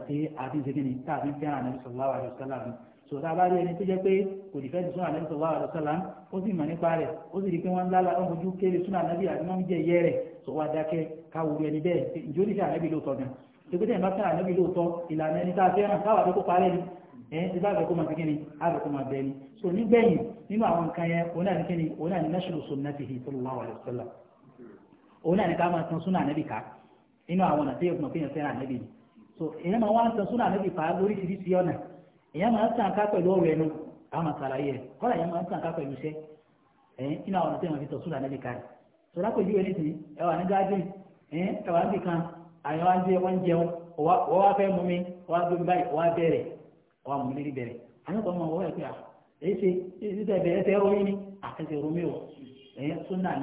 S2: so tá rí ẹni tó jẹ́ pé kò ní fẹ́ẹ́ súnà ànábì sallallahu alayhi wa ó sì mọ̀ nípa rẹ̀ ó sì rí pé wọ́n ń lálàá wọ́n fojú súnà ànábì àti wọ́n ń jẹ ìyẹ́ rẹ̀ tó wá dákẹ́ káwòrú ẹni bẹ́ẹ̀ ìjó ní sàrẹ́ bí lóòótọ́ gan ṣùgbọ́n tẹ̀ ń bá sàrẹ́ bí lóòótọ́ ìlànà ẹni tá a fẹ́ràn káwà tó kó parẹ́ ni ẹ̀yìn ti bá àgbẹ̀ kó máa ti kíni àgbẹ̀ kó máa bẹ́ẹ̀ ni so nígbẹ̀yìn nínú àwọn nǹkan yẹn òun náà ní kíni òun náà ní nashru sunnatihi sallallahu alaihi wasallam òun náà ní ká máa tan súnà ànábì ká nínú àwọn ọ̀nà tí yóò mọ̀ kéèyàn fẹ́ràn ànábì ni so èèyàn máa wá ń súnà ànábì ká lóríṣiríṣi ọ̀nà èèyàn máa ń ká pẹ̀lú ọ̀rọ̀ ẹnu àwọn àṣàlàyé ẹ̀ kọ́lá èèyàn máa ń ká pẹ̀lú iṣẹ́ ẹ̀yìn nínú àwọn ọ̀nà tí fi tan súnà ànábì ká rẹ̀ sọlá pẹ̀lú ẹni tì ẹ wà ní gádùn ẹ wà níbi kan àyàn wá jẹ wọn jẹun wọ́n wá fẹ́ mú mi wọ́n á gbé báyìí wọ́n á bẹ̀rẹ̀ wọ́n á mú kan wọ́n pé à èsì ìsìtẹ̀ bẹ̀rẹ̀ ẹsẹ̀ ẹ̀rọ yín ni àtẹ̀sẹ̀ ẹ̀rọ mi wọ̀ ẹ̀yẹ súnà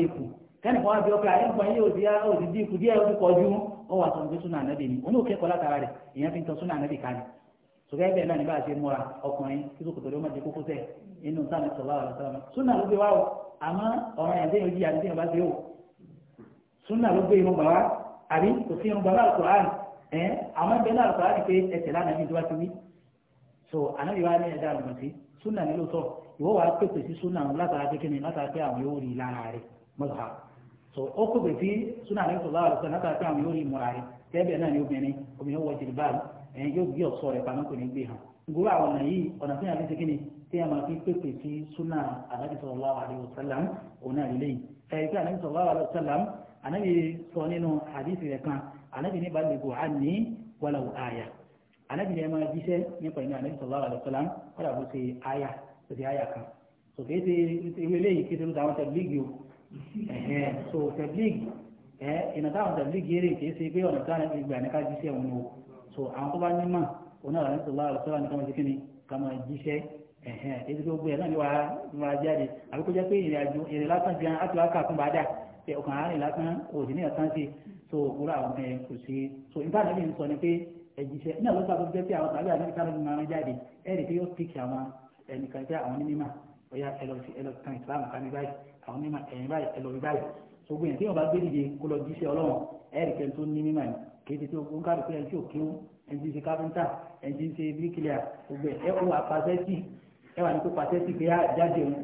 S2: ṣe kẹ́ni kan wá bí ọkọ àyẹ̀ nǹkan yìí ò sí ò sí dínkù díẹ̀ ó ti kọjú ó wà sọ̀rọ̀ pé súnà ànábì ni òun ò kẹ́kọ̀ọ́ látara rẹ̀ èèyàn fi ń tan súnà ànábì kan sọ̀rọ̀ bẹ́ẹ̀ náà nígbà tí múra ọkùnrin tí sòkòtò ló má di kókó tẹ̀ inú sáà sọ̀rọ̀ àwọn ọ̀sán súnà ló gbé wá o àmọ́ ọ̀ràn yẹn déyìn ojìyà déyìn bá ṣe o súnà ló gbé irun bàbá àbí kò sí irun bàbá àlùkùránì ẹ àmọ́ bẹ́ẹ̀ náà àlùkùránì pé ìjọba ti yóò rí lára rẹ̀ so ó kò bèbí súnà ní sọlá àlùsọ látàrí pé àwọn yóò rí ìmúra rẹ̀ gẹ́gẹ́ náà ni obìnrin obìnrin wọ jìlìbáàlù ẹ̀yìn yóò gbé ọ̀ṣọ́ rẹ̀ pamọ́ kò ní gbé hàn gbogbo àwọn ọ̀nà yìí ọ̀nà tí yàrá ti kíni tí a máa fi pèpè sí súnà ànábì sallallahu alaihi wasallam òun náà lélẹ́yìn ẹ̀yìn pé ànábì sallallahu alaihi wasallam ànábì sọ nínú àdìsí rẹ̀ kan ànábì ní balùwẹ̀ àní wàlàwù àyà ànábì ní ẹ máa jíṣẹ́ nípa ìní ànábì sallallahu alaihi wasallam kọ́dà bó ṣe àyà bó ṣe àyà kan sòkè ṣe ewé léyìí kí ṣe ló dáwọn tẹ̀lé so tẹ̀blíg ìnà táwọn tẹ̀blíg yéré kìí ṣe pé ọ̀nà táwọn ìgbà ní ká jíṣẹ́ o so àwọn tó bá ní mà oní ọ̀rọ̀ nítorí láàrọ̀ sọ́ra ní káwọn kíni ká máa jíṣẹ́ èyí tó gbé ẹ̀ náà wàá jáde àbí kó jẹ́ pé ìrìn lásán hàn kà fún bàdà pé ọkàn àárín lásán òdì ní ọ̀sán sí so wúrà àwọn ẹ̀ kò sí so ọ̀yà ẹlọ sí ẹlọ kan ìsìlámù kan ní báyìí àwọn mímọ ẹ̀yìn báyìí ẹlọ bí báyìí gbogbo yẹn tí wọn bá gbé dìde kó lọ jíṣẹ́ ọlọ́run ẹ̀rì kẹ́ tó ní mímọ yìí kéde tó ń kárí pé ẹni tí ò kéwú ẹni tí ń ṣe káfíńtà ẹni tí ń ṣe bíríkìlíà gbogbo ẹ ó wà pàṣẹ́tì ẹ wà ní kó pàṣẹ́tì pé á ah, jáde òun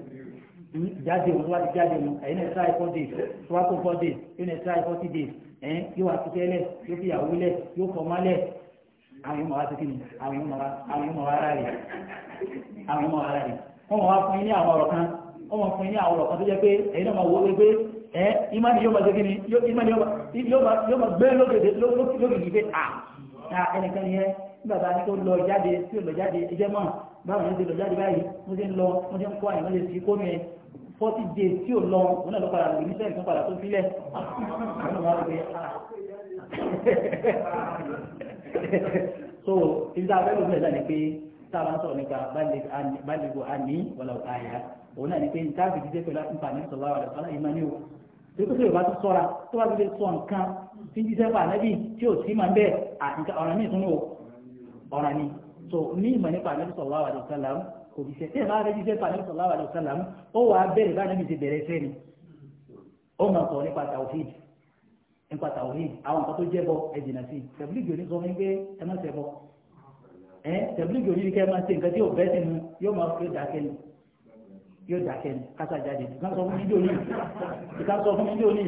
S2: hmm, jáde òun tó wá ti jáde òun ẹ̀yin náà try four days tó wá tó four days ẹ̀yin náà try forty days ẹ̀yin yóò wá tutẹ́ lẹ̀ yóò fi ìyàwó lẹ̀ yóò fọmọ́ lẹ̀ àwọn yóò mọ̀ wá sí kí àwọn yóò mọ̀ ara rẹ̀ àwọn yóò mọ̀ ara rẹ̀ wọ́n máa fún yín ní àwọn ọ̀rọ̀ kan wọ́n máa fún yín ní àwọn ọ̀rọ̀ kan tó jẹ́ pé ẹ̀yin náà máa wọ pé ẹ ìmánì yóò máa ṣe kíni ìmánì yóò máa gbé lókèdè lókèdè pé à ẹnìkan yẹn nígbà a ní kó lọ jáde tí ò lọ jáde ẹjẹ mọ́ báwọn yẹn ti lọ jáde báyìí mo ti ń lọ mo ti ń kó àyàn lè fi kó mi forty days tí ò lọ òun náà ló padà lòdì sẹ́yìn tó padà tó sílẹ̀ so ìdá táwọn sọ̀rọ̀ nípa bálẹ̀gò àní wọlé àyà òun náà ní pé nǹkan àti jíjẹ́ pẹ̀lú àtúntà ní sọ̀rọ̀ àwọn àlẹ́ sọ́lá ìmọ̀ ni o tó tó yorùbá tó sọ́ra tó bá fi lè sọ nǹkan tí jíjẹ́ pà nábì tí ò sí máa ń bẹ́ẹ̀ àǹkà ọ̀ràn ní ìtúnú ọ̀ràn ni so ní ìmọ̀ nípa àlẹ́ sọ̀rọ̀ àwọn àlẹ́ sọ́lá kò fi ṣe tí ìbá rẹ jíjẹ́ pà nábì sọ̀rọ̀ àwọn àlẹ́ sọ́lá ó wàá bẹ̀rẹ̀ bá nábì ṣe bẹ̀rẹ̀ fẹ́ ni ó máa sọ nípa tàwíìd nípa tàwíìd àwọn nǹkan tó jẹ́ bọ ẹ̀jìnà sí tẹ̀blígì ẹ tẹ̀blígì òní kẹ́ máa ṣe nǹkan tí ò bẹ́ sínú yóò máa fi dákẹ́ ni yóò dákẹ́ ni kásá jáde ìka sọ fún fídíò ní ìka sọ fún fídíò ní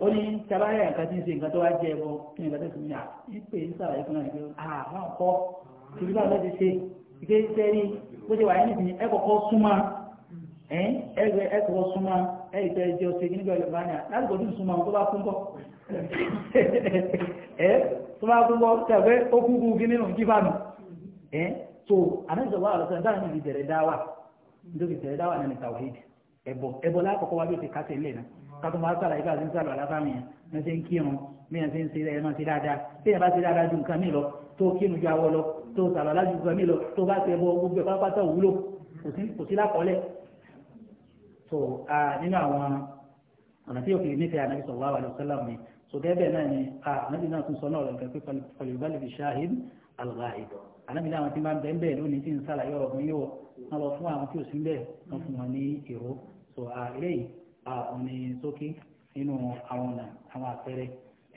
S2: ó ní nǹkan tí ń ṣe nǹkan tó wá jẹ ẹbọ kí nǹkan tó ti mú yà ń pè ń sàlàyé fún ṣe sẹ́ni wà ní ìsìn eh so anabi sallallahu alaihi wasallam dáhùn níbi bẹ̀rẹ̀ dáwà níbi bẹ̀rẹ̀ dáwà náà ní tawhid ẹ̀bọ̀ ẹ̀bọ̀ lákòókò wájú ti kásẹ̀ ilé náà kátó máa sára ibà àdínsá lọ aláfàmì yẹn ní ṣe ń kírun bí yẹn ṣe ń ṣe ẹ̀ máa ṣe dáadáa bí yẹn bá ṣe dáadáa ju nǹkan mi lọ tó kírun ju awọ lọ tó sàlọ̀ alájú nǹkan mi lọ tó bá ṣe ẹbọ gbogbo pápátá òwúlò kò sí lákọọ́lẹ̀ so nínú àwọn ọ̀nà tí òkè nífẹ̀ẹ́ ànábì sallallahu alaihi wasallam mi so gẹ́gẹ́ bẹ́ẹ̀ náà ni ànábì náà tún sọ náà lọ́nkẹ́ pé pẹ̀lú ìbálẹ̀ fi ṣáhìn ànábì náà àwọn tí máa ń bẹ̀ ń bẹ̀ lónìí tí ń sàlàyé ọ̀rọ̀ fún yóò wọ́n lọ fún àwọn tí ò sí ń bẹ̀ wọ́n fún wọn ní èrò so àlẹ́ yìí ọ̀nì sókè nínú àwọn ọ̀nà àwọn àpẹẹrẹ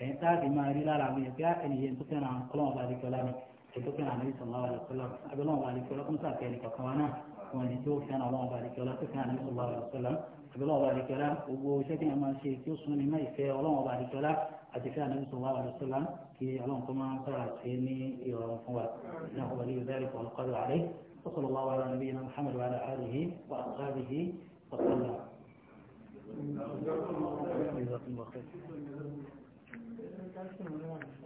S2: ẹ̀yìn táàbì máa rí lára àwọn ẹ̀fẹ́ ẹnìyẹn tó fẹ́ràn ọlọ́wọ́n bá àdìgbọ́lá ni ètò fẹ́ràn àlẹ́ ìsọ̀lá wà lọ́sọ́lá abẹ́lọ́wọ́n bá àdìgbọ́lá kó sàkẹ́ ẹnì kọ̀ọ̀kan wa náà wọn ni tí fẹ́ràn ọlọ́wọ́n bá àdìgbọ́lá tó fẹ́ràn àlẹ́ ìsọ̀lá wà lọ́sọ́lá àbẹ̀lọ́ ọba àdìkẹ́lá gbogbo iṣẹ́ tí a máa ṣe tí ó sún ní máa ìfẹ́ ọlọ́run ọba àdìkẹ́lá àti fẹ́ ànábì sallallahu alaihi wasallam kí ọlọ́run kọ́ máa ń sára ṣe ní ìrọ̀rùn fún wa náà wọ́n lè bẹ́ẹ̀rẹ̀ kọ́ ọ̀kadà àlẹ́ وصلى الله على نبينا محمد وعلى آله وأصحابه وسلم
S3: جزاكم الله خير